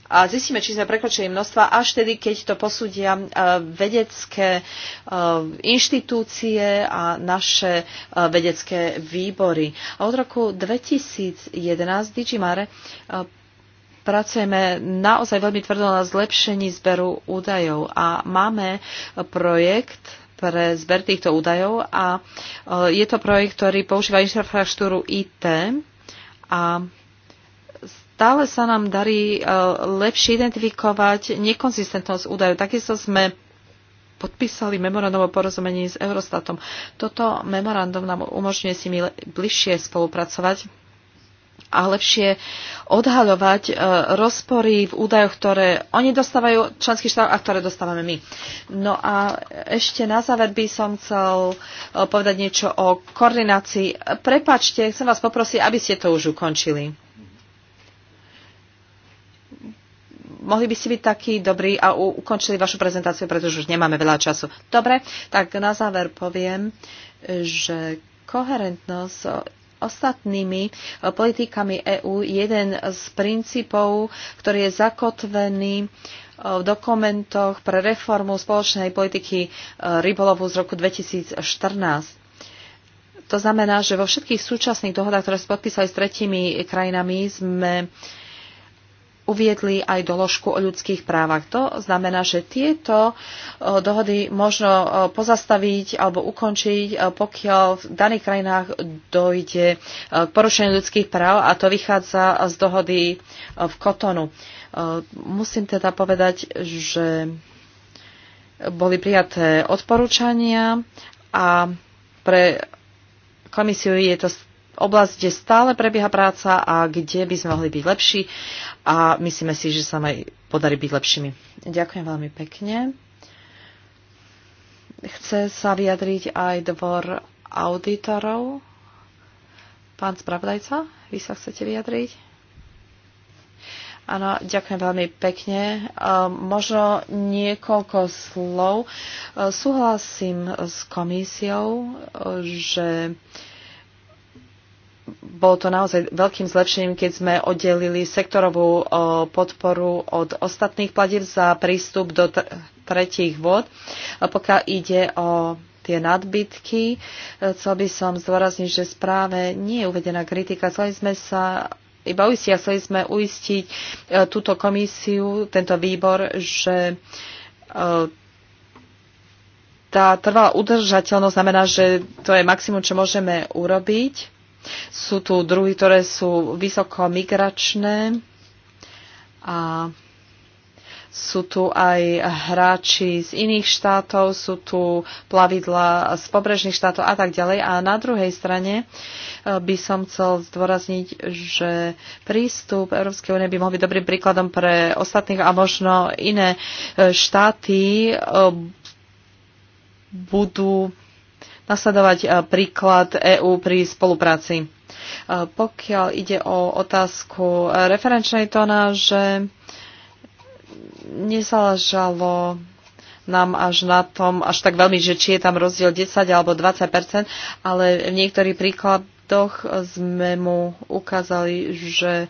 a zistíme, či sme prekročili množstva až tedy, keď to posúdia e, vedecké e, inštitúcie a naše e, vedecké výbory. A od roku 2011 Digimare pracujeme naozaj veľmi tvrdo na zlepšení zberu údajov a máme projekt pre zber týchto údajov a je to projekt, ktorý používa infraštruktúru IT a stále sa nám darí e, lepšie identifikovať nekonzistentnosť údajov. Takisto sme podpísali memorandum o porozumení s Eurostatom. Toto memorandum nám umožňuje si mi bližšie spolupracovať a lepšie odhaľovať e, rozpory v údajoch, ktoré oni dostávajú členských štát a ktoré dostávame my. No a ešte na záver by som chcel e, povedať niečo o koordinácii. Prepačte, chcem vás poprosiť, aby ste to už ukončili. mohli by ste byť takí dobrí a ukončili vašu prezentáciu, pretože už nemáme veľa času. Dobre, tak na záver poviem, že koherentnosť s ostatnými politikami EÚ je jeden z princípov, ktorý je zakotvený v dokumentoch pre reformu spoločnej politiky rybolovu z roku 2014. To znamená, že vo všetkých súčasných dohodách, ktoré sme podpísali s tretími krajinami, sme uh, uviedli aj doložku o ľudských právach. To znamená, že tieto e, dohody možno e, pozastaviť alebo ukončiť, e, pokiaľ v daných krajinách dojde k porušeniu ľudských práv a to vychádza z dohody v Kotonu. Musím teda povedať, že boli prijaté odporúčania a pre komisiu je to oblasť, kde stále prebieha práca a kde by sme mohli byť lepší a myslíme si, že sa aj podarí byť lepšími. Ďakujem veľmi pekne. Chce sa vyjadriť aj dvor auditorov. Pán spravodajca, vy sa chcete vyjadriť? Áno, ďakujem veľmi pekne. Ehm, možno niekoľko slov. Ehm, súhlasím s komisiou, že bolo to naozaj veľkým zlepšením, keď sme oddelili sektorovú podporu od ostatných platieb za prístup do tretích vod. Pokiaľ ide o tie nadbytky, e, chcel by som zdôrazniť, že správe nie je uvedená kritika. Chceli sme sa iba uistiť a chceli sme uistiť e, túto komisiu, tento výbor, že e, tá trvalá udržateľnosť znamená, že to je maximum, čo môžeme urobiť sú tu druhy, ktoré sú vysoko migračné a sú tu aj hráči z iných štátov, sú tu plavidla z pobrežných štátov a tak ďalej. A na druhej strane eh, by som chcel zdôrazniť, že prístup Európskej únie by mohol byť dobrým príkladom pre ostatných a možno iné eh, štáty eh, budú nasledovať e, príklad EÚ pri spolupráci. E, pokiaľ ide o otázku e, referenčnej tóna, že nezáležalo nám až na tom, až tak veľmi, že či je tam rozdiel 10 alebo 20 ale v niektorých príkladoch sme mu ukázali, že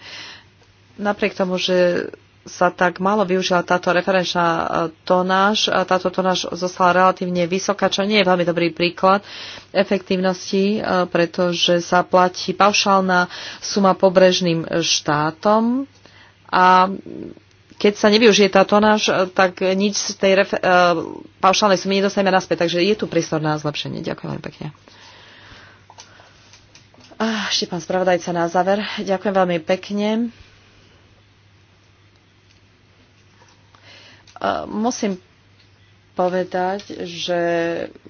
napriek tomu, že sa tak malo využila táto referenčná e, tonáž. E, táto tonáž zostala relatívne vysoká, čo nie je veľmi dobrý príklad efektívnosti, e, pretože sa platí paušálna suma pobrežným štátom a keď sa nevyužije tá tonáž, tak nič z tej refer- paušálnej sumy nedostaneme naspäť. Takže je tu prístor na zlepšenie. Ďakujem veľmi pekne. ešte pán spravodajca na záver. Ďakujem veľmi pekne Musím povedať, že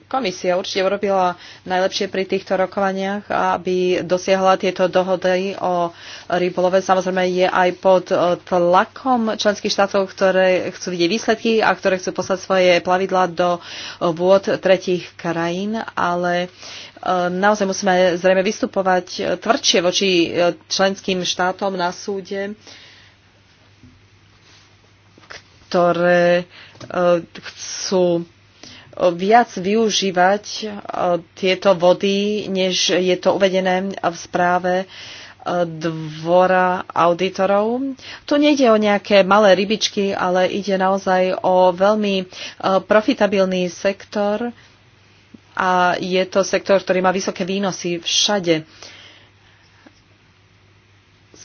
komisia určite urobila najlepšie pri týchto rokovaniach, aby dosiahla tieto dohody o rybolove. Samozrejme je aj pod eh, tlakom členských štátov, ktoré chcú vidieť výsledky a ktoré chcú poslať svoje plavidla do eh, vôd tretich krajín, ale eh, naozaj musíme zrejme vystupovať tvrdšie voči členským štátom na súde ktoré eh, chcú eh, viac využívať eh, tieto vody, než je to uvedené v správe dvora auditorov. Tu nejde o nejaké malé rybičky, ale ide naozaj o veľmi profitabilný sektor a je to sektor, ktorý má vysoké výnosy všade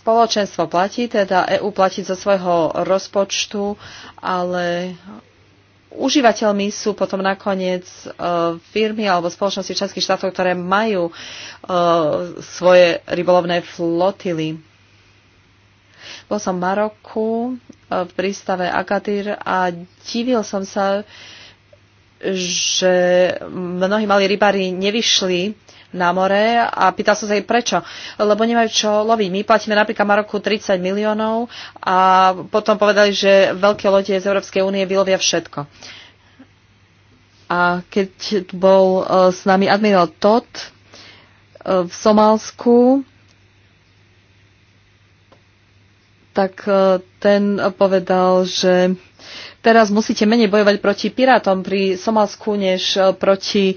spoločenstvo platí, teda EU platí zo svojho rozpočtu, ale užívateľmi sú potom nakoniec e, firmy alebo spoločnosti členských štátov, ktoré majú e, svoje rybolovné flotily. Bol som v Maroku e, v prístave Agadir a divil som sa, že mnohí malí rybári nevyšli na more a pýtal som sa jej prečo. Lebo nemajú čo loviť. My platíme napríklad Maroku 30 miliónov a potom povedali, že veľké lode z Európskej únie vylovia všetko. A keď bol e, s nami admirál Todd e, v Somálsku, tak e, ten povedal, že teraz musíte menej bojovať proti pirátom pri Somalsku, než e, proti e,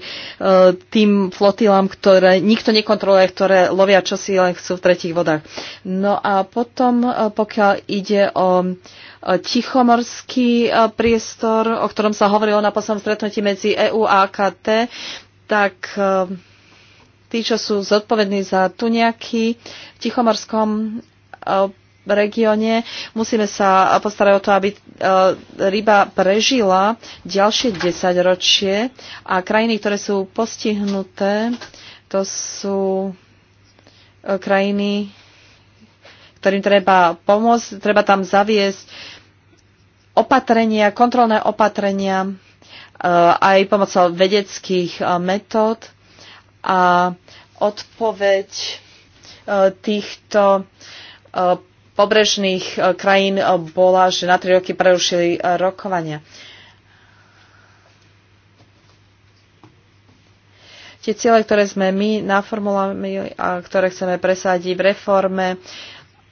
tým flotilám, ktoré nikto nekontroluje, ktoré lovia čosi len chcú v tretich vodách. No a potom, e, pokiaľ ide o tichomorský priestor, o ktorom sa hovorilo na poslednom stretnutí medzi EU a AKT, tak tí, čo sú zodpovední za nejaký v Tichomorskom regióne. Musíme sa postarať o to, aby e, ryba prežila ďalšie ročie a krajiny, ktoré sú postihnuté, to sú e, krajiny, ktorým treba pomôcť. Treba tam zaviesť opatrenia, kontrolné opatrenia, e, aj pomocou vedeckých metód a odpoveď týchto pobrežných e, krajín e, bola, že na tri roky prerušili e, rokovania. Tie ciele, ktoré sme my naformulovali a ktoré chceme presadiť v reforme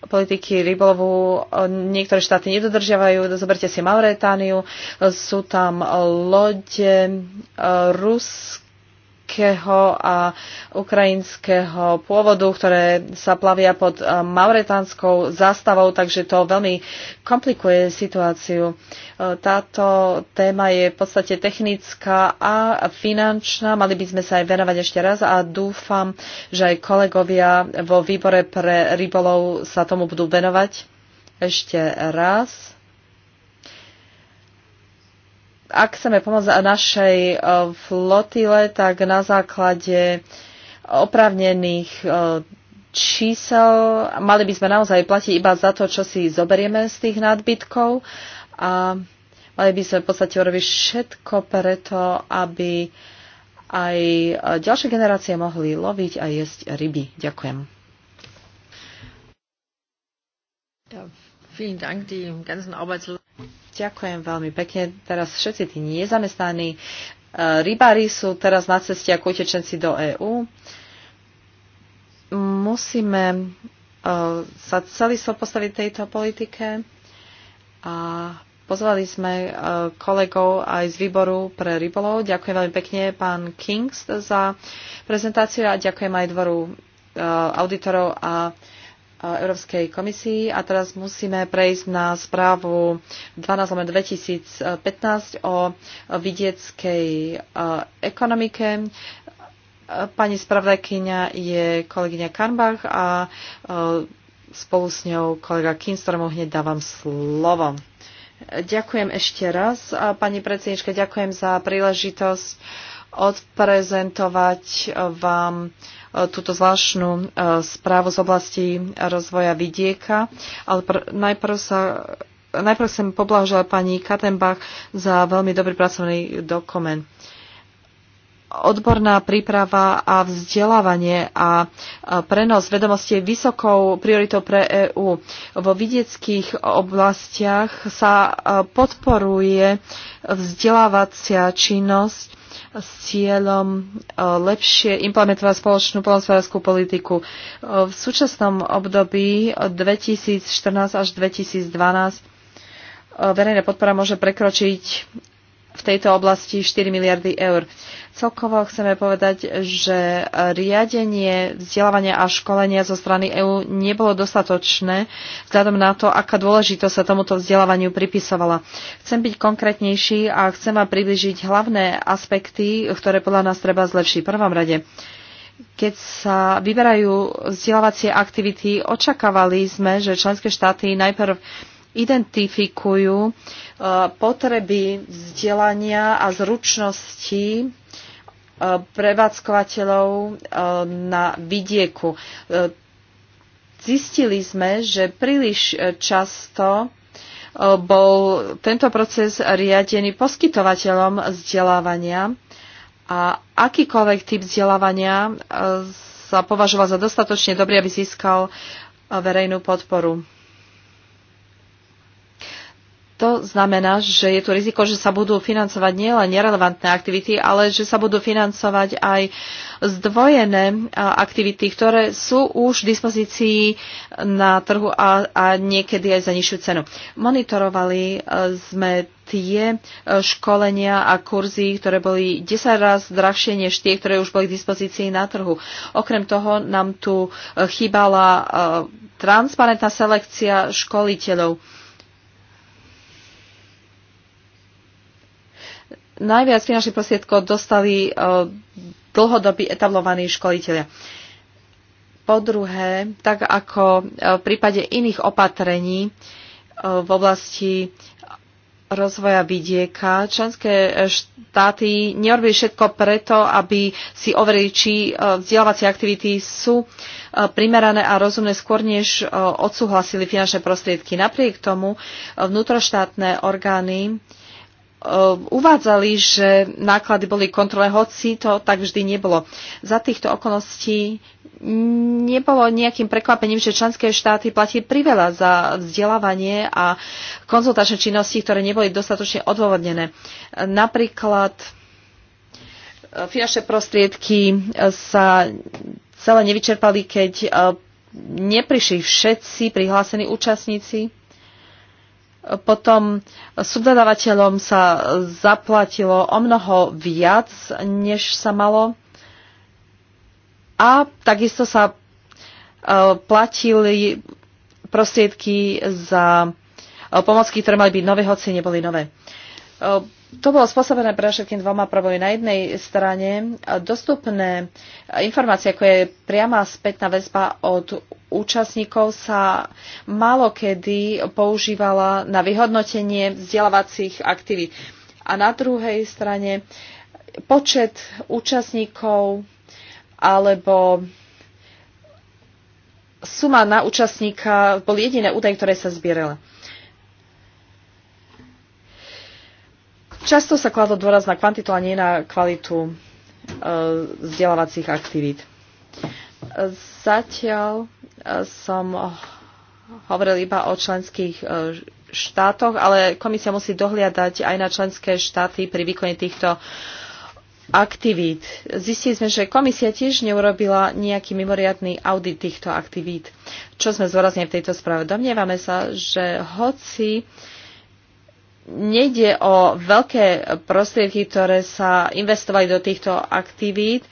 politiky rybolovu, niektoré štáty nedodržiavajú. Zoberte si Mauretániu, sú tam lode, Rusko, tureckého a ukrajinského pôvodu, ktoré sa plavia pod eh, mauretánskou zástavou, takže to veľmi komplikuje situáciu. Eh, táto téma je v podstate technická a finančná. Mali by sme sa aj venovať ešte raz a dúfam, že aj kolegovia vo výbore pre rybolov sa tomu budú venovať ešte raz ak chceme pomôcť našej e, flotile, tak na základe oprávnených e, čísel mali by sme naozaj platiť iba za to, čo si zoberieme z tých nadbytkov a mali by sme v podstate urobiť všetko preto, aby aj ďalšie generácie mohli loviť a jesť ryby. Ďakujem. Ja, vielen Dank, die ganzen Arbeitslosen. Ďakujem veľmi pekne. Teraz všetci tí nezamestnaní e, rybári sú teraz na ceste ako utečenci do EÚ. Musíme e, sa celý so postaviť tejto politike a pozvali sme e, kolegov aj z výboru pre rybolov. Ďakujem veľmi pekne pán Kings za prezentáciu a ďakujem aj dvoru auditorov a Európskej komisii a teraz musíme prejsť na správu 12 2015 o vidieckej eh, ekonomike. Pani spravodajkyňa je kolegyňa Karnbach a eh, spolu s ňou kolega Kim, ktorému hneď dávam slovo. Ďakujem ešte raz. Eh, pani predsednička, ďakujem za príležitosť odprezentovať eh, vám eh, túto zvláštnu eh, správu z oblasti rozvoja vidieka, ale pr- najprv sa najprv chcem poblahoželať pani Katenbach za veľmi dobrý pracovný dokument. Odborná príprava a vzdelávanie a prenos vedomosti je vysokou prioritou pre EÚ. Vo vidieckých oblastiach sa podporuje vzdelávacia činnosť s cieľom e, lepšie implementovať spoločnú polnospodárskú politiku. E, v súčasnom období 2014 až 2012 e, verejná podpora môže prekročiť v tejto oblasti 4 miliardy eur. Celkovo chceme povedať, že riadenie vzdelávania a školenia zo strany EÚ nebolo dostatočné vzhľadom na to, aká dôležitosť sa tomuto vzdelávaniu pripisovala. Chcem byť konkrétnejší a chcem vám približiť hlavné aspekty, ktoré podľa nás treba zlepšiť. V prvom rade, keď sa vyberajú vzdelávacie aktivity, očakávali sme, že členské štáty najprv identifikujú e, potreby vzdelania a zručnosti e, prevádzkovateľov e, na vidieku. Zistili sme, že príliš často bol tento proces riadený poskytovateľom vzdelávania a akýkoľvek typ vzdelávania sa považoval za dostatočne dobrý, aby získal verejnú podporu. To znamená, že je tu riziko, že sa budú financovať nielen nerelevantné aktivity, ale že sa budú financovať aj zdvojené aktivity, ktoré sú už v dispozícii na trhu a, a niekedy aj za nižšiu cenu. Monitorovali e, sme tie e, školenia a kurzy, ktoré boli 10 raz drahšie než tie, ktoré už boli k dispozícii na trhu. Okrem toho nám tu e, chýbala transparentná selekcia školiteľov najviac finančných prostriedkov dostali e, dlhodobí etablovaní školitelia. Po druhé, tak ako e, v prípade iných opatrení e, v oblasti rozvoja vidieka, členské štáty neurobili všetko preto, aby si overili, či vzdelávacie aktivity sú primerané a rozumné skôr, než odsúhlasili finančné prostriedky. Napriek tomu vnútroštátne orgány Ehm, uvádzali, že náklady boli kontrole, hoci to tak vždy nebolo. Za týchto okolností nebolo nejakým prekvapením, že členské štáty platí priveľa za vzdelávanie a konzultačné činnosti, ktoré neboli dostatočne odôvodnené. Napríklad e, finančné prostriedky e, sa celé nevyčerpali, keď e, neprišli všetci prihlásení účastníci potom subdodávateľom sa zaplatilo o mnoho viac, než sa malo. A takisto sa e, platili prostriedky za e, pomocky, ktoré mali byť nové, hoci neboli nové. E, to bolo spôsobené pre všetkým dvoma problémy. Na jednej strane dostupné informácie, ako je priama spätná väzba od účastníkov sa kedy používala na vyhodnotenie vzdelávacích aktivít. A na druhej strane počet účastníkov alebo suma na účastníka boli jediné údaj, ktoré sa zbierali. Často sa kladlo dôraz na kvantitu a nie na kvalitu e, vzdelávacích aktivít. Zatiaľ som hovoril iba o členských e, štátoch, ale komisia musí dohliadať aj na členské štáty pri výkone týchto aktivít. Zistili sme, že komisia tiež neurobila nejaký mimoriadný audit týchto aktivít, čo sme zvorazne v tejto správe. Domnievame sa, že hoci nejde o veľké prostriedky, ktoré sa investovali do týchto aktivít,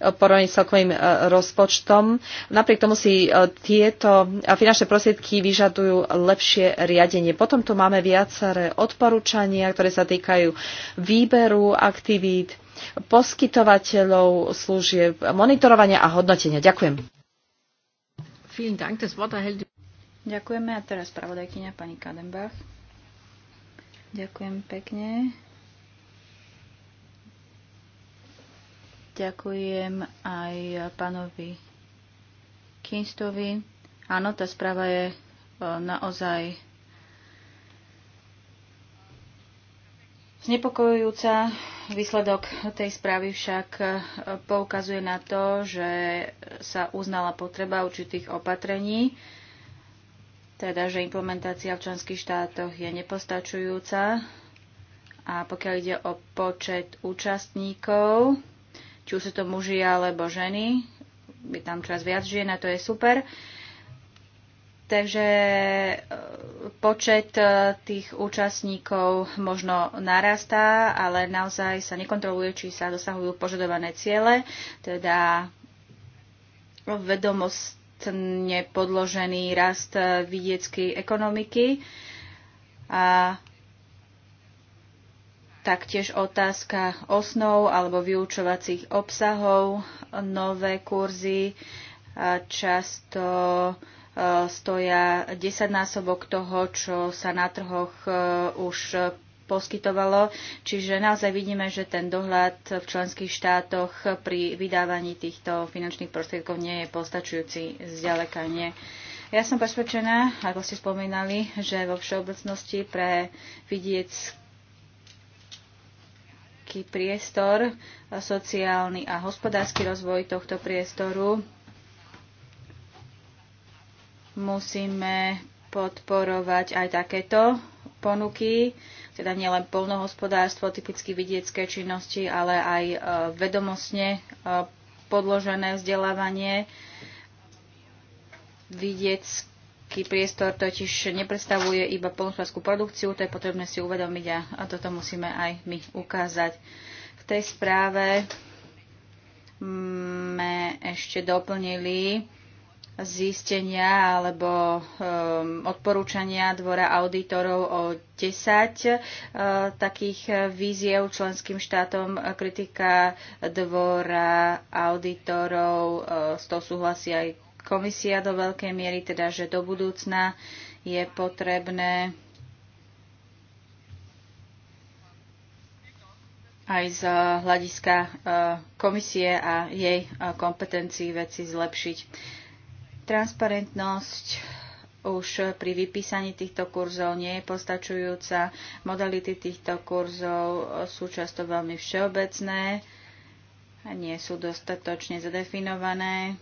porovnaní s celkovým e, rozpočtom. Napriek tomu si e, tieto e, finančné prostriedky vyžadujú lepšie riadenie. Potom tu máme viaceré odporúčania, ktoré sa týkajú výberu aktivít, poskytovateľov služieb, monitorovania a hodnotenia. Ďakujem. Ďakujeme a teraz spravodajkyňa pani Kadenbach. Ďakujem pekne. Ďakujem aj pánovi Kinstovi. Áno, tá správa je e, naozaj znepokojujúca. Výsledok tej správy však e, poukazuje na to, že sa uznala potreba určitých opatrení, teda že implementácia v členských štátoch je nepostačujúca. A pokiaľ ide o počet účastníkov, či už sú to muži alebo ženy. Je tam čoraz viac žien a to je super. Takže e, počet e, tých účastníkov možno narastá, ale naozaj sa nekontroluje, či sa dosahujú požadované ciele, teda vedomostne podložený rast e, vidieckej ekonomiky. A taktiež otázka osnov alebo vyučovacích obsahov, nové kurzy často e, stoja desaťnásobok toho, čo sa na trhoch e, už poskytovalo. Čiže naozaj vidíme, že ten dohľad v členských štátoch pri vydávaní týchto finančných prostriedkov nie je postačujúci, zďaleka nie. Ja som presvedčená, ako ste spomínali, že vo všeobecnosti pre vidiecké veľký priestor, sociálny a hospodársky rozvoj tohto priestoru. Musíme podporovať aj takéto ponuky, teda nielen polnohospodárstvo, typicky vidiecké činnosti, ale aj e, vedomostne e, podložené vzdelávanie vidiecké taký priestor totiž nepredstavuje iba polnospodárskú produkciu, to je potrebné si uvedomiť a, toto musíme aj my ukázať. V tej správe sme mm, ešte doplnili zistenia alebo um, odporúčania Dvora auditorov o 10 uh, e, takých víziev členským štátom. Kritika Dvora auditorov, uh, s tou súhlasí aj komisia do veľkej miery, teda že do budúcna je potrebné aj z hľadiska e, komisie a jej e, kompetencií veci zlepšiť. Transparentnosť už pri vypísaní týchto kurzov nie je postačujúca. Modality týchto kurzov e, sú často veľmi všeobecné a nie sú dostatočne zadefinované.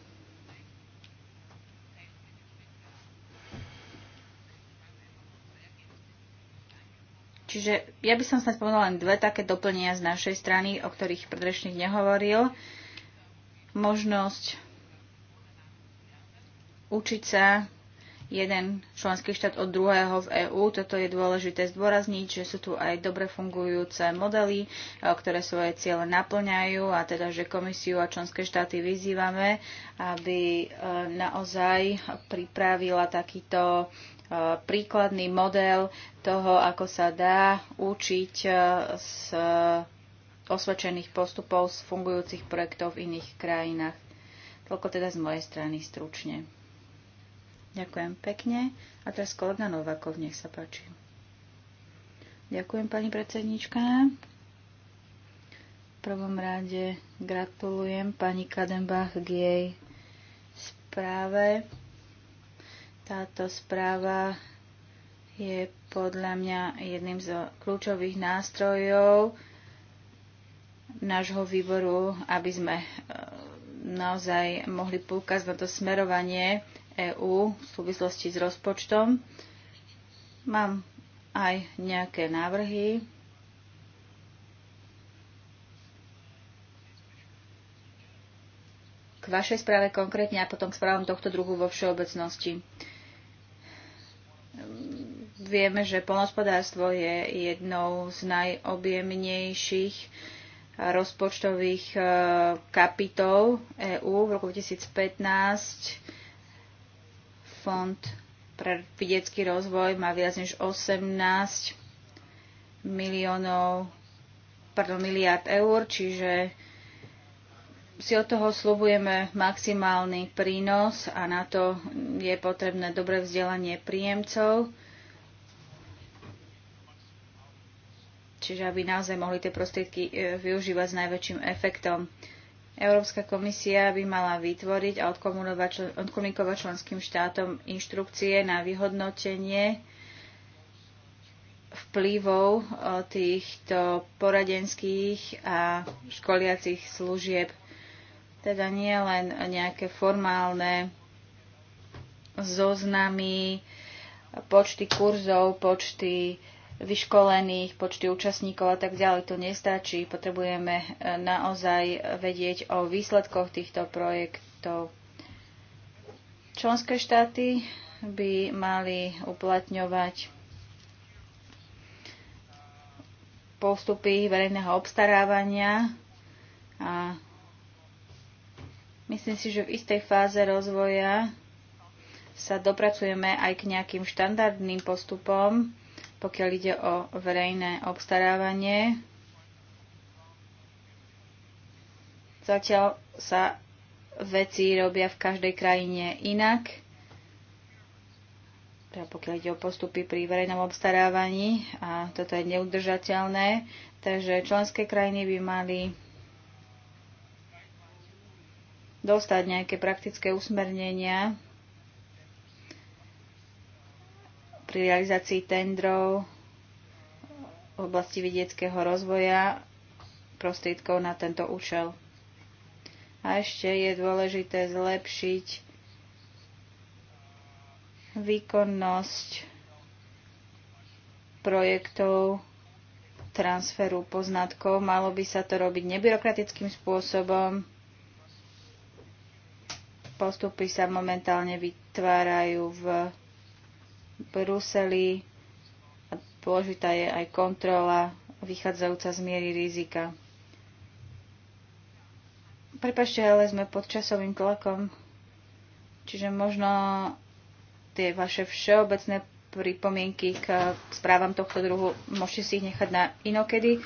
Čiže ja by som sa spomenula len dve také doplnenia z našej strany, o ktorých predrečník nehovoril. Možnosť učiť sa jeden členský štát od druhého v EÚ. Toto je dôležité zdôrazniť, že sú tu aj dobre fungujúce modely, e, ktoré svoje ciele naplňajú a teda, že komisiu a členské štáty vyzývame, aby e, naozaj pripravila takýto E, príkladný model toho, ako sa dá učiť e, z osvedčených postupov z fungujúcich projektov v iných krajinách. Toľko teda z mojej strany stručne. Ďakujem pekne. A teraz kolega Novakov, nech sa páči. Ďakujem, pani predsednička. V prvom rade gratulujem pani Kadenbach k jej správe. Táto správa je podľa mňa jedným z kľúčových nástrojov nášho výboru, aby sme e, naozaj mohli poukázať na to smerovanie EÚ v súvislosti s rozpočtom. Mám aj nejaké návrhy. K vašej správe konkrétne a potom k správom tohto druhu vo všeobecnosti. Vieme, že polnospodárstvo je jednou z najobjemnejších rozpočtových e, kapitov EÚ v roku 2015. Fond pre vidiecký rozvoj má viac než 18 miliónov, pardon, miliard eur, čiže si od toho slubujeme maximálny prínos a na to je potrebné dobré vzdelanie príjemcov čiže aby naozaj mohli tie prostriedky e, využívať s najväčším efektom. Európska komisia by mala vytvoriť a odkomunikovať členským štátom inštrukcie na vyhodnotenie vplyvov e, týchto poradenských a školiacich služieb. Teda nie len nejaké formálne zoznamy, počty kurzov, počty vyškolených, počty účastníkov a tak ďalej. To nestačí. Potrebujeme e, naozaj vedieť o výsledkoch týchto projektov. Členské štáty by mali uplatňovať postupy verejného obstarávania a myslím si, že v istej fáze rozvoja sa dopracujeme aj k nejakým štandardným postupom, pokiaľ ide o verejné obstarávanie. Zatiaľ sa veci robia v každej krajine inak. Teda pokiaľ ide o postupy pri verejnom obstarávaní a toto je neudržateľné, takže členské krajiny by mali dostať nejaké praktické usmernenia pri realizácii tendrov v oblasti vidieckého rozvoja prostriedkov na tento účel. A ešte je dôležité zlepšiť výkonnosť projektov transferu poznatkov. Malo by sa to robiť nebyrokratickým spôsobom. Postupy sa momentálne vytvárajú v Bruseli. A dôležitá je aj kontrola vychádzajúca z miery rizika. Prepašte, ale sme pod časovým tlakom, čiže možno tie vaše všeobecné pripomienky k správam tohto druhu, môžete si ich nechať na inokedy.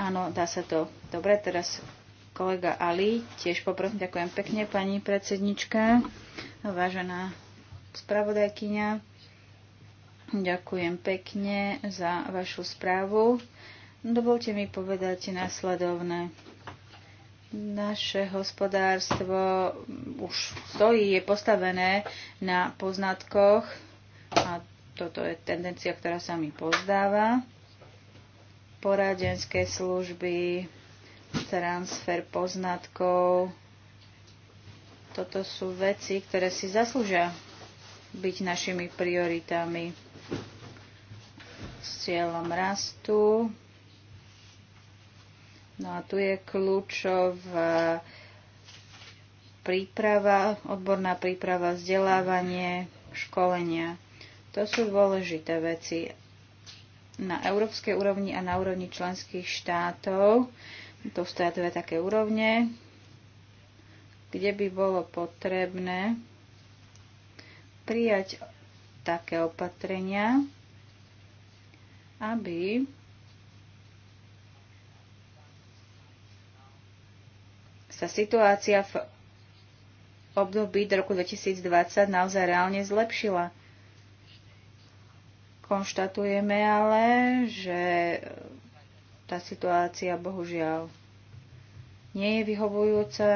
Áno, dá sa to. Dobre, teraz kolega Ali, tiež poprosím, ďakujem pekne, pani predsednička, vážená spravodajkyňa. Ďakujem pekne za vašu správu. Dovolte mi povedať následovné. Naše hospodárstvo už stojí, je postavené na poznatkoch a toto je tendencia, ktorá sa mi pozdáva. Poradenské služby, transfer poznatkov, toto sú veci, ktoré si zaslúžia byť našimi prioritami s cieľom rastu. No a tu je kľúčová príprava, odborná príprava, vzdelávanie, školenia. To sú dôležité veci na európskej úrovni a na úrovni členských štátov. To stoja dve také úrovne, kde by bolo potrebné prijať také opatrenia, aby sa situácia v období do roku 2020 naozaj reálne zlepšila. Konštatujeme ale, že tá situácia bohužiaľ nie je vyhovujúca.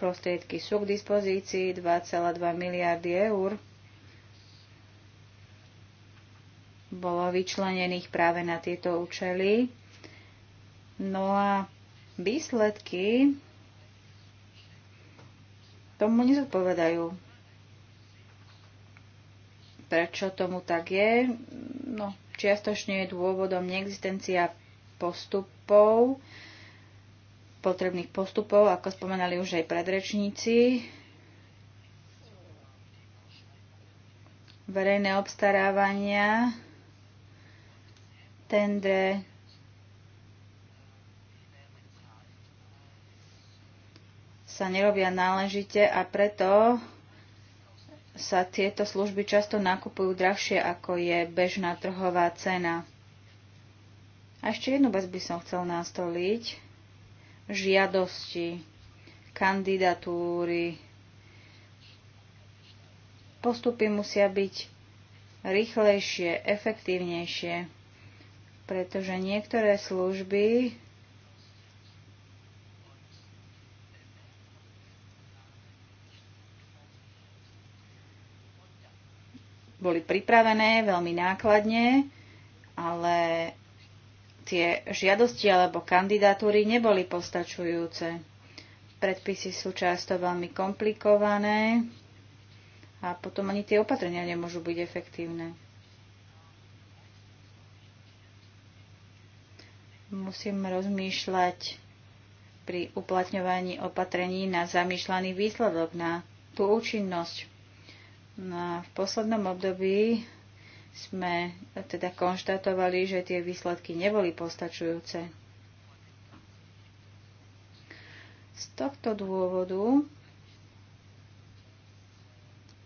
Prostriedky sú k dispozícii 2,2 miliardy eur bolo vyčlenených práve na tieto účely. No a výsledky tomu nezodpovedajú. Prečo tomu tak je? No, čiastočne je dôvodom neexistencia postupov, potrebných postupov, ako spomenali už aj predrečníci. Verejné obstarávania tendre, sa nerobia náležite a preto sa tieto služby často nakupujú drahšie, ako je bežná trhová cena. A ešte jednu vec by som chcel nastoliť. Žiadosti, kandidatúry. Postupy musia byť rýchlejšie, efektívnejšie pretože niektoré služby boli pripravené veľmi nákladne, ale tie žiadosti alebo kandidatúry neboli postačujúce. Predpisy sú často veľmi komplikované a potom ani tie opatrenia nemôžu byť efektívne. Musím rozmýšľať pri uplatňovaní opatrení na zamýšľaný výsledok, na tú účinnosť. No v poslednom období sme teda konštatovali, že tie výsledky neboli postačujúce. Z tohto dôvodu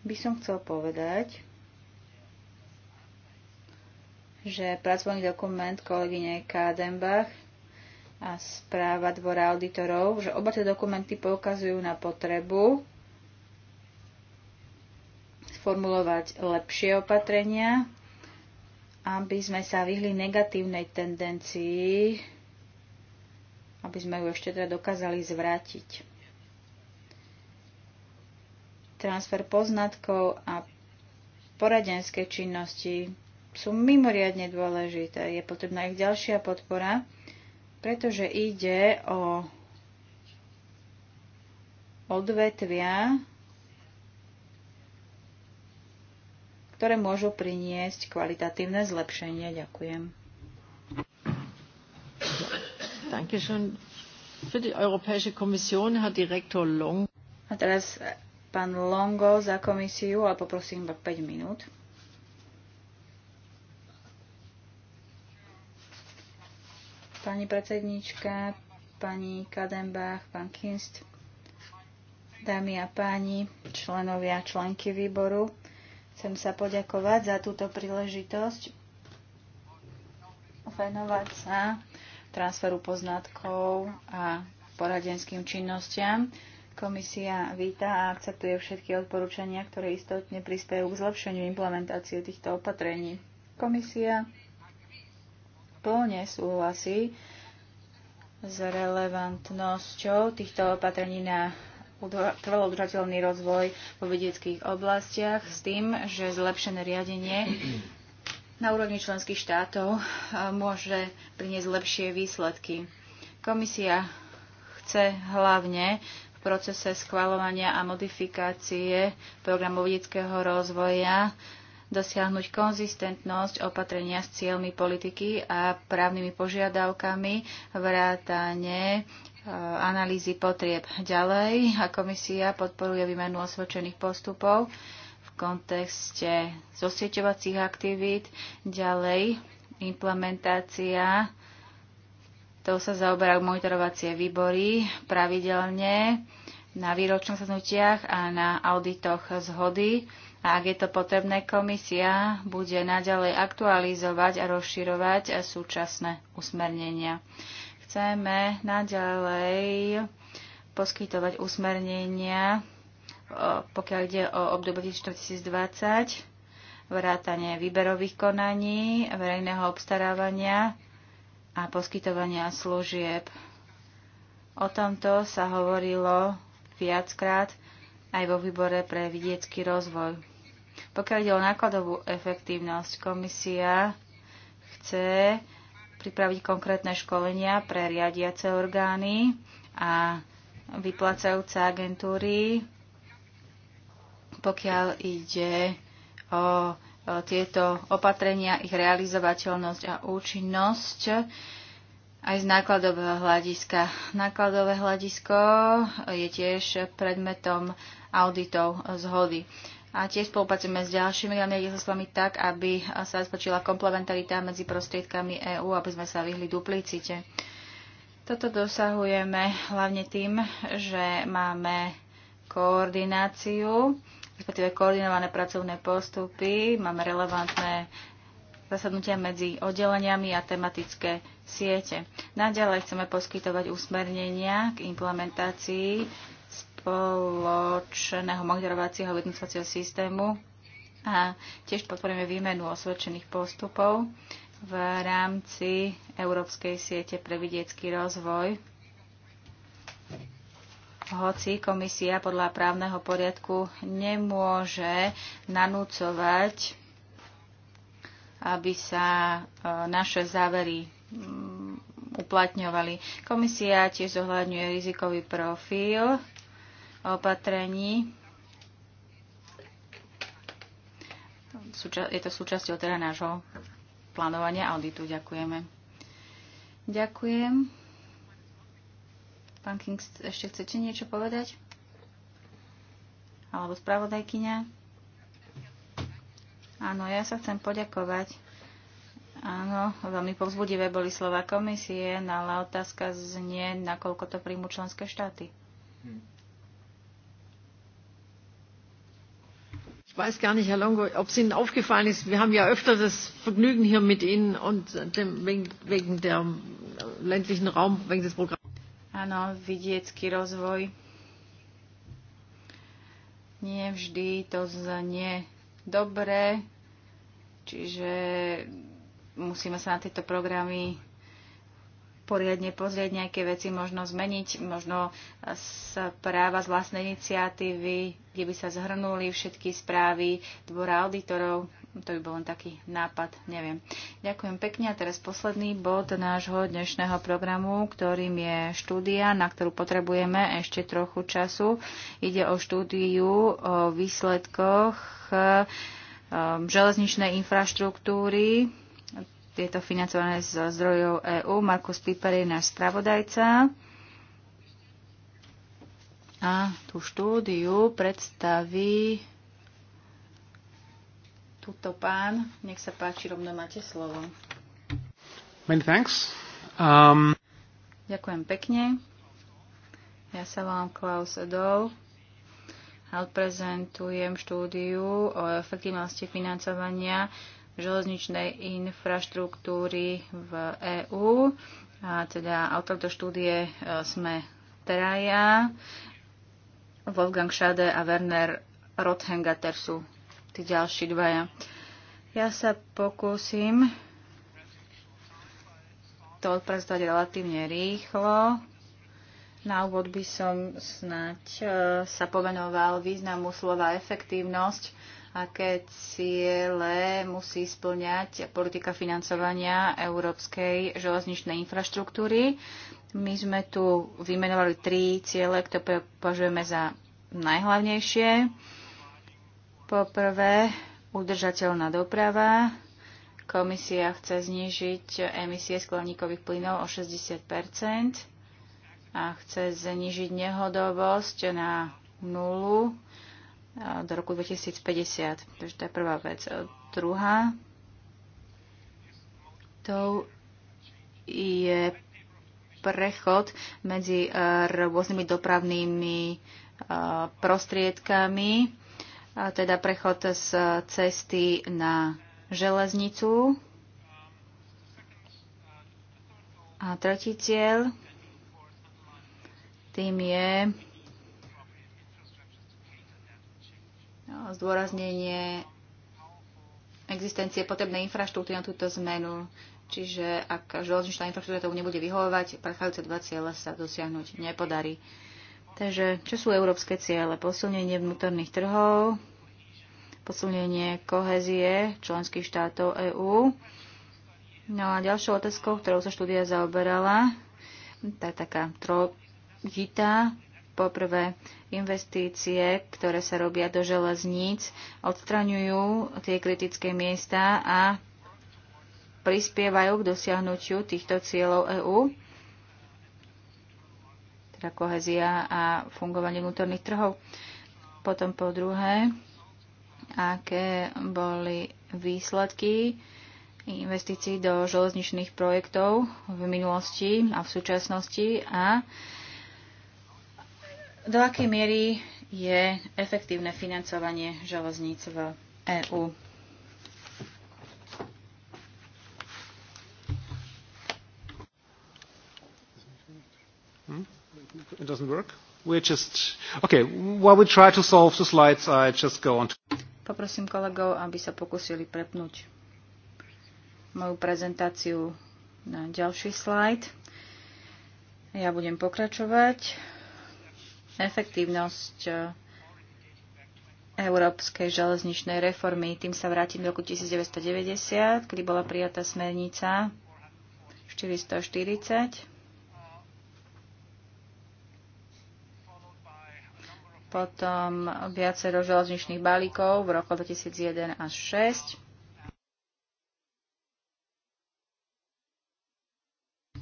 by som chcel povedať, že pracovný dokument kolegyne Kádenbach a správa dvora auditorov, že oba tie dokumenty poukazujú na potrebu sformulovať lepšie opatrenia, aby sme sa vyhli negatívnej tendencii, aby sme ju ešte teda dokázali zvrátiť. Transfer poznatkov a poradenské činnosti sú mimoriadne dôležité. Je potrebná ich ďalšia podpora, pretože ide o odvetvia, ktoré môžu priniesť kvalitatívne zlepšenie. Ďakujem. Dankeschön. Für die Europäische Kommission, Direktor Long. A teraz eh, pán Longo za komisiu, ale poprosím iba 5 minút. pani predsednička, pani Kadenbach, pán Kinst, dámy a páni, členovia, členky výboru. Chcem sa poďakovať za túto príležitosť venovať sa transferu poznatkov a poradenským činnostiam. Komisia víta a akceptuje všetky odporúčania, ktoré istotne prispiejú k zlepšeniu implementácie týchto opatrení. Komisia plne súhlasí s relevantnosťou týchto opatrení na trvalodržateľný rozvoj vo vedeckých oblastiach s tým, že zlepšené riadenie na úrovni členských štátov eh, môže priniesť lepšie výsledky. Komisia chce hlavne v procese schvalovania a modifikácie programu vedeckého rozvoja dosiahnuť konzistentnosť opatrenia s cieľmi politiky a právnymi požiadavkami vrátane e, analýzy potrieb. Ďalej, a komisia podporuje výmenu osvedčených postupov v kontexte zosieťovacích aktivít. Ďalej, implementácia, to sa zaoberajú monitorovacie výbory pravidelne na výročných sadnutiach a na auditoch zhody a ak je to potrebné, komisia bude naďalej aktualizovať a rozširovať súčasné usmernenia. Chceme naďalej poskytovať usmernenia, pokiaľ ide o obdobie 2020, vrátanie výberových konaní, verejného obstarávania a poskytovania služieb. O tomto sa hovorilo viackrát aj vo výbore pre vidiecký rozvoj. Pokiaľ ide o nákladovú efektívnosť, komisia chce pripraviť konkrétne školenia pre riadiace orgány a vyplacajúce agentúry, pokiaľ ide o tieto opatrenia, ich realizovateľnosť a účinnosť aj z nákladového hľadiska. Nákladové hľadisko je tiež predmetom auditov zhody. A tiež spolupracujeme s ďalšími riaditeľstvami tak, aby sa spočila komplementarita medzi prostriedkami EÚ, aby sme sa vyhli duplicite. Toto dosahujeme hlavne tým, že máme koordináciu respektíve koordinované pracovné postupy, máme relevantné zasadnutia medzi oddeleniami a tematické siete. Naďalej chceme poskytovať usmernenia k implementácii spoločného monitorovacieho vyhodnocovacieho systému a tiež podporujeme výmenu osvedčených postupov v rámci Európskej siete pre vidiecký rozvoj. Hoci komisia podľa právneho poriadku nemôže nanúcovať aby sa e, naše závery mm, uplatňovali. Komisia tiež zohľadňuje rizikový profil opatrení. Je to súčasťou teda nášho plánovania auditu. Ďakujeme. Ďakujem. Pán King, ešte chcete niečo povedať? Alebo spravodajkyňa? Áno, ja sa chcem poďakovať. Áno, veľmi povzbudivé boli slova komisie, no ale otázka znie, nakoľko to príjmu členské štáty. Hm. Ich weiß gar nicht, Herr Longo, ob es Ihnen aufgefallen ist, wir haben ja öfter das Vergnügen hier mit Ihnen und äh, dem, wegen, wegen der äh, ländlichen Raum, wegen des Programms. Áno, vidiecký rozvoj. Nie vždy to znie dobre, čiže musíme sa na tieto programy poriadne pozrieť, nejaké veci možno zmeniť, možno práva z vlastnej iniciatívy, kde by sa zhrnuli všetky správy dvora auditorov to by bol len taký nápad, neviem. Ďakujem pekne a teraz posledný bod nášho dnešného programu, ktorým je štúdia, na ktorú potrebujeme ešte trochu času. Ide o štúdiu o výsledkoch um, železničnej infraštruktúry. Je to financované z zdrojov EÚ. Markus Piper je náš spravodajca. A tú štúdiu predstaví túto pán. Nech sa páči, rovno máte slovo. Many thanks. Um... Ďakujem pekne. Ja sa volám Klaus Edol a odprezentujem štúdiu o efektivnosti financovania železničnej infraštruktúry v EÚ. A teda autor do štúdie e, sme teraja, Wolfgang Schade a Werner Rothengater sú tí ďalší dvaja. Ja sa pokúsim to odprezdať relatívne rýchlo. Na úvod by som snáď e, sa povenoval významu slova efektívnosť, aké ciele musí splňať politika financovania európskej železničnej infraštruktúry. My sme tu vymenovali tri ciele, ktoré považujeme za najhlavnejšie. Poprvé, udržateľná doprava. Komisia chce znižiť emisie skleníkových plynov o 60 a chce znižiť nehodovosť na nulu do roku 2050. Takže to je prvá vec. Druhá, to je prechod medzi e, rôznymi dopravnými e, prostriedkami teda prechod z cesty na železnicu. A tretí cieľ, tým je no, zdôraznenie existencie potrebnej infraštruktúry na túto zmenu. Čiže ak železničná infraštruktúra tomu nebude vyhovovať, prechádzajúce dva cieľa sa dosiahnuť nepodarí. Takže čo sú európske ciele? Posilnenie vnútorných trhov, posilnenie kohezie členských štátov EÚ. No a ďalšou otázkou, ktorou sa štúdia zaoberala, tá taká trojitá. Poprvé, investície, ktoré sa robia do železníc, odstraňujú tie kritické miesta a prispievajú k dosiahnutiu týchto cieľov EÚ tá kohezia a fungovanie vnútorných trhov. Potom po druhé, aké boli výsledky investícií do železničných projektov v minulosti a v súčasnosti a do akej miery je efektívne financovanie železníc v EÚ. it doesn't work. We're just... Okay, while we try to solve the slides, I just go on. To... Poprosím kolegov, aby sa pokusili prepnúť moju prezentáciu na ďalší slajd. Ja budem pokračovať. Efektívnosť eh, európskej železničnej reformy. Tým sa vrátim do roku 1990, kedy bola prijatá smernica 440 potom viacero železničných balíkov v roku 2001 až 2006.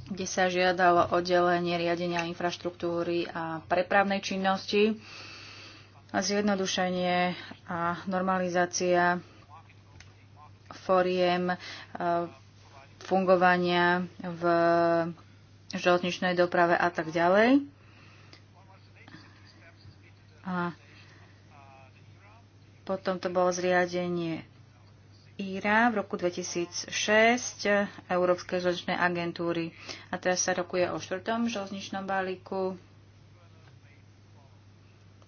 kde sa žiadalo oddelenie riadenia infraštruktúry a prepravnej činnosti, a zjednodušenie a normalizácia foriem e, fungovania v železničnej doprave a tak ďalej. A potom to bolo zriadenie IRA v roku 2006 Európskej železničnej agentúry. A teraz sa rokuje o štvrtom železničnom balíku.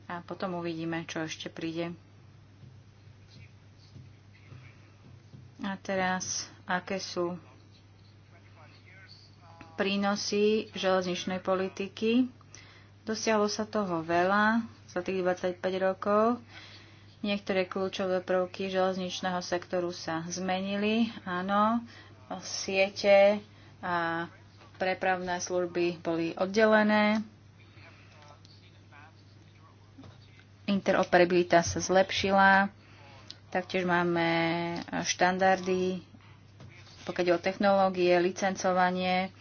A potom uvidíme, čo ešte príde. A teraz, aké sú prínosy železničnej politiky. Dosiahlo sa toho veľa tých 25 rokov. Niektoré kľúčové prvky železničného sektoru sa zmenili, áno, siete a prepravné služby boli oddelené, interoperabilita sa zlepšila, taktiež máme štandardy, pokiaľ o technológie, licencovanie,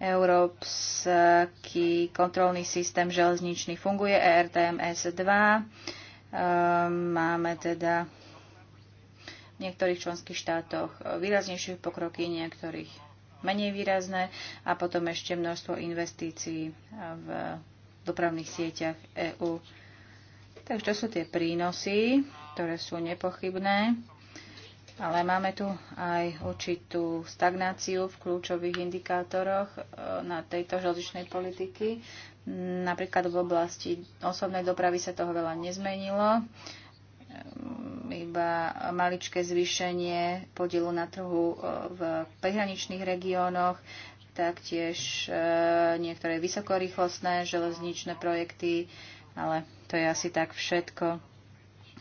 Európsky kontrolný systém železničný funguje, ERTMS 2. Ehm, máme teda v niektorých členských štátoch výraznejšie pokroky, niektorých menej výrazné a potom ešte množstvo investícií v dopravných sieťach EÚ. Takže to sú tie prínosy, ktoré sú nepochybné ale máme tu aj určitú stagnáciu v kľúčových indikátoroch e, na tejto železničnej politiky. Napríklad v oblasti osobnej dopravy sa toho veľa nezmenilo. Ehm, iba maličké zvýšenie podielu na trhu e, v prehraničných regiónoch, taktiež e, niektoré vysokorýchlostné železničné projekty, ale to je asi tak všetko.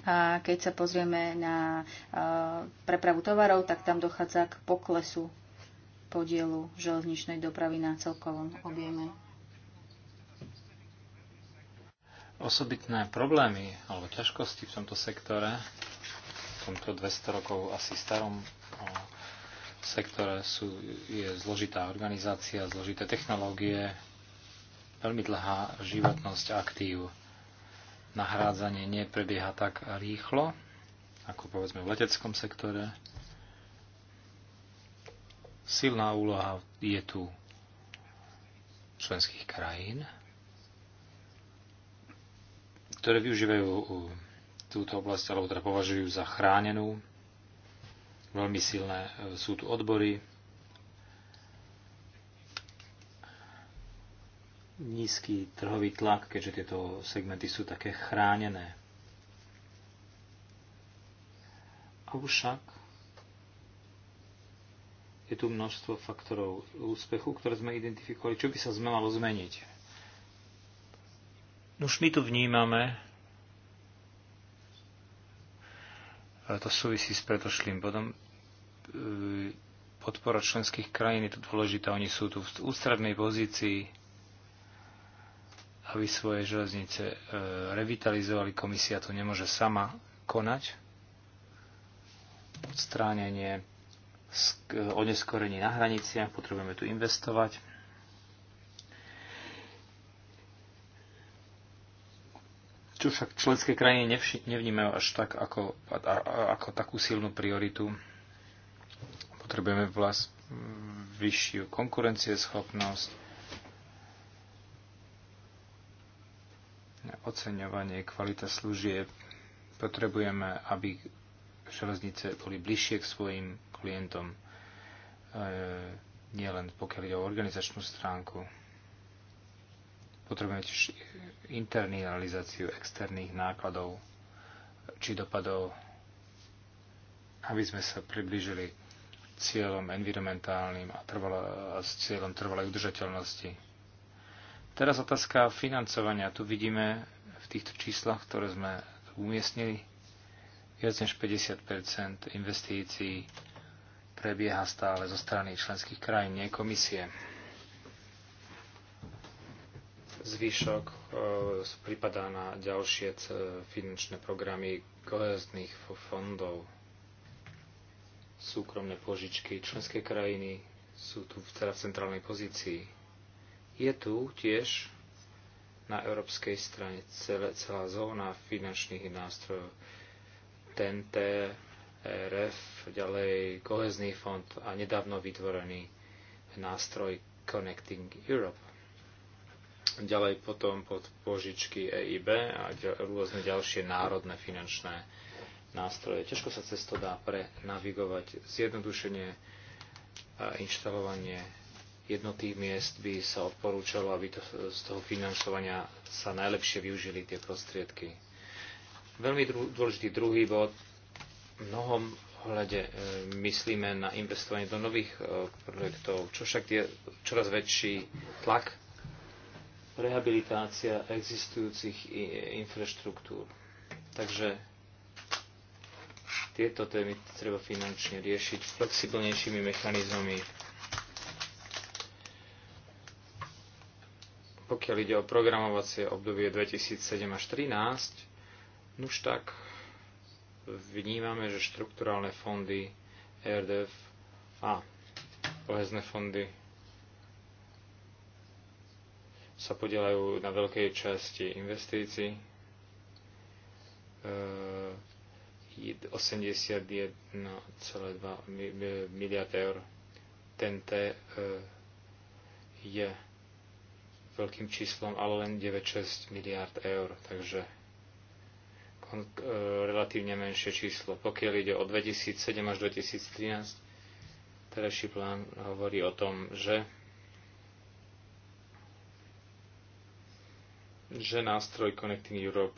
A keď sa pozrieme na e, prepravu tovarov, tak tam dochádza k poklesu podielu železničnej dopravy na celkovom objeme. Osobitné problémy alebo ťažkosti v tomto sektore, v tomto 200 rokov asi starom sektore sú, je zložitá organizácia, zložité technológie, veľmi dlhá životnosť aktív nahrádzanie neprebieha tak rýchlo, ako povedzme v leteckom sektore. Silná úloha je tu členských krajín, ktoré využívajú uh, túto oblasť, alebo teda považujú za chránenú. Veľmi silné uh, sú tu odbory, nízky trhový tlak, keďže tieto segmenty sú také chránené. Avšak je tu množstvo faktorov úspechu, ktoré sme identifikovali. Čo by sa sme malo zmeniť? Už my tu vnímame, a to súvisí s predošlým bodom, e, podpora členských krajín je tu dôležitá. Oni sú tu v ústrednej pozícii aby svoje železnice e, revitalizovali. Komisia to nemôže sama konať. Odstránenie oneskorenie na hraniciach, potrebujeme tu investovať. Čo však členské krajiny nevnímajú až tak ako, ako takú silnú prioritu. Potrebujeme vlast vyššiu konkurencieschopnosť, oceňovanie kvalita služieb. Potrebujeme, aby železnice boli bližšie k svojim klientom, e, nielen pokiaľ ide o organizačnú stránku. Potrebujeme tiež internalizáciu externých nákladov či dopadov, aby sme sa priblížili cieľom environmentálnym a, trvalo, a s cieľom trvalej udržateľnosti Teraz otázka financovania. Tu vidíme v týchto číslach, ktoré sme umiestnili, viac než 50 investícií prebieha stále zo strany členských krajín, nie komisie. Zvyšok e, pripadá na ďalšie finančné programy kohezných fondov, súkromné požičky. Členské krajiny sú tu teda v centrálnej pozícii je tu tiež na európskej strane celé, celá zóna finančných nástrojov. TNT, RF, ďalej kohezný fond a nedávno vytvorený nástroj Connecting Europe. Ďalej potom pod požičky EIB a rôzne ďalšie národné finančné nástroje. Ťažko sa cesto dá pre navigovať zjednodušenie a inštalovanie jednotých miest by sa odporúčalo, aby to, z toho financovania sa najlepšie využili tie prostriedky. Veľmi dru, dôležitý druhý bod. V mnohom ohľade e, myslíme na investovanie do nových e, projektov, čo však je čoraz väčší tlak rehabilitácia existujúcich infraštruktúr. Takže tieto témy treba finančne riešiť flexibilnejšími mechanizmami Pokiaľ ide o programovacie obdobie 2007 až 2013, už tak vnímame, že štrukturálne fondy ERDF a kohezné fondy sa podielajú na veľkej časti investícií. 81,2 e, miliard eur. TNT e, je veľkým číslom, ale len 9,6 miliard eur, takže e, relatívne menšie číslo. Pokiaľ ide o 2007 až 2013, terajší plán hovorí o tom, že že nástroj Connecting Europe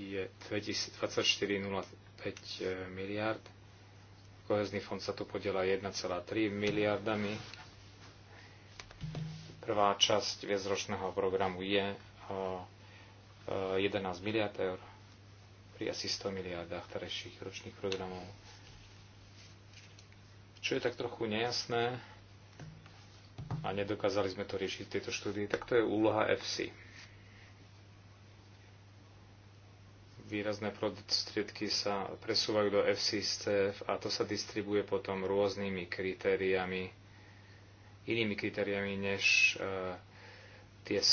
je 24,05 e, miliard Kohezný fond sa tu podela 1,3 miliardami. Prvá časť viacročného programu je 11 miliard eur pri asi 100 miliardách terajších ročných programov. Čo je tak trochu nejasné a nedokázali sme to riešiť v tejto štúdii, tak to je úloha FC výrazné prostriedky sa presúvajú do FCCF a to sa distribuje potom rôznymi kritériami, inými kritériami než e, tie e,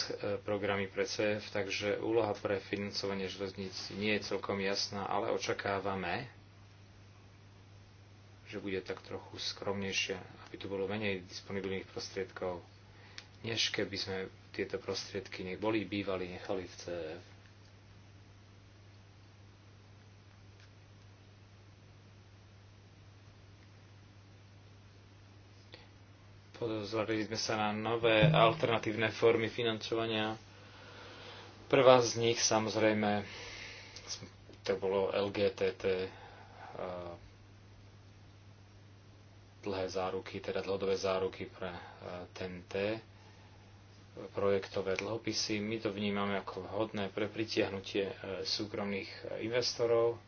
programy pre CF, e takže úloha pre financovanie železníc nie je celkom jasná, ale očakávame, že bude tak trochu skromnejšia, aby tu bolo menej disponibilných prostriedkov, než keby sme tieto prostriedky neboli, bývali nechali v CF. Pozreli sme sa na nové alternatívne formy financovania. Prvá z nich samozrejme to bolo LGTT e, dlhé záruky, teda dlhodobé záruky pre TNT e, projektové dlhopisy. My to vnímame ako vhodné pre pritiahnutie e, súkromných investorov,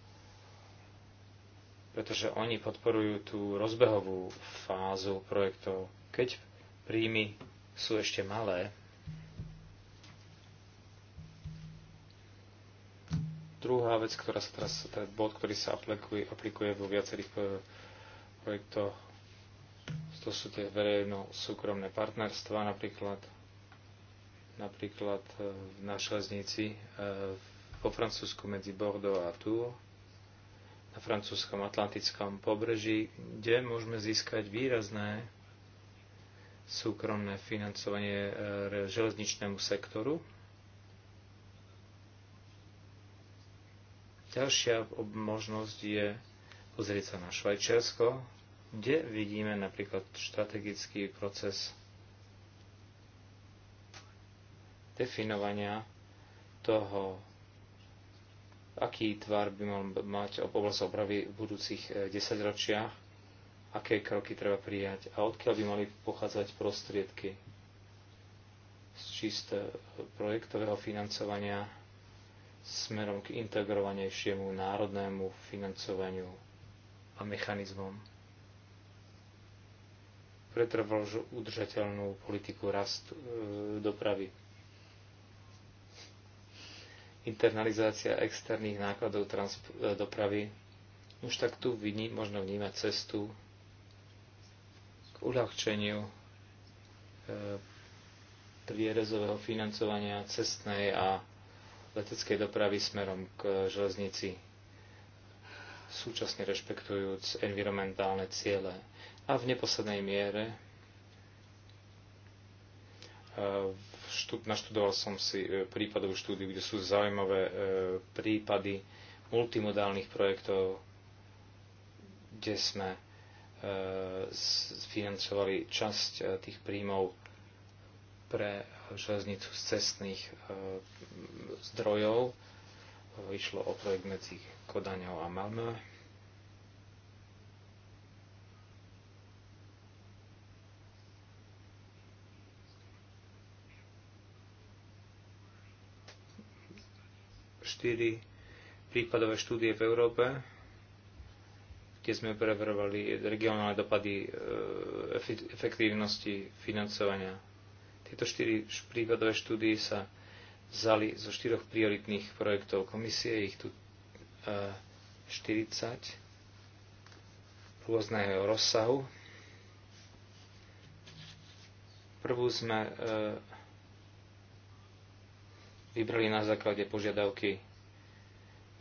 pretože oni podporujú tú rozbehovú fázu projektov keď príjmy sú ešte malé, Druhá vec, ktorá sa teraz, ten teda bod, ktorý sa aplikuje, aplikuje vo viacerých eh, projektoch, to sú tie verejno-súkromné partnerstva, napríklad, napríklad eh, na železnici po eh, Francúzsku medzi Bordeaux a Tours, na francúzskom atlantickom pobreží, kde môžeme získať výrazné súkromné financovanie e, železničnému sektoru. Ďalšia možnosť je pozrieť sa na Švajčiarsko, kde vidíme napríklad strategický proces definovania toho, aký tvar by mal mať oblasť opravy v budúcich e, desaťročiach aké kroky treba prijať a odkiaľ by mali pochádzať prostriedky z čisté e, projektového financovania smerom k integrovanejšiemu národnému financovaniu a mechanizmom pretrvalo udržateľnú politiku rast e, dopravy. Internalizácia externých nákladov trans- e, dopravy. Už tak tu vidí, možno vnímať cestu uľahčeniu e, prierezového financovania cestnej a leteckej dopravy smerom k železnici, súčasne rešpektujúc environmentálne ciele a v neposlednej miere e, naštudoval som si e, prípadovú štúdiu, kde sú zaujímavé prípady multimodálnych projektov, kde sme financovali časť e, tých príjmov pre železnicu z cestných e, zdrojov. Išlo o projekt medzi Kodaňou a Malmö. Štyri prípadové štúdie v Európe kde sme preverovali regionálne dopady e, efektívnosti financovania. Tieto štyri prípadové štúdie sa vzali zo štyroch prioritných projektov komisie, ich tu 40 e, rôzneho rozsahu. Prvú sme e, vybrali na základe požiadavky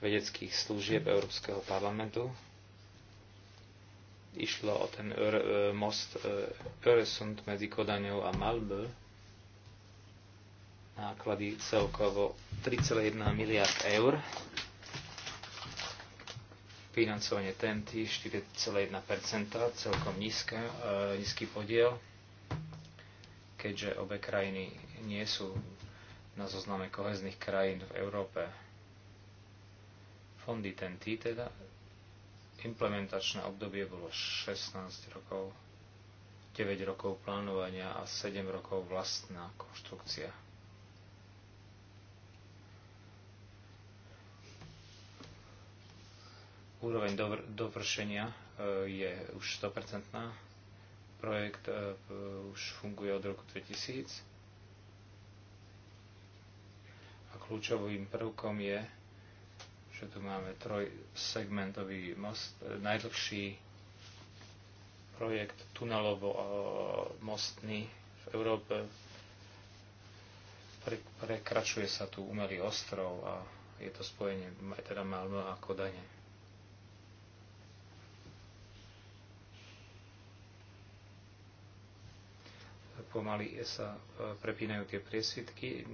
vedeckých služieb Európskeho parlamentu Išlo o ten e, most e, Öresund medzi Kodaňou a Malbö. Náklady celkovo 3,1 miliard eur. Financovanie TNT 4,1%, celkom nízke, e, nízky podiel, keďže obe krajiny nie sú na zozname kohezných krajín v Európe. Fondy TNT teda implementačné obdobie bolo 16 rokov, 9 rokov plánovania a 7 rokov vlastná konštrukcia. Úroveň dovr- dovršenia e, je už 100%. Projekt e, už funguje od roku 2000. A kľúčovým prvkom je že tu máme trojsegmentový most, e, najdlhší projekt tunelovo-mostný e, v Európe. Pre, prekračuje sa tu umelý ostrov a je to spojenie teda Malmö a Kodane. Pomaly sa e, prepínajú tie priesvitky.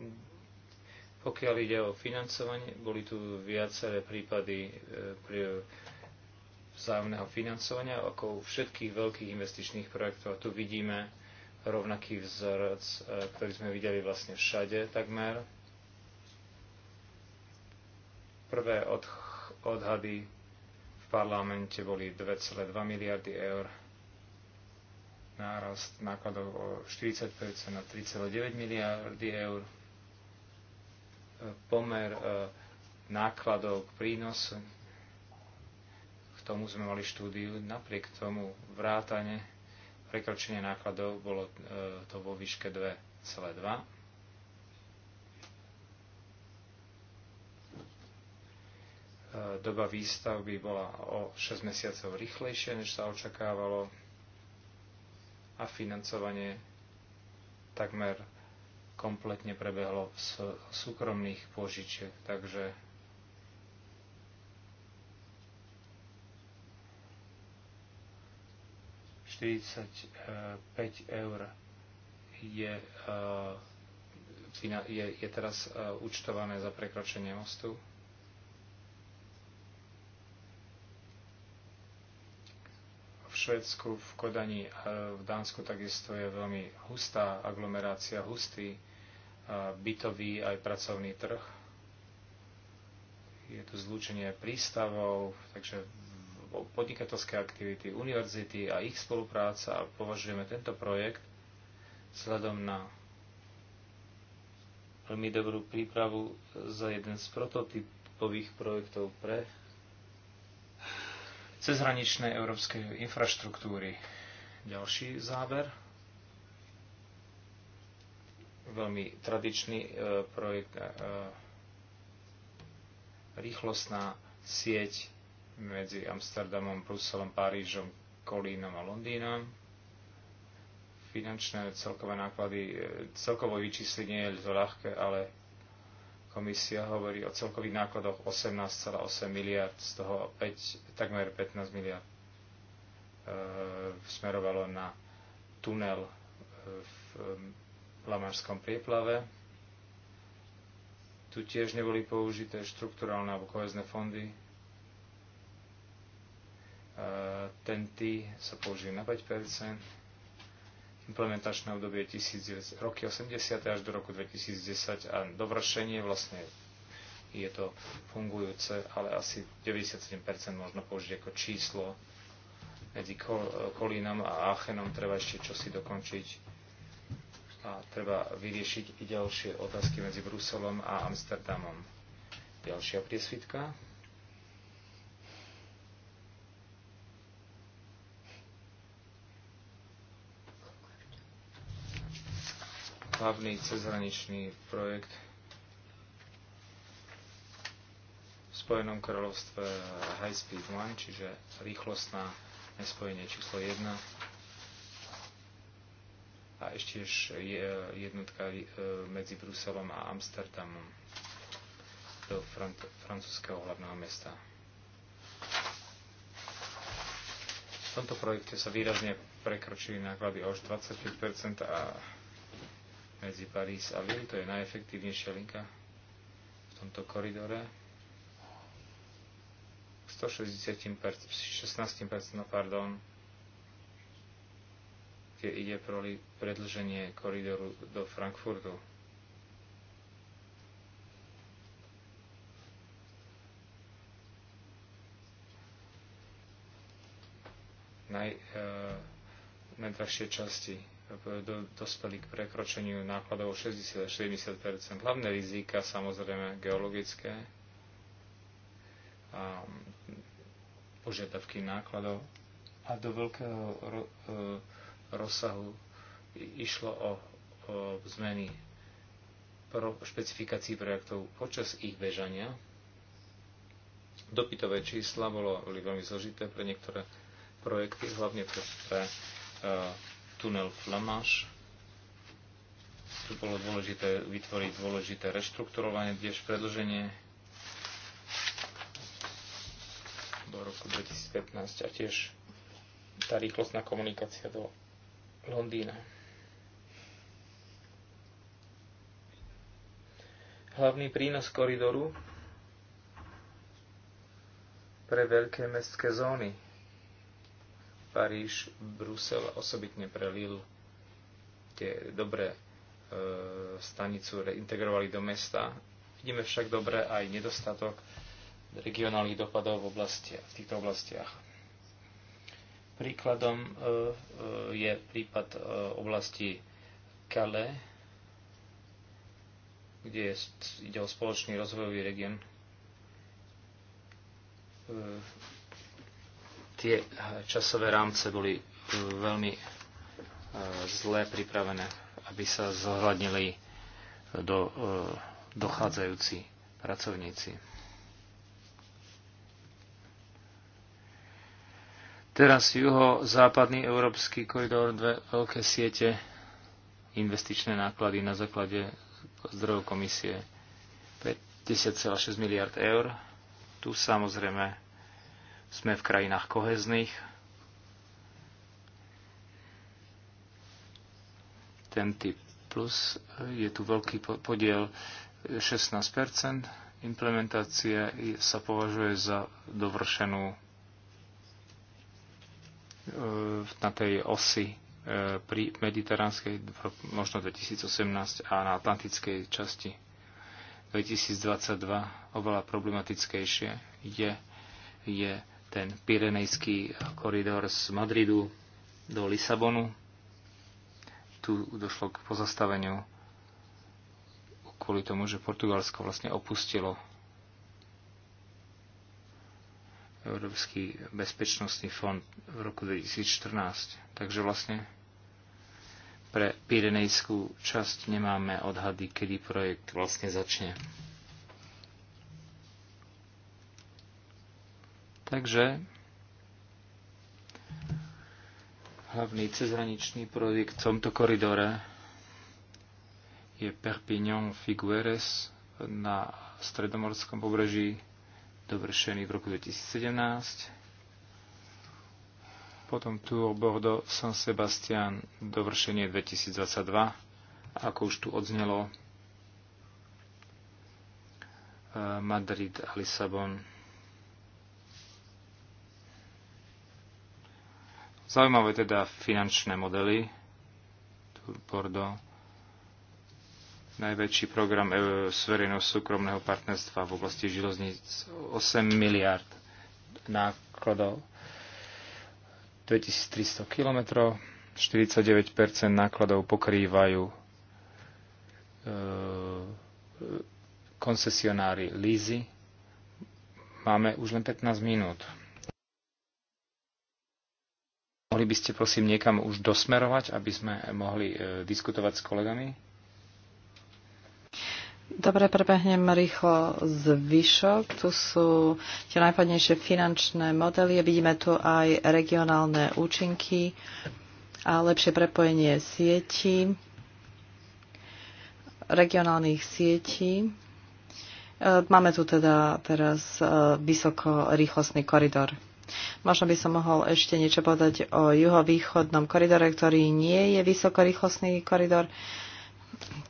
Pokiaľ ide o financovanie, boli tu viaceré prípady e, pri vzájomného financovania, ako u všetkých veľkých investičných projektov. A tu vidíme rovnaký vzorec, e, ktorý sme videli vlastne všade takmer. Prvé odhady v parlamente boli 2,2 miliardy eur nárast nákladov o 40% na 3,9 miliardy eur pomer e, nákladov k prínosu. K tomu sme mali štúdiu. Napriek tomu vrátane prekročenie nákladov bolo e, to vo výške 2,2. E, doba výstavby bola o 6 mesiacov rýchlejšia, než sa očakávalo a financovanie takmer kompletne prebehlo z súkromných požičiek, Takže e, eur je, e, je, je teraz e, účtované za prekročenie mostu. Švedsku, v Kodani, eh, v Dánsku takisto je veľmi hustá aglomerácia, hustý eh, bytový aj pracovný trh. Je tu zlúčenie prístavov, takže podnikateľské aktivity, univerzity a ich spolupráca a považujeme tento projekt vzhľadom na veľmi dobrú prípravu za jeden z prototypových projektov pre cezhraničnej európskej infraštruktúry. Ďalší záber. Veľmi tradičný e, projekt e, rýchlostná sieť medzi Amsterdamom, Bruselom, Parížom, Kolínom a Londýnom. Finančné celkové náklady, e, celkovo vyčíslenie je to ľahké, ale Komisia hovorí o celkových nákladoch 18,8 miliard, z toho 5, takmer 15 miliard e, smerovalo na tunel e, v Lamárskom prieplave. Tu tiež neboli použité štrukturálne alebo kohezné fondy. E, tenty sa použili na 5 implementačné obdobie roky 80. až do roku 2010 a dovršenie vlastne je to fungujúce, ale asi 97% možno použiť ako číslo. Medzi Kolínom a Aachenom treba ešte čosi dokončiť a treba vyriešiť i ďalšie otázky medzi Bruselom a Amsterdamom. Ďalšia priesvitka. hlavný cezhraničný projekt v Spojenom kráľovstve High Speed 1, čiže rýchlostná nespojenie číslo 1 a ešte eh, jednotka eh, medzi Bruselom a Amsterdamom do francúzského hlavného mesta. V tomto projekte sa výrazne prekročili náklady o až 25% a medzi París a Lille. To je najefektívnejšia linka v tomto koridore. 160%, 16% no, pardon, kde ide pro predlženie koridoru do Frankfurtu. Naj, e, najdražšie časti dospeli k prekročeniu nákladov 60-70 Hlavné rizika samozrejme geologické a požiadavky nákladov a do veľkého e, rozsahu išlo o, o zmeny pro špecifikácií projektov počas ich bežania. Dopytové čísla bolo, veľmi zložité pre niektoré projekty, hlavne pre, pre e, tunel Flamáš. Tu bolo dôležité vytvoriť dôležité reštrukturovanie, tiež predlženie do roku 2015 a tiež tá rýchlostná komunikácia do Londýna. Hlavný prínos koridoru pre veľké mestské zóny Paríž, Brusel, osobitne pre Lille, tie dobré e, stanicu reintegrovali do mesta. Vidíme však dobre aj nedostatok regionálnych dopadov v, oblasti, v týchto oblastiach. Príkladom e, e je prípad e, oblasti Kale, kde je, ide o spoločný rozvojový region. E, Tie eh, časové rámce boli eh, veľmi eh, zle pripravené, aby sa zohľadnili do, dochádzajúci pracovníci. Teraz juho-západný európsky koridor, dve veľké siete, investičné náklady na základe zdrojov komisie 50,6 miliard eur. Tu samozrejme sme v krajinách kohezných. Ten typ plus eh, je tu veľký podiel 16 eh, Implementácia sa považuje za dovršenú eh, na tej osi pri mediteránskej možno 2018 a na atlantickej časti 2022 oveľa problematickejšie je, je ten Pirenejský koridor z Madridu do Lisabonu. Tu došlo k pozastaveniu kvôli tomu, že Portugalsko vlastne opustilo Európsky bezpečnostný fond v roku 2014. Takže vlastne pre Pirenejskú časť nemáme odhady, kedy projekt vlastne začne. Takže hlavný cezhraničný projekt v tomto koridore je Perpignan Figueres na stredomorskom pobreží, dovršený v roku 2017. Potom Tour Bordeaux San Sebastian, dovršenie 2022. Ako už tu odznelo, eh, Madrid a Lisabon Zaujímavé teda finančné modely. Bordo. Najväčší program s e, súkromného partnerstva v oblasti železníc 8 miliard nákladov, 2300 kilometrov, 49% nákladov pokrývajú e, koncesionári Lízy. Máme už len 15 minút. Mohli by ste prosím niekam už dosmerovať, aby sme mohli e, diskutovať s kolegami? Dobre, prebehnem rýchlo zvyšok. Tu sú tie najpadnejšie finančné modely. Vidíme tu aj regionálne účinky a lepšie prepojenie sieti. regionálnych sietí. E, máme tu teda teraz e, vysokorýchlostný koridor. Možno by som mohol ešte niečo povedať o juhovýchodnom koridore, ktorý nie je vysokorýchlostný koridor.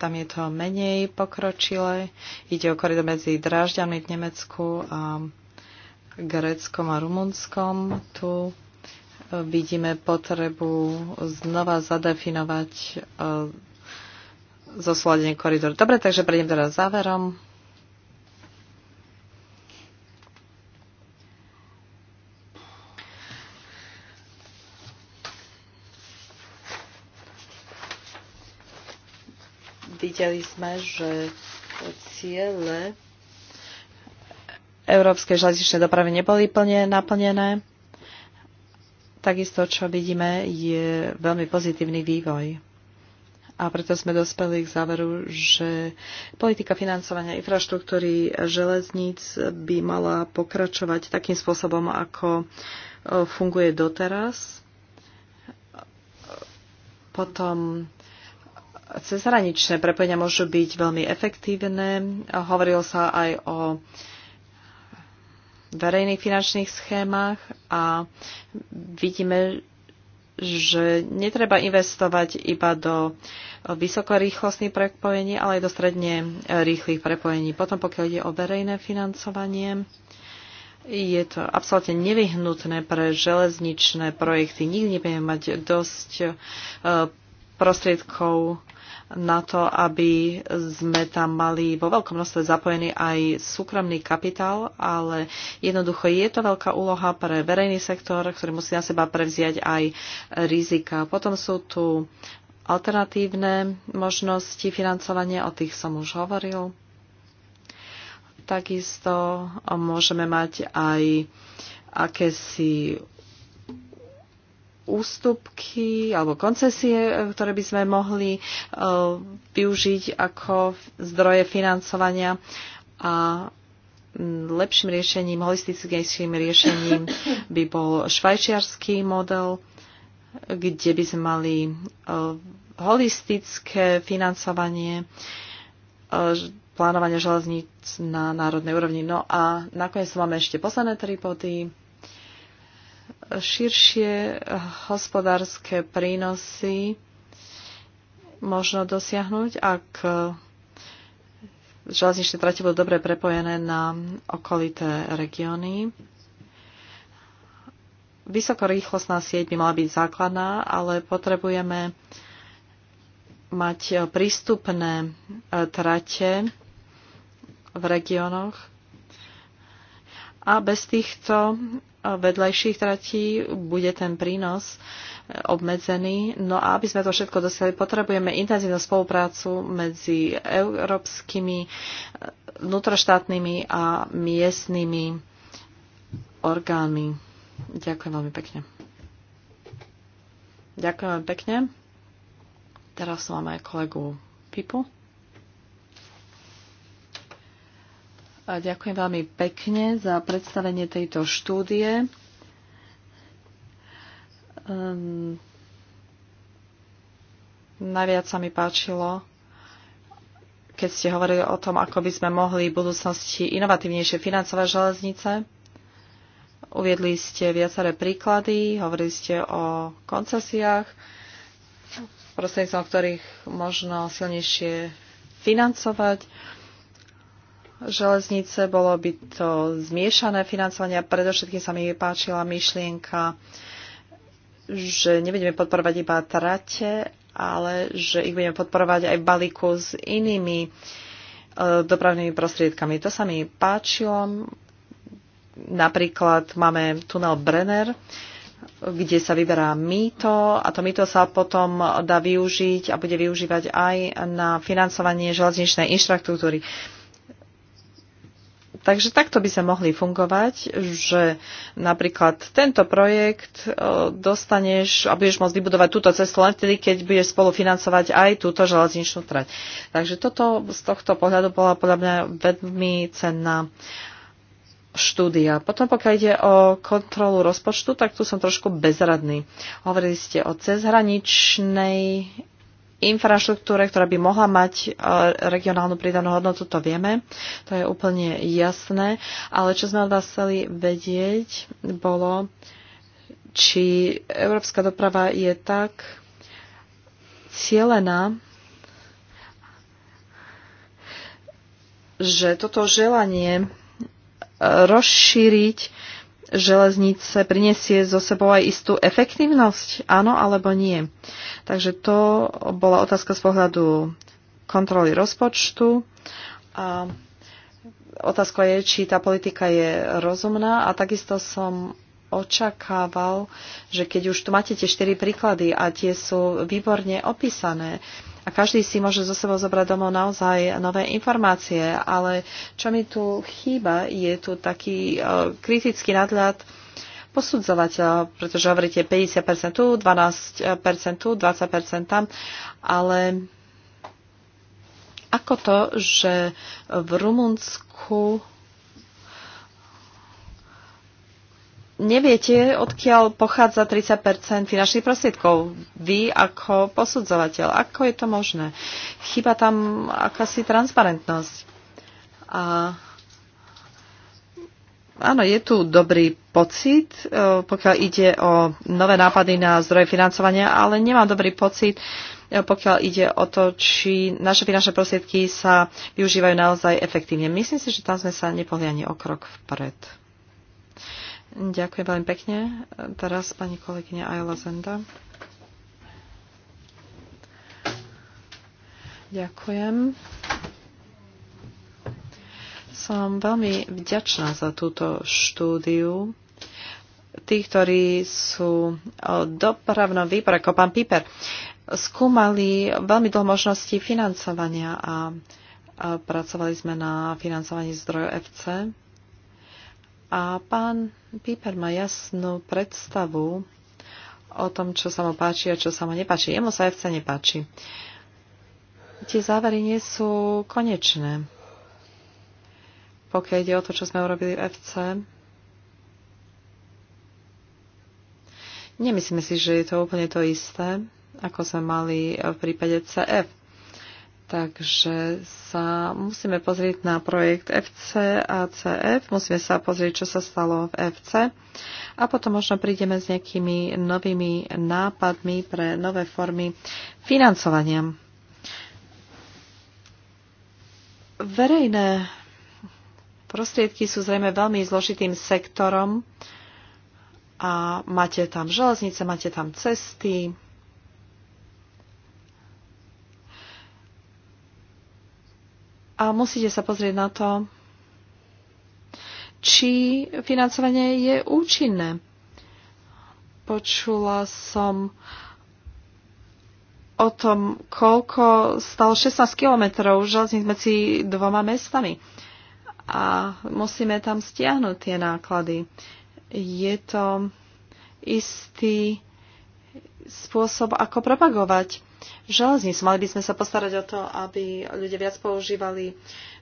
Tam je to menej pokročilé. Ide o koridor medzi Drážďami v Nemecku a Gréckom a Rumunskom. Tu e, vidíme potrebu znova zadefinovať e, zosladenie koridoru. Dobre, takže prejdem teraz záverom. Videli sme, že ciele európskej železničnej dopravy neboli plne naplnené. Takisto, čo vidíme, je veľmi pozitívny vývoj. A preto sme dospeli k záveru, že politika financovania infraštruktúry železníc by mala pokračovať takým spôsobom, ako e, funguje doteraz. Potom cezhraničné prepojenia môžu byť veľmi efektívne. Hovorilo sa aj o verejných finančných schémach a vidíme, že netreba investovať iba do vysokorýchlostných prepojení, ale aj do stredne rýchlych prepojení. Potom, pokiaľ ide o verejné financovanie, je to absolútne nevyhnutné pre železničné projekty. Nikdy nebudeme mať dosť eh, prostriedkov na to, aby sme tam mali vo veľkom množstve zapojený aj súkromný kapitál, ale jednoducho je to veľká úloha pre verejný sektor, ktorý musí na seba prevziať aj rizika. Potom sú tu alternatívne možnosti financovania, o tých som už hovoril. Takisto môžeme mať aj akési ústupky alebo koncesie, e, ktoré by sme mohli e, využiť ako zdroje financovania a lepším riešením, holistickejším riešením by bol švajčiarský model, kde by sme mali e, holistické financovanie plánovania železníc na národnej úrovni. No a nakoniec máme ešte posledné tri body širšie hospodárske prínosy možno dosiahnuť, ak železničné trate budú dobre prepojené na okolité regióny. Vysokorýchlostná sieť by mala byť základná, ale potrebujeme mať prístupné e, trate v regiónoch. A bez týchto vedľajších tratí bude ten prínos e, obmedzený. No a aby sme to všetko dosiahli, potrebujeme intenzívnu spoluprácu medzi európskymi, e, vnútroštátnymi a miestnymi orgánmi. Ďakujem veľmi pekne. Ďakujem veľmi pekne. Teraz máme aj kolegu Pipu. ďakujem veľmi pekne za predstavenie tejto štúdie. Um, najviac sa mi páčilo, keď ste hovorili o tom, ako by sme mohli v budúcnosti inovatívnejšie financovať železnice. Uviedli ste viaceré príklady, hovorili ste o koncesiách, prostredníctvom ktorých možno silnejšie financovať železnice, bolo by to zmiešané financovanie a predovšetkým sa mi páčila myšlienka, že nebudeme podporovať iba trate, ale že ich budeme podporovať aj balíku s inými e, dopravnými prostriedkami. To sa mi páčilo. Napríklad máme tunel Brenner, kde sa vyberá mýto a to mýto sa potom dá využiť a bude využívať aj na financovanie železničnej infraštruktúry. Takže takto by sa mohli fungovať, že napríklad tento projekt e, dostaneš a budeš môcť vybudovať túto cestu len vtedy, keď budeš spolufinancovať aj túto železničnú trať. Takže toto z tohto pohľadu bola podľa mňa veľmi cenná štúdia. Potom pokiaľ ide o kontrolu rozpočtu, tak tu som trošku bezradný. Hovorili ste o cezhraničnej infraštruktúre, ktorá by mohla mať e, regionálnu pridanú hodnotu, to vieme, to je úplne jasné, ale čo sme od vás chceli vedieť, bolo, či európska doprava je tak cielená, že toto želanie rozšíriť železnice prinesie zo sebou aj istú efektívnosť? Áno alebo nie? Takže to bola otázka z pohľadu kontroly rozpočtu. A otázka je, či tá politika je rozumná a takisto som očakával, že keď už tu máte tie štyri príklady a tie sú výborne opísané, a každý si môže zo sebou zobrať domov naozaj nové informácie, ale čo mi tu chýba, je tu taký e, kritický nadhľad posudzovateľa, pretože hovoríte 50% tu, 12% tu, 20% tam, ale ako to, že v Rumunsku neviete, odkiaľ pochádza 30 finančných prostriedkov. Vy ako posudzovateľ, ako je to možné? Chyba tam akási transparentnosť. A Áno, je tu dobrý pocit, e, pokiaľ ide o nové nápady na zdroje financovania, ale nemám dobrý pocit, e, pokiaľ ide o to, či naše finančné prostriedky sa využívajú naozaj efektívne. Myslím si, že tam sme sa nepohli ani o krok vpred. Ďakujem veľmi pekne. Teraz pani kolegyňa Ajla Zenda. Ďakujem. Som veľmi vďačná za túto štúdiu. Tí, ktorí sú dopravno výbor, ako pán Piper, skúmali veľmi dlho možnosti financovania a pracovali sme na financovaní zdrojov FC a pán Píper má jasnú predstavu o tom, čo sa mu páči a čo sa mu nepáči. Jemu sa FC nepáči. Tie závery nie sú konečné. Pokiaľ ide o to, čo sme urobili v FC, nemyslíme si, že je to úplne to isté, ako sme mali v prípade CF. Takže sa musíme pozrieť na projekt FC a CF, musíme sa pozrieť, čo sa stalo v FC a potom možno prídeme s nejakými novými nápadmi pre nové formy financovania. Verejné prostriedky sú zrejme veľmi zložitým sektorom a máte tam železnice, máte tam cesty, a musíte sa pozrieť na to, či financovanie je účinné. Počula som o tom, koľko stalo 16 kilometrov železníc medzi dvoma mestami. A musíme tam stiahnuť tie náklady. Je to istý spôsob, ako propagovať železnicu. Mali by sme sa postarať o to, aby ľudia viac používali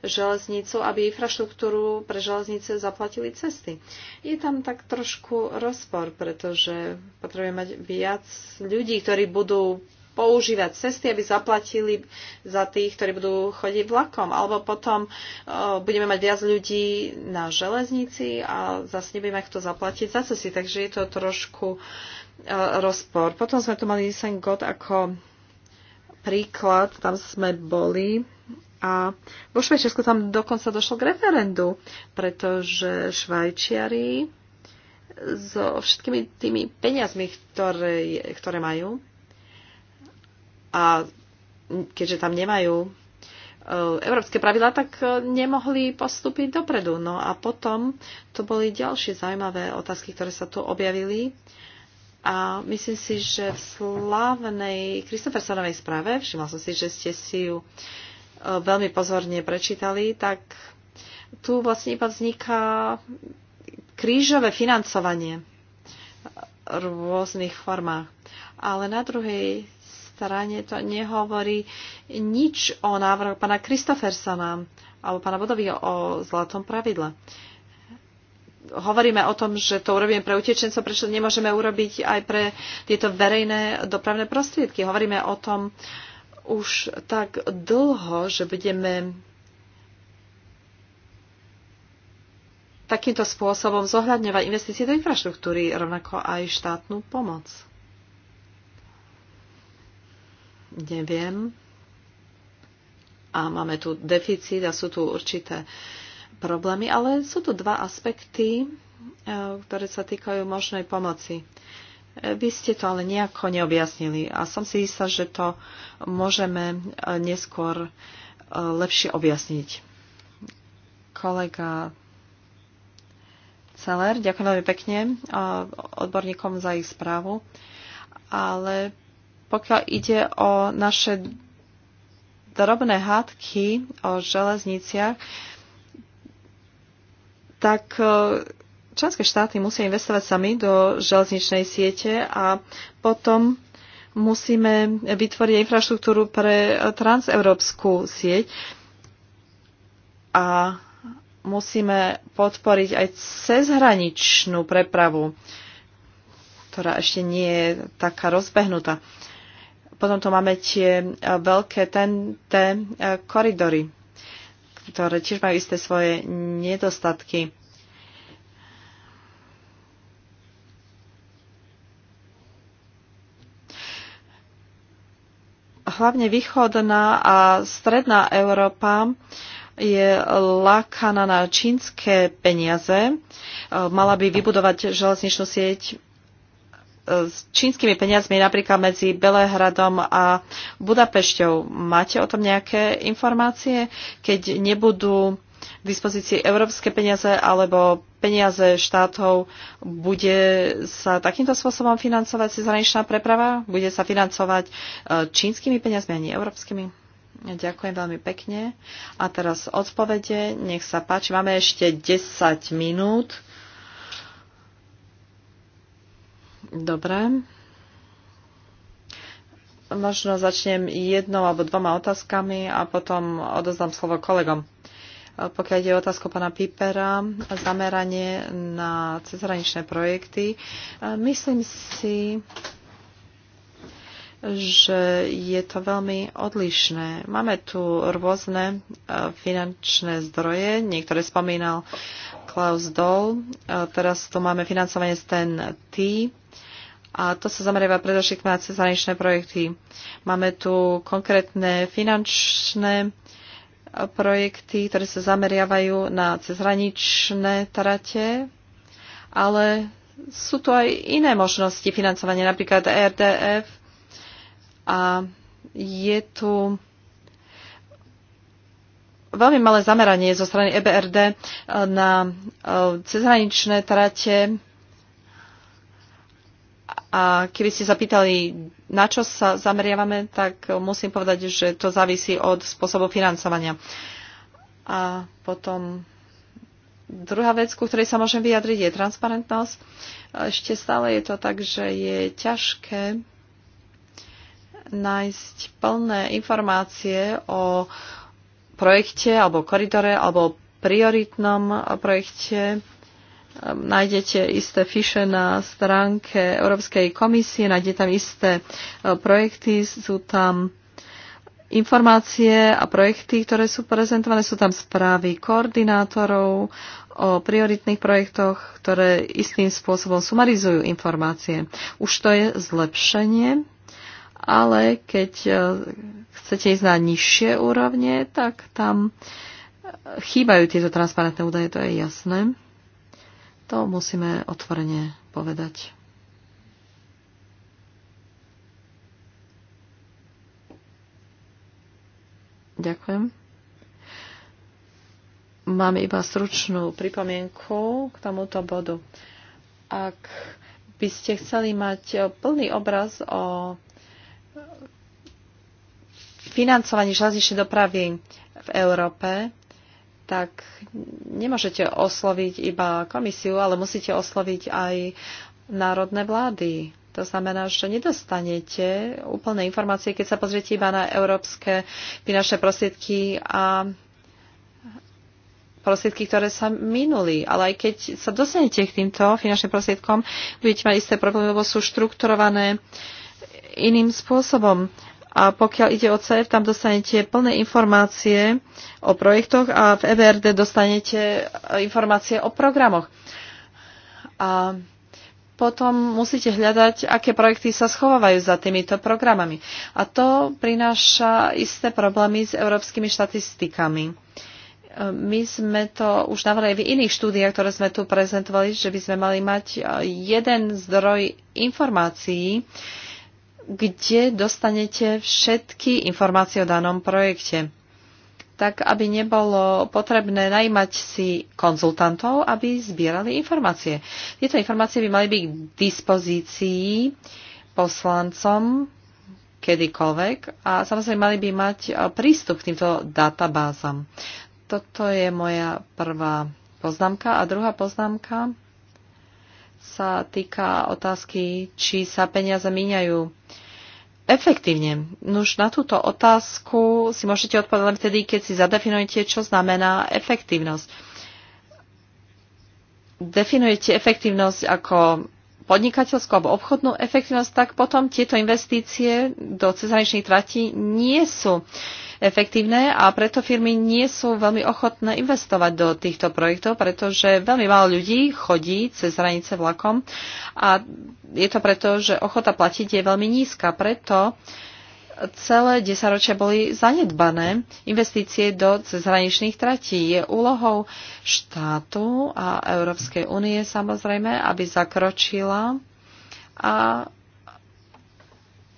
železnicu, aby infraštruktúru pre železnice zaplatili cesty. Je tam tak trošku rozpor, pretože potrebujeme mať viac ľudí, ktorí budú používať cesty, aby zaplatili za tých, ktorí budú chodiť vlakom. Alebo potom uh, budeme mať viac ľudí na železnici a zase nebudeme kto zaplatiť za cesty. Takže je to trošku uh, rozpor. Potom sme tu mali Saint God ako príklad, tam sme boli a vo Švajčiarsku tam dokonca došlo k referendu, pretože Švajčiari so všetkými tými peniazmi, ktoré, ktoré majú a keďže tam nemajú e, európske pravidlá, tak e, nemohli postúpiť dopredu. No a potom to boli ďalšie zaujímavé otázky, ktoré sa tu objavili. A myslím si, že v slávnej Kristofersonovej správe, všimla som si, že ste si ju e, veľmi pozorne prečítali, tak tu vlastne iba vzniká krížové financovanie v rôznych formách. Ale na druhej strane to nehovorí nič o návrhu pana Kristofersona alebo pana Bodovi o zlatom pravidle. Uh, hovoríme o tom, že to urobíme pre utečencov, prečo nemôžeme urobiť aj pre tieto verejné dopravné prostriedky. Hovoríme o tom už tak dlho, že budeme takýmto spôsobom zohľadňovať investície do infraštruktúry, rovnako aj štátnu pomoc. Neviem. A máme tu deficit a sú tu určité uh, problémy, ale sú tu dva aspekty, e, ktoré sa týkajú možnej pomoci. E, vy ste to ale nejako neobjasnili a som si istá, že to môžeme e, neskôr lepšie objasniť. Kolega Celer, ďakujem veľmi pekne odborníkom za ich správu, ale pokiaľ ide o naše drobné hádky o železniciach, tak e, členské štáty musia investovať sami do železničnej siete a potom musíme vytvoriť infraštruktúru pre transeurópsku sieť a musíme podporiť aj cezhraničnú prepravu, ktorá ešte nie je taká rozbehnutá. Potom tu máme tie e, veľké TNT e, koridory ktoré tiež majú isté svoje nedostatky. Hlavne východná a stredná Európa je lákaná na čínske peniaze. Mala by vybudovať železničnú sieť s čínskymi peniazmi napríklad medzi Belehradom a Budapešťou. Máte o tom nejaké informácie? Keď nebudú k dispozícii európske peniaze alebo peniaze štátov, bude sa takýmto spôsobom financovať cezhraničná preprava? Bude sa financovať e, čínskymi peniazmi a nie európskymi? Ďakujem veľmi pekne. A teraz odpovede. Nech sa páči. Máme ešte 10 minút Dobre. Možno začnem jednou alebo dvoma otázkami a potom odozdám slovo kolegom. Pokiaľ ide otázku pána Pipera, zameranie na cezhraničné projekty, myslím si, že je to veľmi odlišné. Máme tu rôzne e, finančné zdroje, niektoré spomínal Klaus Doll, e, teraz tu máme financovanie z TEN-T, a to sa zameriava predovšetkým na cezhraničné projekty. Máme tu konkrétne finančné projekty, ktoré sa zameriavajú na cezhraničné trate, ale sú tu aj iné možnosti financovania, napríklad e RDF a je tu veľmi malé zameranie zo strany EBRD eh, na eh, cezhraničné trate a keby ste sa pýtali, na čo sa zameriavame, tak musím povedať, že to závisí od spôsobu financovania. A potom Druhá vec, ku ktorej sa môžem vyjadriť, je transparentnosť. Ešte stále je to tak, že je ťažké nájsť plné informácie o projekte alebo koridore alebo prioritnom projekte Ehm, nájdete isté fiše na stránke Európskej komisie, nájdete tam isté e, projekty, sú tam informácie a projekty, ktoré sú prezentované, sú tam správy koordinátorov o prioritných projektoch, ktoré istým spôsobom sumarizujú informácie. Už to je zlepšenie, ale keď e, chcete ísť na nižšie úrovne, tak tam e, chýbajú tieto transparentné údaje, to je jasné. To musíme otvorene povedať. Ďakujem. Mám iba stručnú pripomienku k tomuto bodu. Ak by ste chceli mať plný obraz o financovaní železničnej dopravy v Európe, tak nemôžete osloviť iba komisiu, ale musíte osloviť aj národné vlády. To znamená, že nedostanete úplné informácie, keď sa pozriete iba na európske finančné prostriedky a prostriedky, ktoré sa minuli. Ale aj keď sa dostanete k týmto finančným prostriedkom, budete mať isté problémy, lebo sú štrukturované iným spôsobom. A pokiaľ ide o CF, e tam dostanete plné informácie o projektoch a v EBRD dostanete e, informácie o programoch. A potom musíte hľadať, aké projekty sa schovávajú za týmito programami. A to prináša isté problémy s európskymi štatistikami. E, my sme to už navrhli v iných štúdiách, ktoré sme tu prezentovali, že by sme mali mať jeden zdroj informácií, kde dostanete všetky informácie o danom projekte. Tak, aby nebolo potrebné najmať si konzultantov, aby zbierali informácie. Tieto informácie by mali byť k dispozícii poslancom kedykoľvek a samozrejme mali by mať e, prístup k týmto databázam. Toto je moja prvá poznámka. A druhá poznámka sa týka otázky, či sa peniaze míňajú efektívne. Nuž na túto otázku si môžete odpovedať len vtedy, keď si zadefinujete, čo znamená efektívnosť. Definujete efektívnosť ako podnikateľskú alebo obchodnú efektívnosť, tak potom tieto investície do cezhraničných tratí nie sú uh, efektívne a preto firmy nie sú veľmi ochotné investovať do týchto projektov, pretože veľmi málo ľudí chodí cez hranice vlakom a je to preto, že ochota platiť je veľmi nízka. Preto celé desaťročia boli zanedbané investície do cezhraničných tratí. Je úlohou štátu a Európskej únie samozrejme, aby zakročila a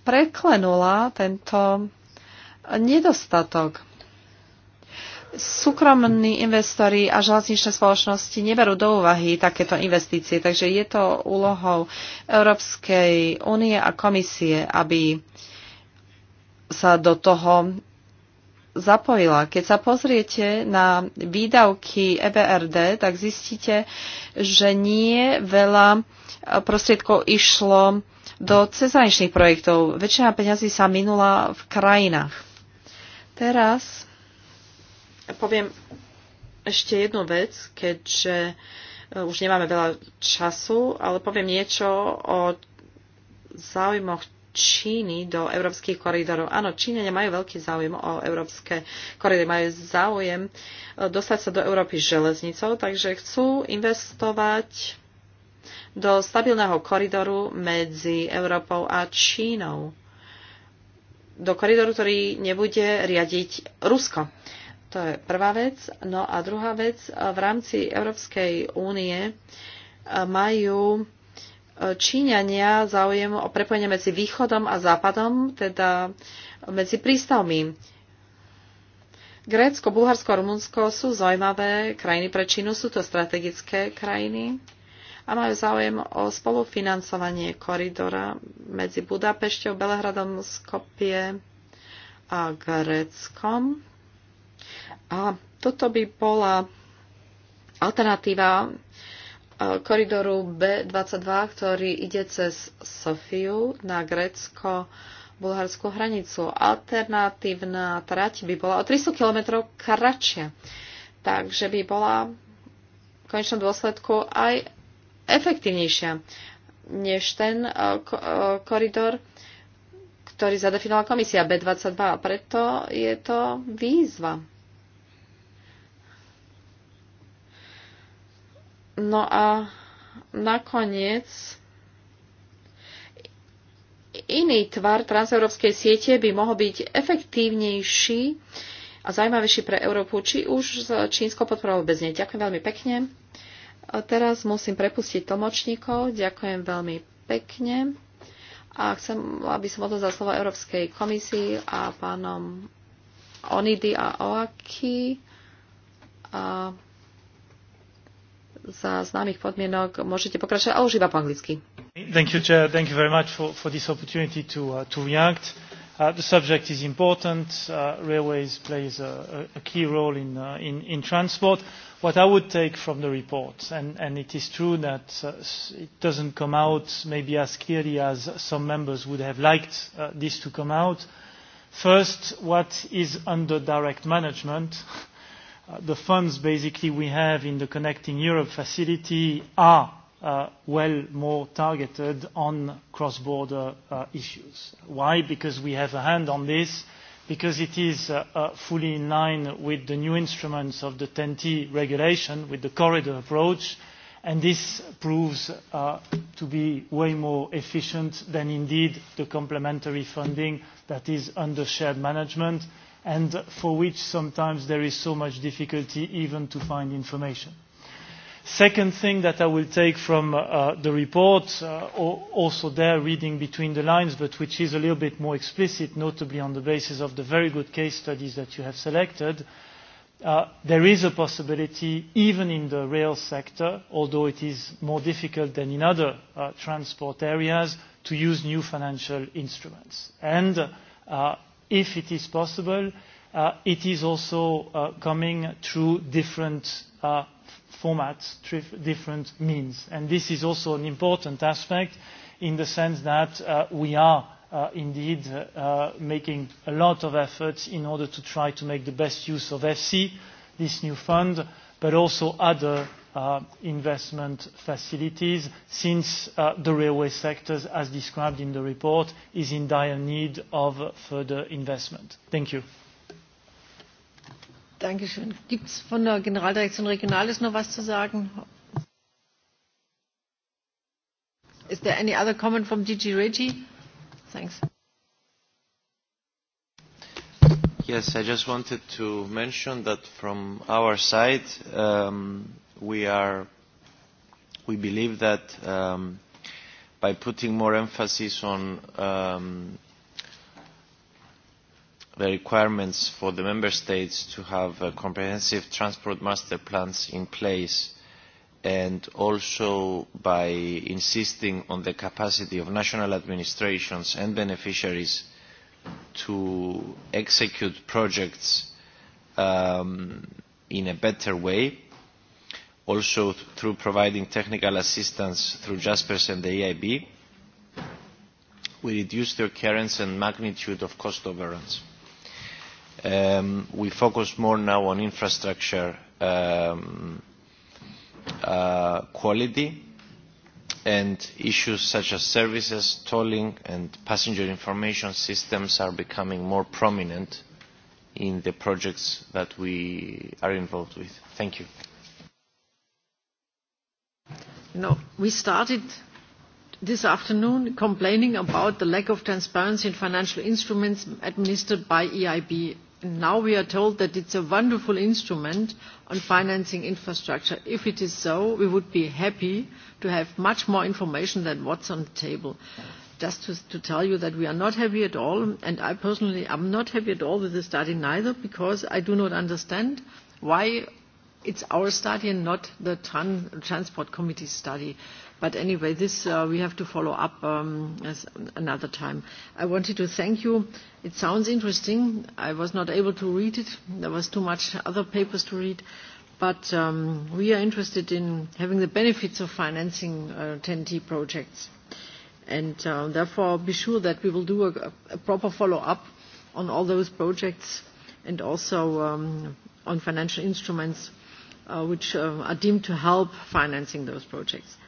preklenula tento nedostatok. Súkromní investori a železničné spoločnosti neberú do úvahy takéto investície, takže je to úlohou Európskej únie a komisie, aby sa do toho zapojila. Keď sa pozriete na výdavky EBRD, tak zistíte, že nie veľa prostriedkov išlo do cezraničných projektov. Väčšina peňazí sa minula v krajinách. Teraz poviem ešte jednu vec, keďže e, už nemáme veľa času, ale poviem niečo o záujmoch Číny do európskych koridorov. Áno, Číňania majú veľký záujem o európske koridory, majú záujem e, dostať sa do Európy železnicou, takže chcú investovať do stabilného koridoru medzi Európou a Čínou do koridoru, ktorý nebude riadiť Rusko. To je prvá vec. No a druhá vec, v rámci Európskej únie eh, majú eh, Číňania záujem o prepojenie medzi východom a západom, teda medzi prístavmi. Grécko, Bulharsko a Rumunsko sú zaujímavé krajiny pre Čínu, sú to strategické krajiny a majú záujem o spolufinancovanie koridora medzi Budapešťou, Belehradom, Skopie a Gréckom. A toto by bola alternatíva e, koridoru B22, ktorý ide cez Sofiu na grécko-bulharskú hranicu. Alternatívna trať by bola o 300 km kratšia, takže by bola v konečnom dôsledku aj efektívnejšia než ten e, e, koridor, ktorý zadefinovala komisia B22. A preto je to výzva. No a nakoniec iný tvar transeurópskej siete by mohol byť efektívnejší a zaujímavejší pre Európu, či už s čínskou podporou bez nej. Ďakujem veľmi pekne. A teraz musím prepustiť tlmočníkov. Ďakujem veľmi pekne. A chcem, aby som odozal slovo Európskej komisii a pánom Onidy a Oaki. A za známych podmienok môžete pokračovať, ale už iba po anglicky. Thank you, Chair. Thank you very much for, for this opportunity to, uh, to react. Uh, the subject is important. Uh, railways plays a, a key role in, uh, in, in transport. What I would take from the report, and, and it is true that uh, it doesn't come out maybe as clearly as some members would have liked uh, this to come out. First, what is under direct management? Uh, the funds basically we have in the Connecting Europe facility are uh, well more targeted on cross-border uh, issues. Why? Because we have a hand on this, because it is uh, uh, fully in line with the new instruments of the TEN-T regulation, with the corridor approach, and this proves uh, to be way more efficient than indeed the complementary funding that is under shared management and for which sometimes there is so much difficulty even to find information. Second thing that I will take from uh, uh the report, uh, also there reading between the lines, but which is a little bit more explicit, notably on the basis of the very good case studies that you have selected, uh, there is a possibility, even in the rail sector, although it is more difficult than in other uh, transport areas, to use new financial instruments. And uh, if it is possible, uh, it is also uh, coming through different uh, formats, different means. And this is also an important aspect in the sense that uh, we are uh, indeed uh, uh making a lot of efforts in order to try to make the best use of FC, this new fund, but also other uh, investment facilities, since uh, the railway sector, as described in the report, is in dire need of further investment. Thank you. Gibt es von der Generaldirektion Regionales noch zu sagen? Is there any other comment from DG Reggie? Thanks. Yes, I just wanted to mention that from our side, um, we are we believe that um, by putting more emphasis on um, the requirements for the member states to have uh, comprehensive transport master plans in place and also by insisting on the capacity of national administrations and beneficiaries to execute projects um, in a better way, also th through providing technical assistance through JASPERS and the EIB, we reduce the occurrence and magnitude of cost overruns. Um, we focus more now on infrastructure um, uh, quality and issues such as services, tolling and passenger information systems are becoming more prominent in the projects that we are involved with. Thank you. No, we started this afternoon complaining about the lack of transparency in financial instruments administered by EIB now we are told that it's a wonderful instrument on financing infrastructure. If it is so, we would be happy to have much more information than what's on the table. Just to, to tell you that we are not happy at all, and I personally am not happy at all with the study neither, because I do not understand why it's our study and not the tran- transport Committee's study. Uh, But anyway, this uh, we have to follow up um, as another time. I wanted to thank you. It sounds interesting. I was not able to read it. There was too much other papers to read. But um, we are interested in having the benefits of financing uh, 10T projects. And uh, therefore, be sure that we will do a, a proper follow-up on all those projects and also um, on financial instruments uh, which uh, are deemed to help financing those projects.